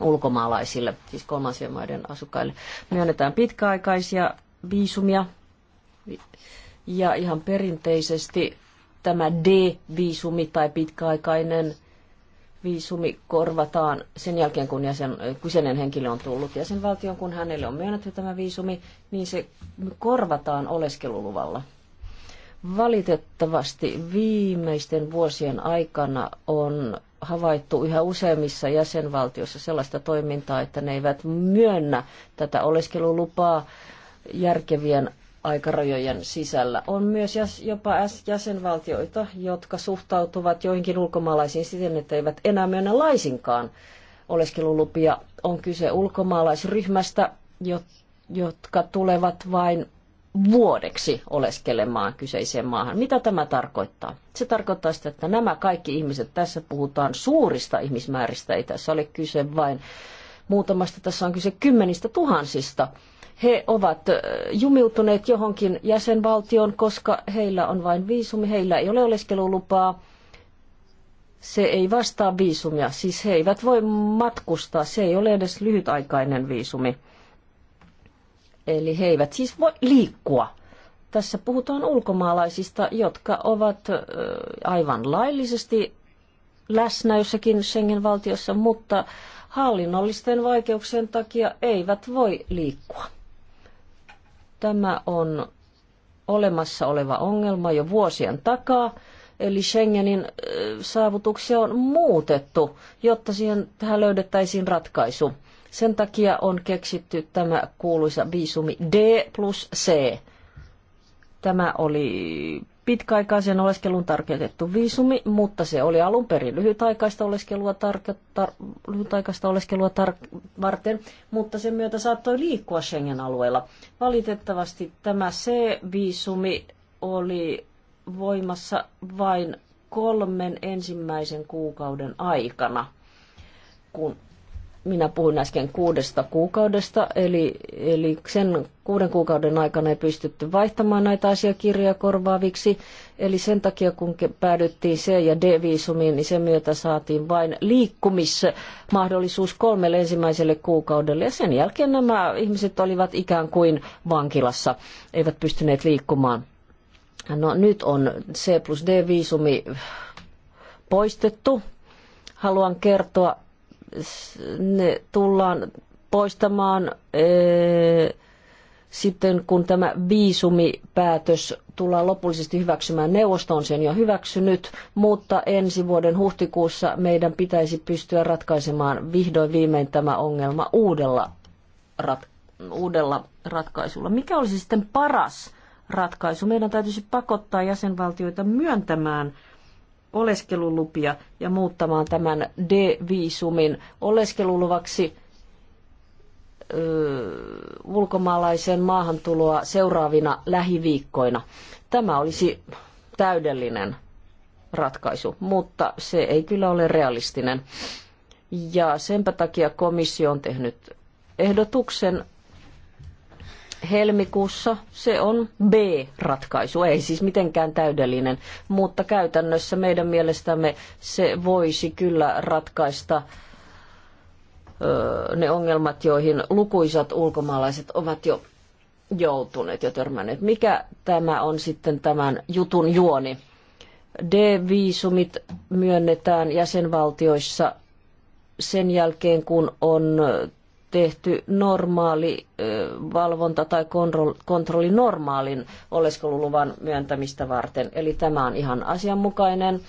ulkomaalaisille, siis kolmansien maiden asukkaille. Myönnetään pitkäaikaisia viisumia ja ihan perinteisesti tämä D-viisumi tai pitkäaikainen viisumi korvataan sen jälkeen, kun jäsen, kyseinen henkilö on tullut jäsenvaltioon, kun hänelle on myönnetty tämä viisumi, niin se korvataan oleskeluluvalla. Valitettavasti viimeisten vuosien aikana on havaittu yhä useimmissa jäsenvaltioissa sellaista toimintaa, että ne eivät myönnä tätä oleskelulupaa järkevien aikarajojen sisällä. On myös jopa jäsenvaltioita, jotka suhtautuvat joihinkin ulkomaalaisiin siten, että eivät enää myönnä laisinkaan oleskelulupia. On kyse ulkomaalaisryhmästä, jotka tulevat vain vuodeksi oleskelemaan kyseiseen maahan. Mitä tämä tarkoittaa? Se tarkoittaa sitä, että nämä kaikki ihmiset, tässä puhutaan suurista ihmismääristä, ei tässä ole kyse vain muutamasta, tässä on kyse kymmenistä tuhansista. He ovat jumiutuneet johonkin jäsenvaltioon, koska heillä on vain viisumi, heillä ei ole oleskelulupaa, se ei vastaa viisumia, siis he eivät voi matkustaa, se ei ole edes lyhytaikainen viisumi Eli he eivät siis voi liikkua. Tässä puhutaan ulkomaalaisista, jotka ovat aivan laillisesti läsnä jossakin Schengen-valtiossa, mutta hallinnollisten vaikeuksien takia eivät voi liikkua. Tämä on olemassa oleva ongelma jo vuosien takaa, eli Schengenin saavutuksia on muutettu, jotta siihen tähän löydettäisiin ratkaisu. Sen takia on keksitty tämä kuuluisa viisumi D plus C. Tämä oli pitkäaikaisen oleskelun tarkoitettu viisumi, mutta se oli alun perin lyhytaikaista oleskelua, tarko- tar- lyhytaikaista oleskelua tar- varten, mutta sen myötä saattoi liikkua Schengen-alueella. Valitettavasti tämä C-viisumi oli voimassa vain kolmen ensimmäisen kuukauden aikana, kun minä puhun äsken kuudesta kuukaudesta, eli, eli sen kuuden kuukauden aikana ei pystytty vaihtamaan näitä asiakirjoja korvaaviksi. Eli sen takia, kun päädyttiin C- ja D-viisumiin, niin sen myötä saatiin vain liikkumismahdollisuus kolmelle ensimmäiselle kuukaudelle. Ja sen jälkeen nämä ihmiset olivat ikään kuin vankilassa, eivät pystyneet liikkumaan. No nyt on C plus D-viisumi poistettu. Haluan kertoa ne tullaan poistamaan eh, sitten, kun tämä viisumipäätös tullaan lopullisesti hyväksymään. Neuvosto on sen jo hyväksynyt, mutta ensi vuoden huhtikuussa meidän pitäisi pystyä ratkaisemaan vihdoin viimein tämä ongelma uudella, rat, uudella ratkaisulla. Mikä olisi sitten paras ratkaisu? Meidän täytyisi pakottaa jäsenvaltioita myöntämään oleskelulupia ja muuttamaan tämän D-viisumin oleskeluluvaksi ö, ulkomaalaisen maahantuloa seuraavina lähiviikkoina. Tämä olisi täydellinen ratkaisu, mutta se ei kyllä ole realistinen. Ja senpä takia komissio on tehnyt ehdotuksen helmikuussa. Se on B-ratkaisu, ei siis mitenkään täydellinen, mutta käytännössä meidän mielestämme se voisi kyllä ratkaista ne ongelmat, joihin lukuisat ulkomaalaiset ovat jo joutuneet ja törmänneet. Mikä tämä on sitten tämän jutun juoni? D-viisumit myönnetään jäsenvaltioissa sen jälkeen, kun on tehty normaali valvonta tai kontrolli normaalin oleskeluluvan myöntämistä varten. Eli tämä on ihan asianmukainen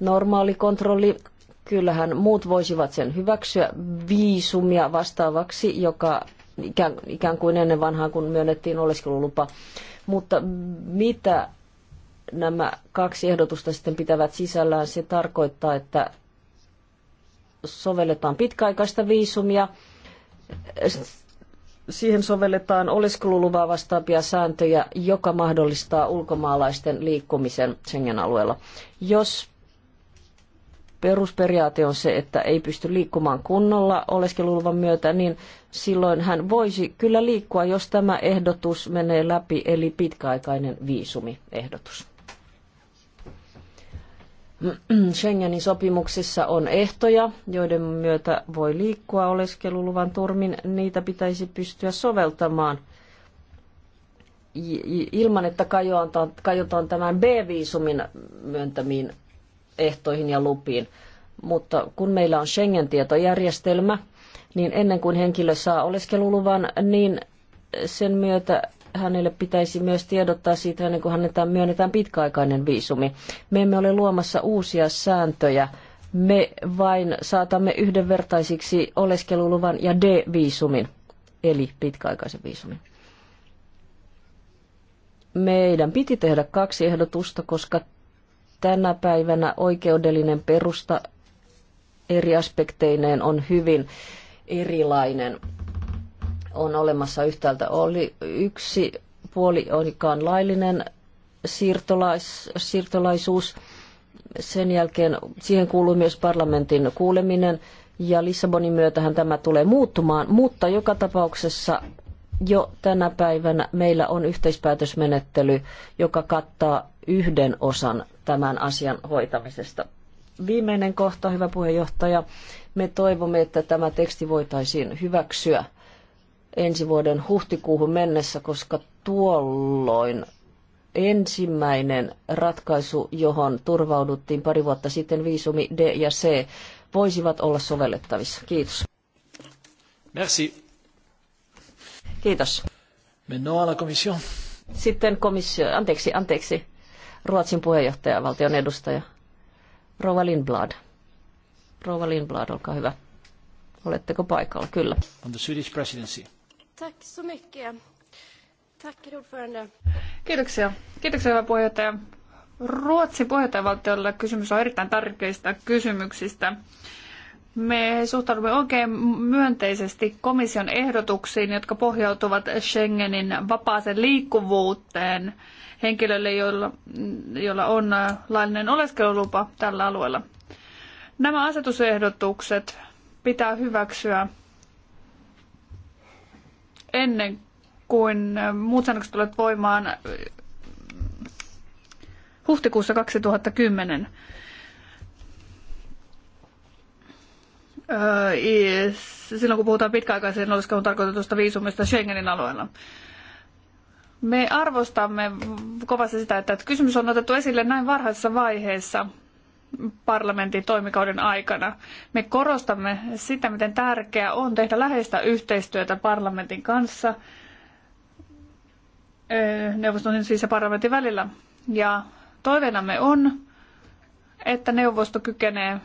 normaali kontrolli. Kyllähän muut voisivat sen hyväksyä viisumia vastaavaksi, joka ikään, ikään kuin ennen vanhaan, kun myönnettiin oleskelulupa. Mutta mitä nämä kaksi ehdotusta sitten pitävät sisällään, se tarkoittaa, että sovelletaan pitkäaikaista viisumia – siihen sovelletaan oleskeluluvaa vastaavia sääntöjä, joka mahdollistaa ulkomaalaisten liikkumisen Schengen-alueella. Jos perusperiaate on se, että ei pysty liikkumaan kunnolla oleskeluluvan myötä, niin silloin hän voisi kyllä liikkua, jos tämä ehdotus menee läpi, eli pitkäaikainen viisumiehdotus. Schengenin sopimuksissa on ehtoja, joiden myötä voi liikkua oleskeluluvan turmin. Niitä pitäisi pystyä soveltamaan ilman, että kajotaan, kajotaan tämän B-viisumin myöntämiin ehtoihin ja lupiin. Mutta kun meillä on Schengen-tietojärjestelmä, niin ennen kuin henkilö saa oleskeluluvan, niin sen myötä hänelle pitäisi myös tiedottaa siitä, ennen kuin hänetä myönnetään pitkäaikainen viisumi. Me emme ole luomassa uusia sääntöjä. Me vain saatamme yhdenvertaisiksi oleskeluluvan ja D-viisumin, eli pitkäaikaisen viisumin. Meidän piti tehdä kaksi ehdotusta, koska tänä päivänä oikeudellinen perusta eri aspekteineen on hyvin erilainen on olemassa yhtäältä. Oli yksi puoli, olikaan laillinen siirtolais, siirtolaisuus. Sen jälkeen siihen kuuluu myös parlamentin kuuleminen ja Lissabonin myötähän tämä tulee muuttumaan, mutta joka tapauksessa jo tänä päivänä meillä on yhteispäätösmenettely, joka kattaa yhden osan tämän asian hoitamisesta. Viimeinen kohta, hyvä puheenjohtaja. Me toivomme, että tämä teksti voitaisiin hyväksyä – ensi vuoden huhtikuuhun mennessä, koska tuolloin ensimmäinen ratkaisu, johon turvauduttiin pari vuotta sitten, viisumi D ja C, voisivat olla sovellettavissa. Kiitos. Merci. Kiitos. Mennään alla komission. Sitten komissio, anteeksi, anteeksi, Ruotsin puheenjohtaja, valtion edustaja, Rova Lindblad. Rova Lindblad, olkaa hyvä. Oletteko paikalla? Kyllä. On the Swedish presidency. Tack så mycket. Tack, ordförande. Kiitoksia. Kiitoksia, hyvä puheenjohtaja. Ruotsin puheenjohtajavaltiolle kysymys on erittäin tärkeistä kysymyksistä. Me suhtaudumme oikein myönteisesti komission ehdotuksiin, jotka pohjautuvat Schengenin vapaaseen liikkuvuuteen henkilöille, joilla, joilla on laillinen oleskelulupa tällä alueella. Nämä asetusehdotukset pitää hyväksyä ennen kuin muut säännökset tulevat voimaan äh, huhtikuussa 2010. Äh, silloin kun puhutaan pitkäaikaisen oleskelun tarkoitetusta viisumista Schengenin alueella. Me arvostamme kovasti sitä, että kysymys on otettu esille näin varhaisessa vaiheessa parlamentin toimikauden aikana. Me korostamme sitä, miten tärkeää on tehdä läheistä yhteistyötä parlamentin kanssa, neuvoston siis ja parlamentin välillä. Ja toiveenamme on, että neuvosto kykenee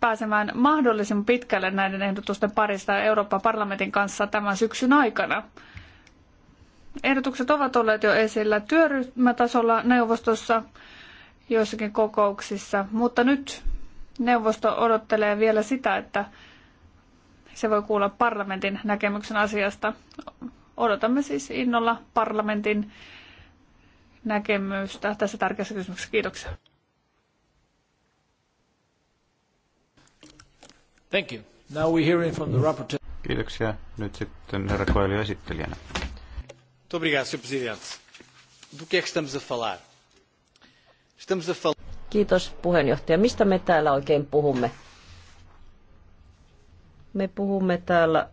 pääsemään mahdollisimman pitkälle näiden ehdotusten parista Euroopan parlamentin kanssa tämän syksyn aikana. Ehdotukset ovat olleet jo esillä työryhmätasolla neuvostossa joissakin kokouksissa, mutta nyt neuvosto odottelee vielä sitä, että se voi kuulla parlamentin näkemyksen asiasta. Odotamme siis innolla parlamentin näkemystä tässä tärkeässä kysymyksessä. Kiitoksia. Thank you. Now we from the rapporteur. Kiitoksia. Nyt sitten herra Koelio esittelijänä. Presidente. Do que é que estamos a falar? Kiitos puheenjohtaja. Mistä me täällä oikein puhumme? Me puhumme täällä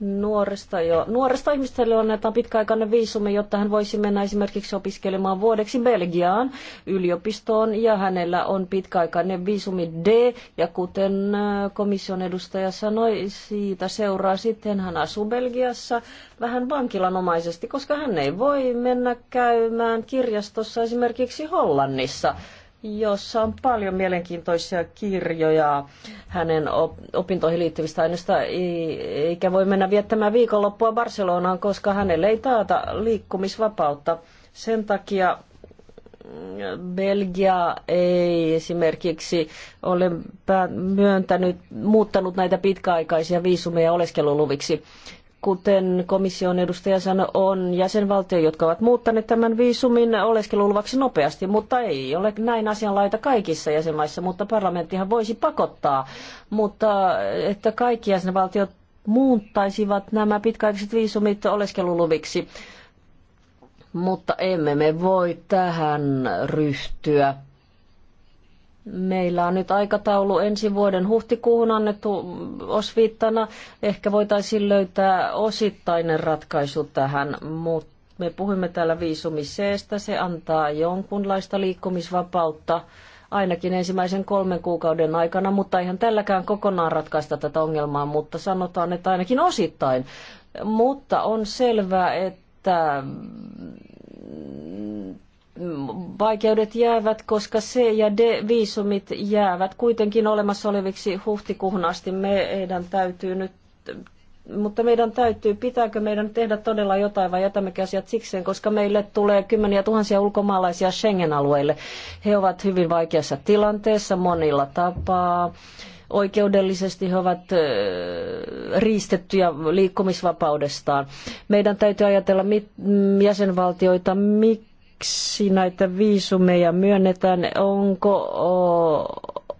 nuoresta, jo, nuoresta on annetaan pitkäaikainen viisumi, jotta hän voisi mennä esimerkiksi opiskelemaan vuodeksi Belgiaan yliopistoon ja hänellä on pitkäaikainen viisumi D ja kuten äh, komission edustaja sanoi, siitä seuraa sitten hän asuu Belgiassa vähän vankilanomaisesti, koska hän ei voi mennä käymään kirjastossa esimerkiksi Hollannissa – jossa on paljon mielenkiintoisia kirjoja hänen opintoihin liittyvistä aineista, eikä voi mennä viettämään viikonloppua Barcelonaan, koska hänelle ei taata liikkumisvapautta. Sen takia mm, Belgia ei esimerkiksi ole myöntänyt, muuttanut näitä pitkäaikaisia viisumeja oleskeluluviksi kuten komission edustaja sanoi, on jäsenvaltio, jotka ovat muuttaneet tämän viisumin oleskeluluvaksi nopeasti, mutta ei ole näin asianlaita kaikissa jäsenmaissa, mutta parlamenttihan voisi pakottaa, mutta että kaikki jäsenvaltiot muuttaisivat nämä pitkäaikaiset viisumit oleskeluluviksi. Mutta emme me voi tähän ryhtyä Meillä on nyt aikataulu ensi vuoden huhtikuuhun annettu osviittana. Ehkä voitaisiin löytää osittainen ratkaisu tähän, mutta me puhumme täällä viisumiseestä. Se antaa jonkunlaista liikkumisvapautta ainakin ensimmäisen kolmen kuukauden aikana, mutta eihän tälläkään kokonaan ratkaista tätä ongelmaa, mutta sanotaan, että ainakin osittain. Mutta on selvää, että vaikeudet jäävät, koska C- ja D-viisumit jäävät kuitenkin olemassa oleviksi huhtikuuhun asti. Meidän täytyy nyt, mutta meidän täytyy, pitääkö meidän tehdä todella jotain vai jätämmekö asiat sikseen, koska meille tulee kymmeniä tuhansia ulkomaalaisia Schengen-alueelle. He ovat hyvin vaikeassa tilanteessa monilla tapaa oikeudellisesti he ovat riistettyjä liikkumisvapaudestaan. Meidän täytyy ajatella jäsenvaltioita, miksi näitä viisumeja myönnetään, onko,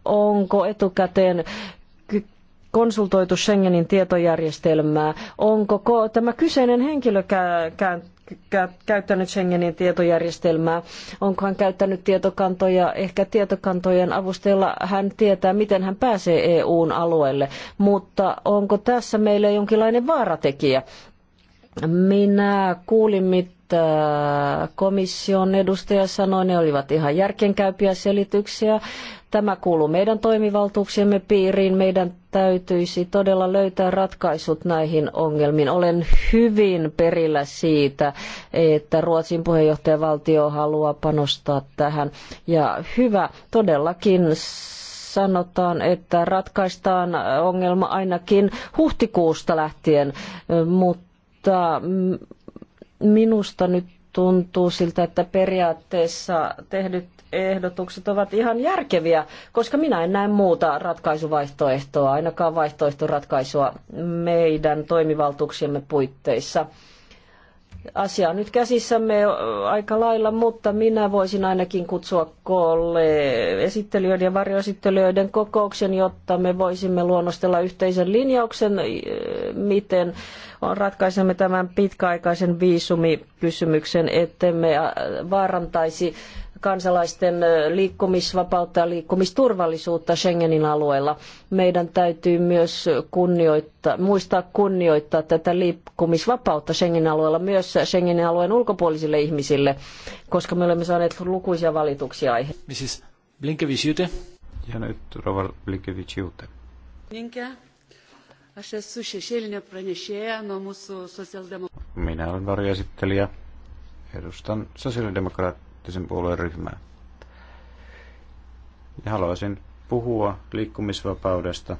onko etukäteen konsultoitu Schengenin tietojärjestelmää, onko tämä kyseinen henkilö käyttänyt Schengenin tietojärjestelmää, onko hän käyttänyt tietokantoja, ehkä tietokantojen avustella hän tietää, miten hän pääsee EUn alueelle, mutta onko tässä meille jonkinlainen vaaratekijä? Minä kuulin, Äh, komission edustaja sanoi, ne olivat ihan järkenkäypiä selityksiä. Tämä kuuluu meidän toimivaltuuksiemme piiriin. Meidän täytyisi todella löytää ratkaisut näihin ongelmiin. Olen hyvin perillä siitä, että Ruotsin puheenjohtajavaltio haluaa panostaa tähän. Ja hyvä, todellakin sanotaan, että ratkaistaan ongelma ainakin huhtikuusta lähtien, mutta mm, Minusta nyt tuntuu siltä, että periaatteessa tehdyt ehdotukset ovat ihan järkeviä, koska minä en näe muuta ratkaisuvaihtoehtoa, ainakaan vaihtoehtoratkaisua meidän toimivaltuuksiemme puitteissa. Asia on nyt käsissämme aika lailla, mutta minä voisin ainakin kutsua koolle esittelijöiden ja varjoesittelijöiden kokouksen, jotta me voisimme luonnostella yhteisen linjauksen, miten ratkaisemme tämän pitkäaikaisen viisumikysymyksen, ettemme vaarantaisi kansalaisten liikkumisvapautta ja liikkumisturvallisuutta Schengenin alueella. Meidän täytyy myös kunnioittaa, muistaa kunnioittaa tätä liikkumisvapautta Schengenin alueella myös Schengenin alueen ulkopuolisille ihmisille, koska me olemme saaneet lukuisia valituksia aiheesta. Mrs. Blinkevichiute. Ja nyt Rova Blinkevichiute. Minä olen varjoesittelijä. Edustan sosiaalidemokraattia poliittisen puolueen ryhmää. Ja haluaisin puhua liikkumisvapaudesta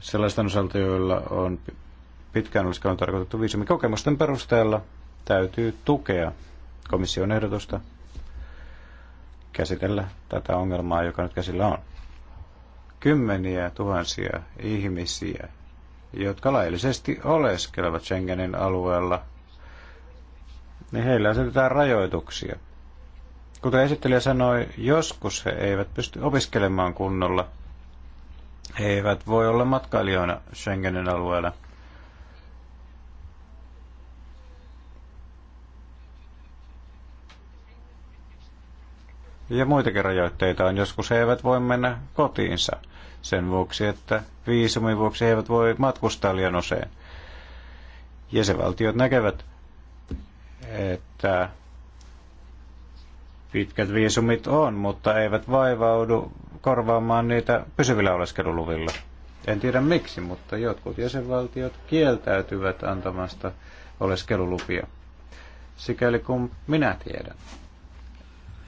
sellaisten osalta, joilla on pitkään oleskelun tarkoitettu viisumi. Kokemusten perusteella täytyy tukea komission ehdotusta käsitellä tätä ongelmaa, joka nyt käsillä on. Kymmeniä tuhansia ihmisiä, jotka laillisesti oleskelevat Schengenin alueella – niin heillä asetetaan rajoituksia. Kuten esittelijä sanoi, joskus he eivät pysty opiskelemaan kunnolla. He eivät voi olla matkailijoina Schengenin alueella. Ja muitakin rajoitteita on. Joskus he eivät voi mennä kotiinsa sen vuoksi, että viisumin vuoksi he eivät voi matkustaa liian usein. Jäsenvaltiot näkevät että pitkät viisumit on, mutta eivät vaivaudu korvaamaan niitä pysyvillä oleskeluluvilla. En tiedä miksi, mutta jotkut jäsenvaltiot kieltäytyvät antamasta oleskelulupia. Sikäli kun minä tiedän,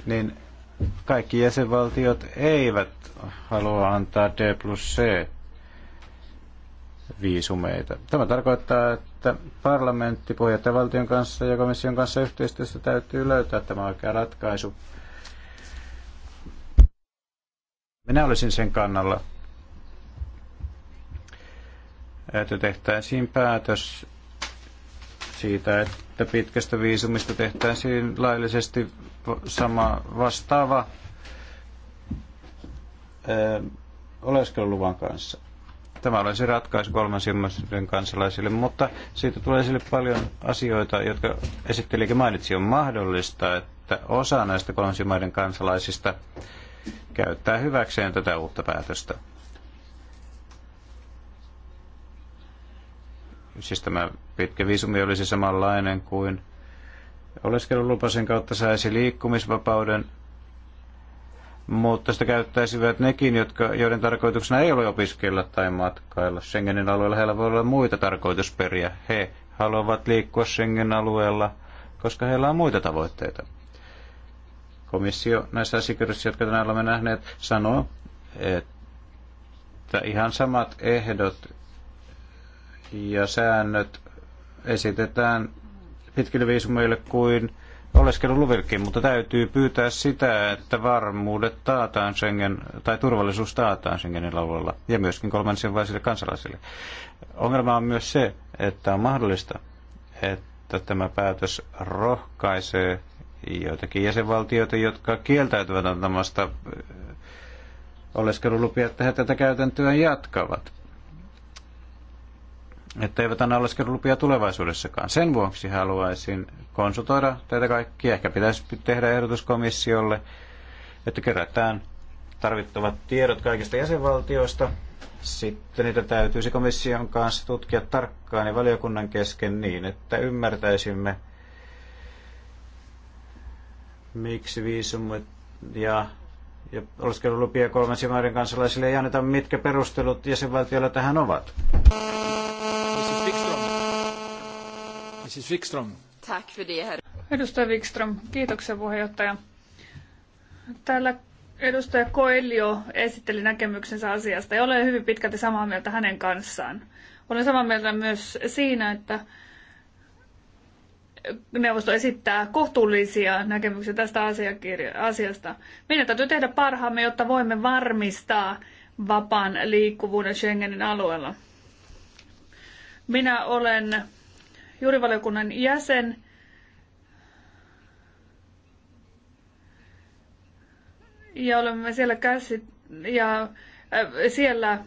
niin kaikki jäsenvaltiot eivät halua antaa D plus C viisumeita. Tämä tarkoittaa, että että parlamentti puheenjohtajavaltion kanssa ja komission kanssa yhteistyössä täytyy löytää tämä oikea ratkaisu. Minä olisin sen kannalla, että tehtäisiin päätös siitä, että pitkästä viisumista tehtäisiin laillisesti sama vastaava oleskeluluvan kanssa. Tämä olisi ratkaisu kolmansien kansalaisille, mutta siitä tulee sille paljon asioita, jotka esittelikin mainitsi. On mahdollista, että osa näistä kolmansien kansalaisista käyttää hyväkseen tätä uutta päätöstä. Siis tämä pitkä viisumi olisi samanlainen kuin oleskelulupasen kautta saisi liikkumisvapauden mutta sitä käyttäisivät nekin, jotka, joiden tarkoituksena ei ole opiskella tai matkailla. Schengenin alueella heillä voi olla muita tarkoitusperiä. He haluavat liikkua Schengen-alueella, koska heillä on muita tavoitteita. Komissio näissä asiakirjoissa, jotka tänään olemme nähneet, sanoo, että ihan samat ehdot ja säännöt esitetään pitkille viisumeille kuin oleskeluluvikin, mutta täytyy pyytää sitä, että varmuudet taataan Schengen, tai turvallisuus taataan Schengenin alueella ja myöskin kolmansien kansalaisille. Ongelma on myös se, että on mahdollista, että tämä päätös rohkaisee joitakin jäsenvaltioita, jotka kieltäytyvät antamasta oleskelulupia, että he tätä käytäntöä jatkavat että eivät anna oleskelulupia tulevaisuudessakaan. Sen vuoksi haluaisin konsultoida teitä kaikkia. Ehkä pitäisi tehdä ehdotus komissiolle, että kerätään tarvittavat tiedot kaikista jäsenvaltioista. Sitten niitä täytyisi komission kanssa tutkia tarkkaan ja valiokunnan kesken niin, että ymmärtäisimme, miksi viisumit ja ja oleskelulupia kolmansien maiden kansalaisille ei anneta, mitkä perustelut jäsenvaltioilla tähän ovat. Mrs. Wikström. Mrs. Wikström. Tack för det, herr. Edustaja Wikström, kiitoksia puheenjohtaja. Täällä edustaja Koelio esitteli näkemyksensä asiasta ja olen hyvin pitkälti samaa mieltä hänen kanssaan. Olen samaa mieltä myös siinä, että neuvosto esittää kohtuullisia näkemyksiä tästä asiasta. Meidän täytyy tehdä parhaamme, jotta voimme varmistaa vapaan liikkuvuuden Schengenin alueella. Minä olen juurivaliokunnan jäsen. Ja olemme siellä käsi, ja äh, siellä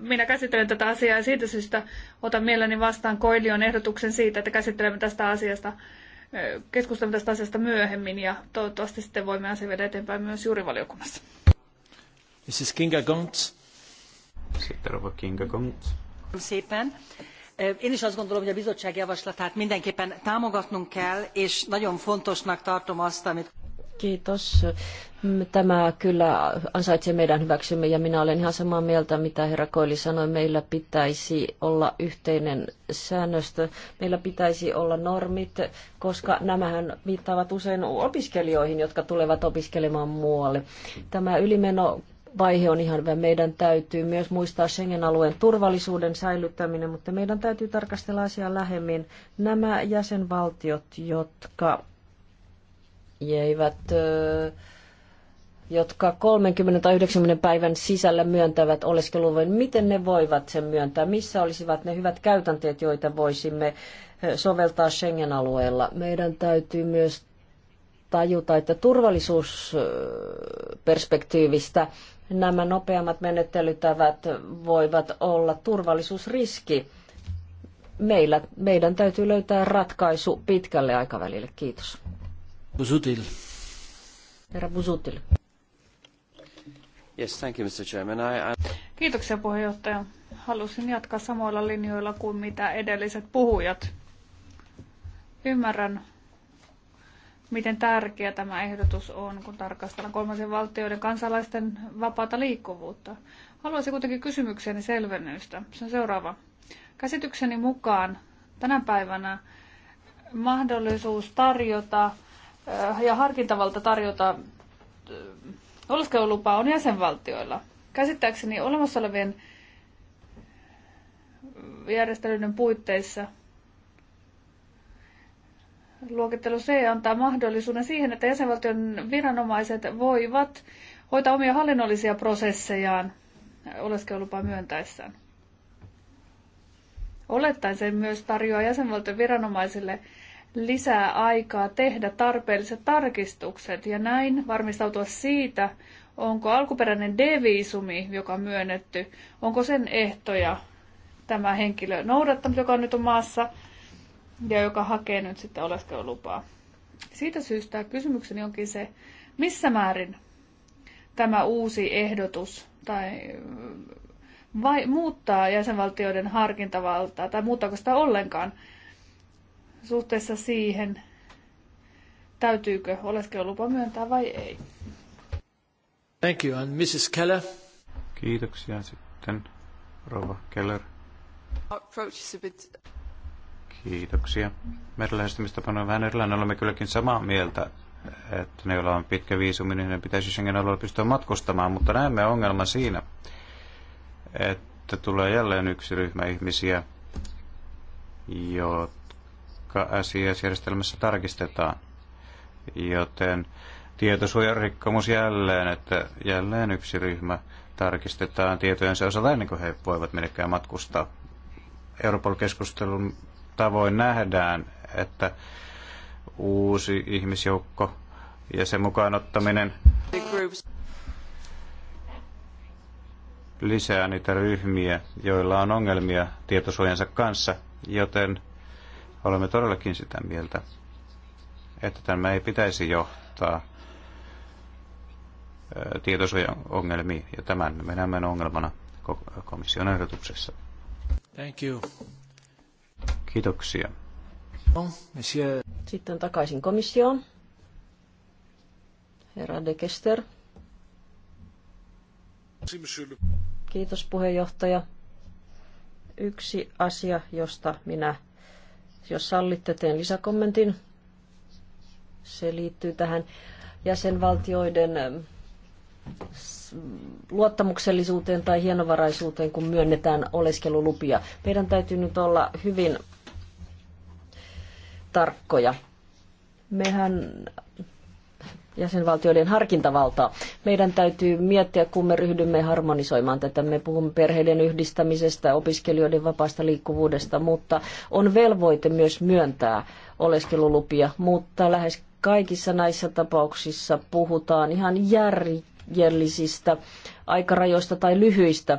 minä käsittelen tätä asiaa ja siitä syystä Otan mielelläni vastaan Koilion ehdotuksen siitä, että käsittelemme tästä asiasta, keskustelemme tästä asiasta myöhemmin ja toivottavasti sitten voimme asian viedä eteenpäin myös juurivaliokunnassa. Mrs. Kinga Gont. Sitten Rova Kinga Gont. Szépen. Én is azt gondolom, hogy a bizottság javaslatát mindenképpen támogatnunk kell, és nagyon fontosnak tartom azt, amit... Kiitos. Mm, Tämä kyllä ansaitsee meidän hyväksymme ja minä olen ihan samaa mieltä, mitä herra Koili sanoi. Meillä pitäisi olla yhteinen säännöstö, meillä pitäisi olla normit, koska nämähän viittaavat usein opiskelijoihin, jotka tulevat opiskelemaan muualle. Tämä ylimeno vaihe on ihan hyvä. Meidän täytyy myös muistaa Schengen-alueen turvallisuuden säilyttäminen, mutta meidän täytyy tarkastella asiaa lähemmin. Nämä jäsenvaltiot, jotka jäivät, jotka 30 tai 90 päivän sisällä myöntävät oleskeluluvan, miten ne voivat sen myöntää? Missä olisivat ne hyvät käytänteet, joita voisimme soveltaa Schengen-alueella? Meidän täytyy myös tajuta, että turvallisuusperspektiivistä nämä nopeammat menettelytävät voivat olla turvallisuusriski. Meillä, meidän täytyy löytää ratkaisu pitkälle aikavälille. Kiitos. Buzutil. Herra Yes, thank you, Mr. Chairman. I, I... Kiitoksia puheenjohtaja. Halusin jatkaa samoilla linjoilla kuin mitä edelliset puhujat. Ymmärrän, miten tärkeä tämä ehdotus on, kun tarkastellaan kolmansien valtioiden kansalaisten vapaata liikkuvuutta. Haluaisin kuitenkin kysymykseni selvennystä. Se on seuraava. Käsitykseni mukaan tänä päivänä mahdollisuus tarjota Äh, ja harkintavalta tarjota äh, oleskelulupaa on jäsenvaltioilla. Käsittääkseni olemassa olevien äh, järjestelyiden puitteissa luokittelu C antaa mahdollisuuden siihen, että jäsenvaltion viranomaiset voivat hoitaa omia hallinnollisia prosessejaan oleskelulupaa myöntäessään. Olettaen sen myös tarjoaa jäsenvaltion viranomaisille lisää aikaa tehdä tarpeelliset tarkistukset ja näin varmistautua siitä, onko alkuperäinen D-viisumi, joka on myönnetty, onko sen ehtoja tämä henkilö noudattanut, joka nyt on maassa ja joka hakee nyt sitten oleskelulupaa. Siitä syystä kysymykseni onkin se, missä määrin tämä uusi ehdotus tai vai muuttaa jäsenvaltioiden harkintavaltaa tai muuttaako sitä ollenkaan suhteessa siihen, täytyykö oleskelulupa myöntää vai ei. Thank you. And Mrs. Keller. Kiitoksia sitten, Rova Keller. Kiitoksia. Meidän lähestymistapana on vähän erilainen. Olemme kylläkin samaa mieltä, että ne, joilla on pitkä viisumi, niin ne pitäisi Schengen-alueella pystyä matkustamaan, mutta näemme ongelma siinä, että tulee jälleen yksi ryhmä ihmisiä, jo, joka SIS-järjestelmässä tarkistetaan. Joten tietosuojarikkomus jälleen, että jälleen yksi ryhmä tarkistetaan tietojensa osalta ennen kuin he voivat minnekään matkustaa. Europol-keskustelun tavoin nähdään, että uusi ihmisjoukko ja sen mukaan ottaminen lisää niitä ryhmiä, joilla on ongelmia tietosuojansa kanssa, joten Olemme todellakin sitä mieltä, että tämä ei pitäisi johtaa ongelmiin ja tämän me näemme ongelmana komission ehdotuksessa. Thank you. Kiitoksia. Sitten takaisin komissioon. Herra de Kester. Kiitos puheenjohtaja. Yksi asia, josta minä jos sallitte, teen lisäkommentin. Se liittyy tähän jäsenvaltioiden äh, luottamuksellisuuteen tai hienovaraisuuteen, kun myönnetään oleskelulupia. Meidän täytyy nyt olla hyvin tarkkoja. Mehän jäsenvaltioiden harkintavaltaa. Meidän täytyy miettiä, kun me ryhdymme harmonisoimaan tätä. Me puhumme perheiden yhdistämisestä, opiskelijoiden vapaasta liikkuvuudesta, mutta on velvoite myös myöntää oleskelulupia, mutta lähes kaikissa näissä tapauksissa puhutaan ihan järjellisistä aikarajoista tai lyhyistä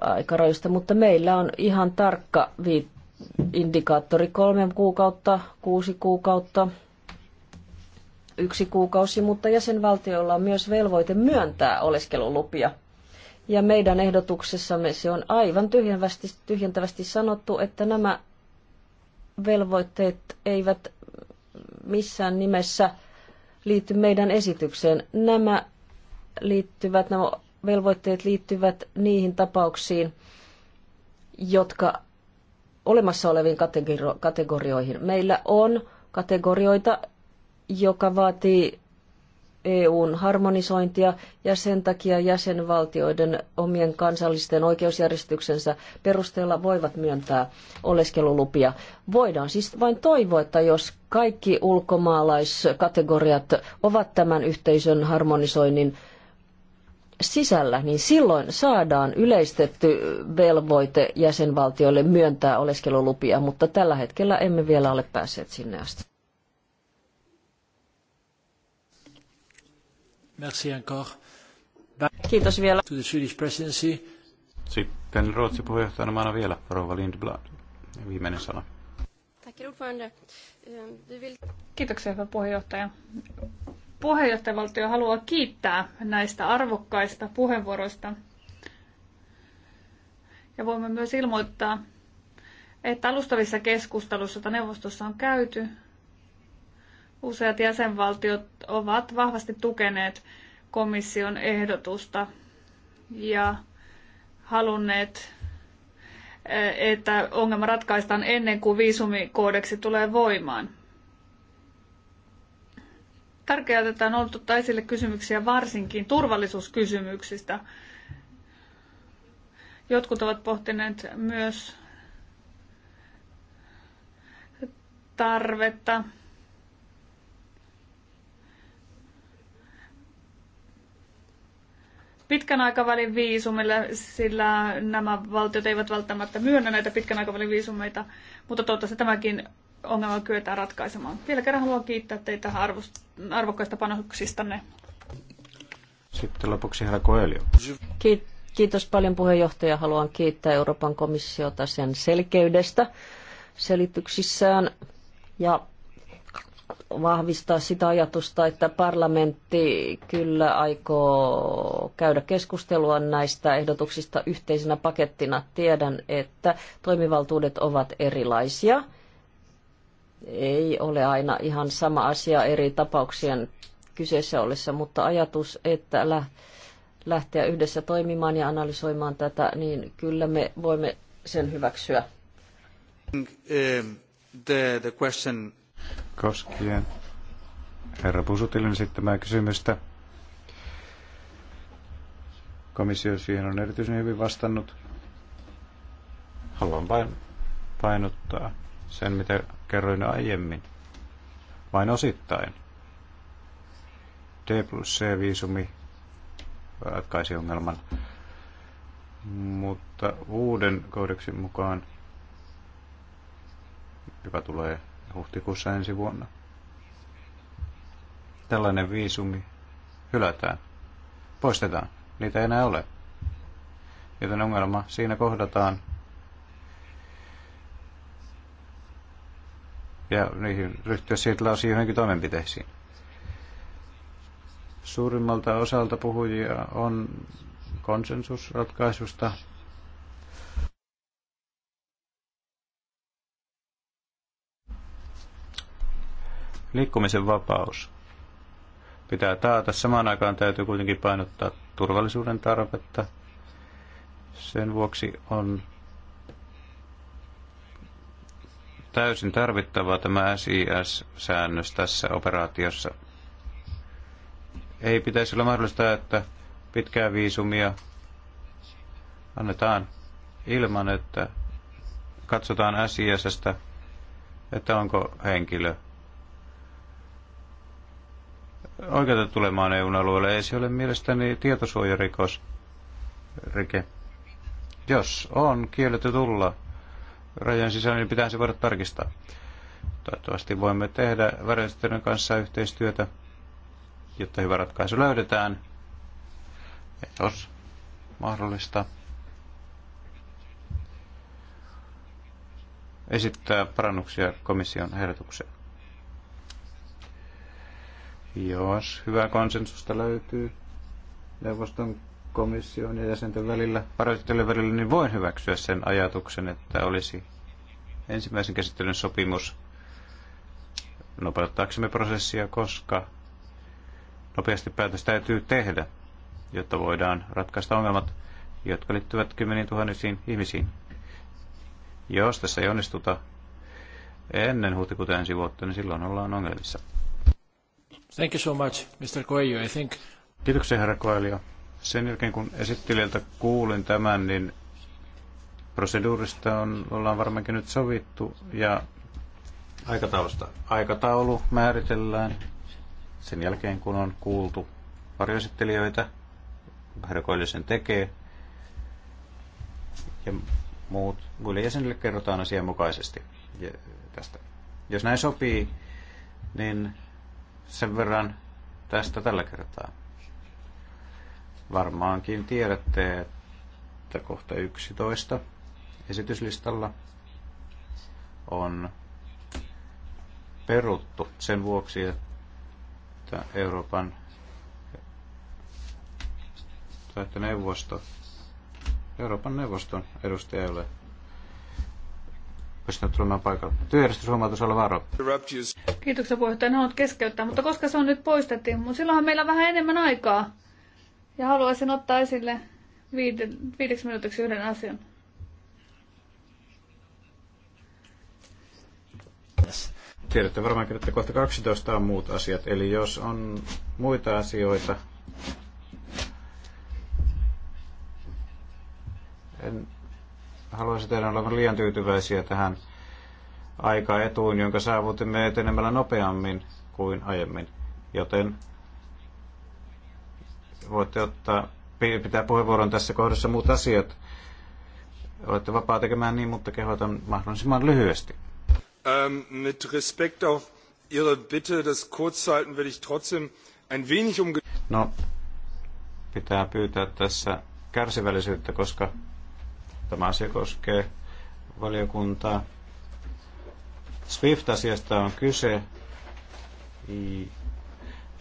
aikarajoista, mutta meillä on ihan tarkka indikaattori kolme kuukautta, kuusi kuukautta, yksi kuukausi, mutta jäsenvaltioilla on myös velvoite myöntää oleskelulupia. Ja meidän ehdotuksessamme se on aivan tyhjentävästi, tyhjentävästi sanottu, että nämä velvoitteet eivät missään nimessä liity meidän esitykseen. Nämä liittyvät, nämä velvoitteet liittyvät niihin tapauksiin, jotka olemassa oleviin kategorioihin. Meillä on kategorioita, joka vaatii EUn harmonisointia ja sen takia jäsenvaltioiden omien kansallisten oikeusjärjestyksensä perusteella voivat myöntää oleskelulupia. Voidaan siis vain toivoa, että jos kaikki ulkomaalaiskategoriat ovat tämän yhteisön harmonisoinnin sisällä, niin silloin saadaan yleistetty velvoite jäsenvaltioille myöntää oleskelulupia, mutta tällä hetkellä emme vielä ole päässeet sinne asti. Merci encore. Kiitos vielä. To the Swedish presidency. Sitten Ruotsin puheenjohtajana maana vielä Rova Lindblad. Viimeinen sana. Ehm, Kiitoksia, hyvä puheenjohtaja. Puheenjohtajavaltio haluaa kiittää näistä arvokkaista puheenvuoroista. Ja voimme myös ilmoittaa, että alustavissa keskustelussa joita neuvostossa on käyty, Useat jäsenvaltiot ovat vahvasti tukeneet komission ehdotusta ja halunneet, eh, että ongelma ratkaistaan ennen kuin viisumikoodeksi tulee voimaan. Tärkeää, että on ollut ottaa esille kysymyksiä varsinkin turvallisuuskysymyksistä. Jotkut ovat pohtineet myös tarvetta pitkän aikavälin viisumille, sillä nämä valtiot eivät välttämättä myönnä näitä pitkän aikavälin viisumeita, mutta toivottavasti tämäkin ongelma kyetään ratkaisemaan. Vielä kerran haluan kiittää teitä arvost- arvokkaista panoksistanne. Sitten lopuksi herra Koelio. Kiitos paljon puheenjohtaja. Haluan kiittää Euroopan komissiota sen selkeydestä selityksissään ja vahvistaa sitä ajatusta, että parlamentti kyllä aikoo käydä keskustelua näistä ehdotuksista yhteisenä pakettina. Tiedän, että toimivaltuudet ovat erilaisia. Ei ole aina ihan sama asia eri tapauksien kyseessä ollessa, mutta ajatus, että lähteä yhdessä toimimaan ja analysoimaan tätä, niin kyllä me voimme sen hyväksyä. Eh, the, the question koskien herra Pusutilin esittämää kysymystä. Komissio siihen on erityisen hyvin vastannut. Haluan vain painottaa sen, mitä kerroin aiemmin. Vain osittain. D plus C-viisumi ratkaisi ongelman. Mutta uuden koodeksin mukaan, joka tulee huhtikuussa ensi vuonna. Tällainen viisumi hylätään, poistetaan, niitä ei enää ole. Joten ongelma siinä kohdataan ja niihin ryhtyä siitä osin johonkin toimenpiteisiin. Suurimmalta osalta puhujia on konsensusratkaisusta Liikkumisen vapaus pitää taata. Samaan aikaan täytyy kuitenkin painottaa turvallisuuden tarvetta. Sen vuoksi on täysin tarvittava tämä SIS-säännös tässä operaatiossa. Ei pitäisi olla mahdollista, että pitkää viisumia annetaan ilman, että katsotaan SISstä, että onko henkilö oikeutettu tulemaan EUn alueelle. Ei se ole mielestäni tietosuojarikos, rike. Jos on kielletty tulla rajan sisällä, niin pitää se voida tarkistaa. Toivottavasti voimme tehdä värjestelyiden kanssa yhteistyötä, jotta hyvä ratkaisu löydetään. jos mahdollista, esittää parannuksia komission ehdotukseen jos hyvää konsensusta löytyy neuvoston komission ja jäsenten välillä, parhaiten välillä, niin voin hyväksyä sen ajatuksen, että olisi ensimmäisen käsittelyn sopimus nopeuttaaksemme prosessia, koska nopeasti päätös täytyy tehdä, jotta voidaan ratkaista ongelmat, jotka liittyvät kymmeniin tuhannisiin ihmisiin. Jos tässä ei onnistuta ennen huhtikuuta ensi vuotta, niin silloin ollaan ongelmissa. Thank you so much, Mr. Coelho, I think. Kiitoksia, herra Coelho. Sen jälkeen, kun esittelijältä kuulin tämän, niin proseduurista on, ollaan varmaankin nyt sovittu ja aikataulusta. Aikataulu määritellään sen jälkeen, kun on kuultu pari esittelijöitä, herra sen tekee ja muut muille jäsenille kerrotaan asianmukaisesti tästä. Jos näin sopii, niin sen verran tästä tällä kertaa. Varmaankin tiedätte, että kohta 11 esityslistalla on peruttu sen vuoksi, että Euroopan tai että neuvosto, Euroopan neuvoston edustaja ei ole pystynyt tulemaan paikalle. Työjärjestyshuomautus Alvaro. Kiitoksia puheenjohtaja, ne on keskeyttää, mutta koska se on nyt poistettiin, mutta silloinhan meillä on vähän enemmän aikaa. Ja haluaisin ottaa esille viide, viideksi minuutiksi yhden asian. Tiedätte varmaan, että kohta 12 on muut asiat, eli jos on muita asioita, en haluaisin teidän olevan liian tyytyväisiä tähän etuun, jonka saavutimme etenemällä nopeammin kuin aiemmin. Joten voitte ottaa, pitää puheenvuoron tässä kohdassa muut asiat. Olette vapaa tekemään niin, mutta kehotan mahdollisimman lyhyesti. Ähm, mit Respekt auf Ihre Bitte, das Kurzhalten will ich trotzdem ein wenig um... No, pitää pyytää tässä kärsivällisyyttä, koska Tämä asia koskee valiokuntaa. SWIFT-asiasta on kyse,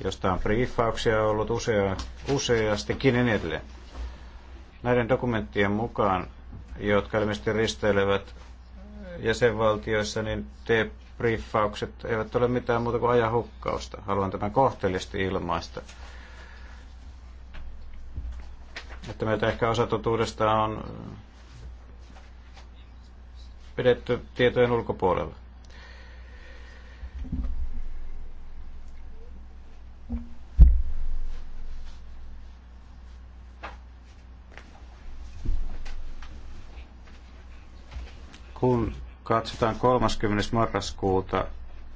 josta on briefauksia ollut usea, useastikin edelleen. Näiden dokumenttien mukaan, jotka ilmeisesti risteilevät jäsenvaltioissa, niin te briefaukset eivät ole mitään muuta kuin ajahukkausta. Haluan tämän kohteellisesti ilmaista. Että meitä ehkä osatotuudesta on pidetty tietojen ulkopuolella. Kun katsotaan 30. marraskuuta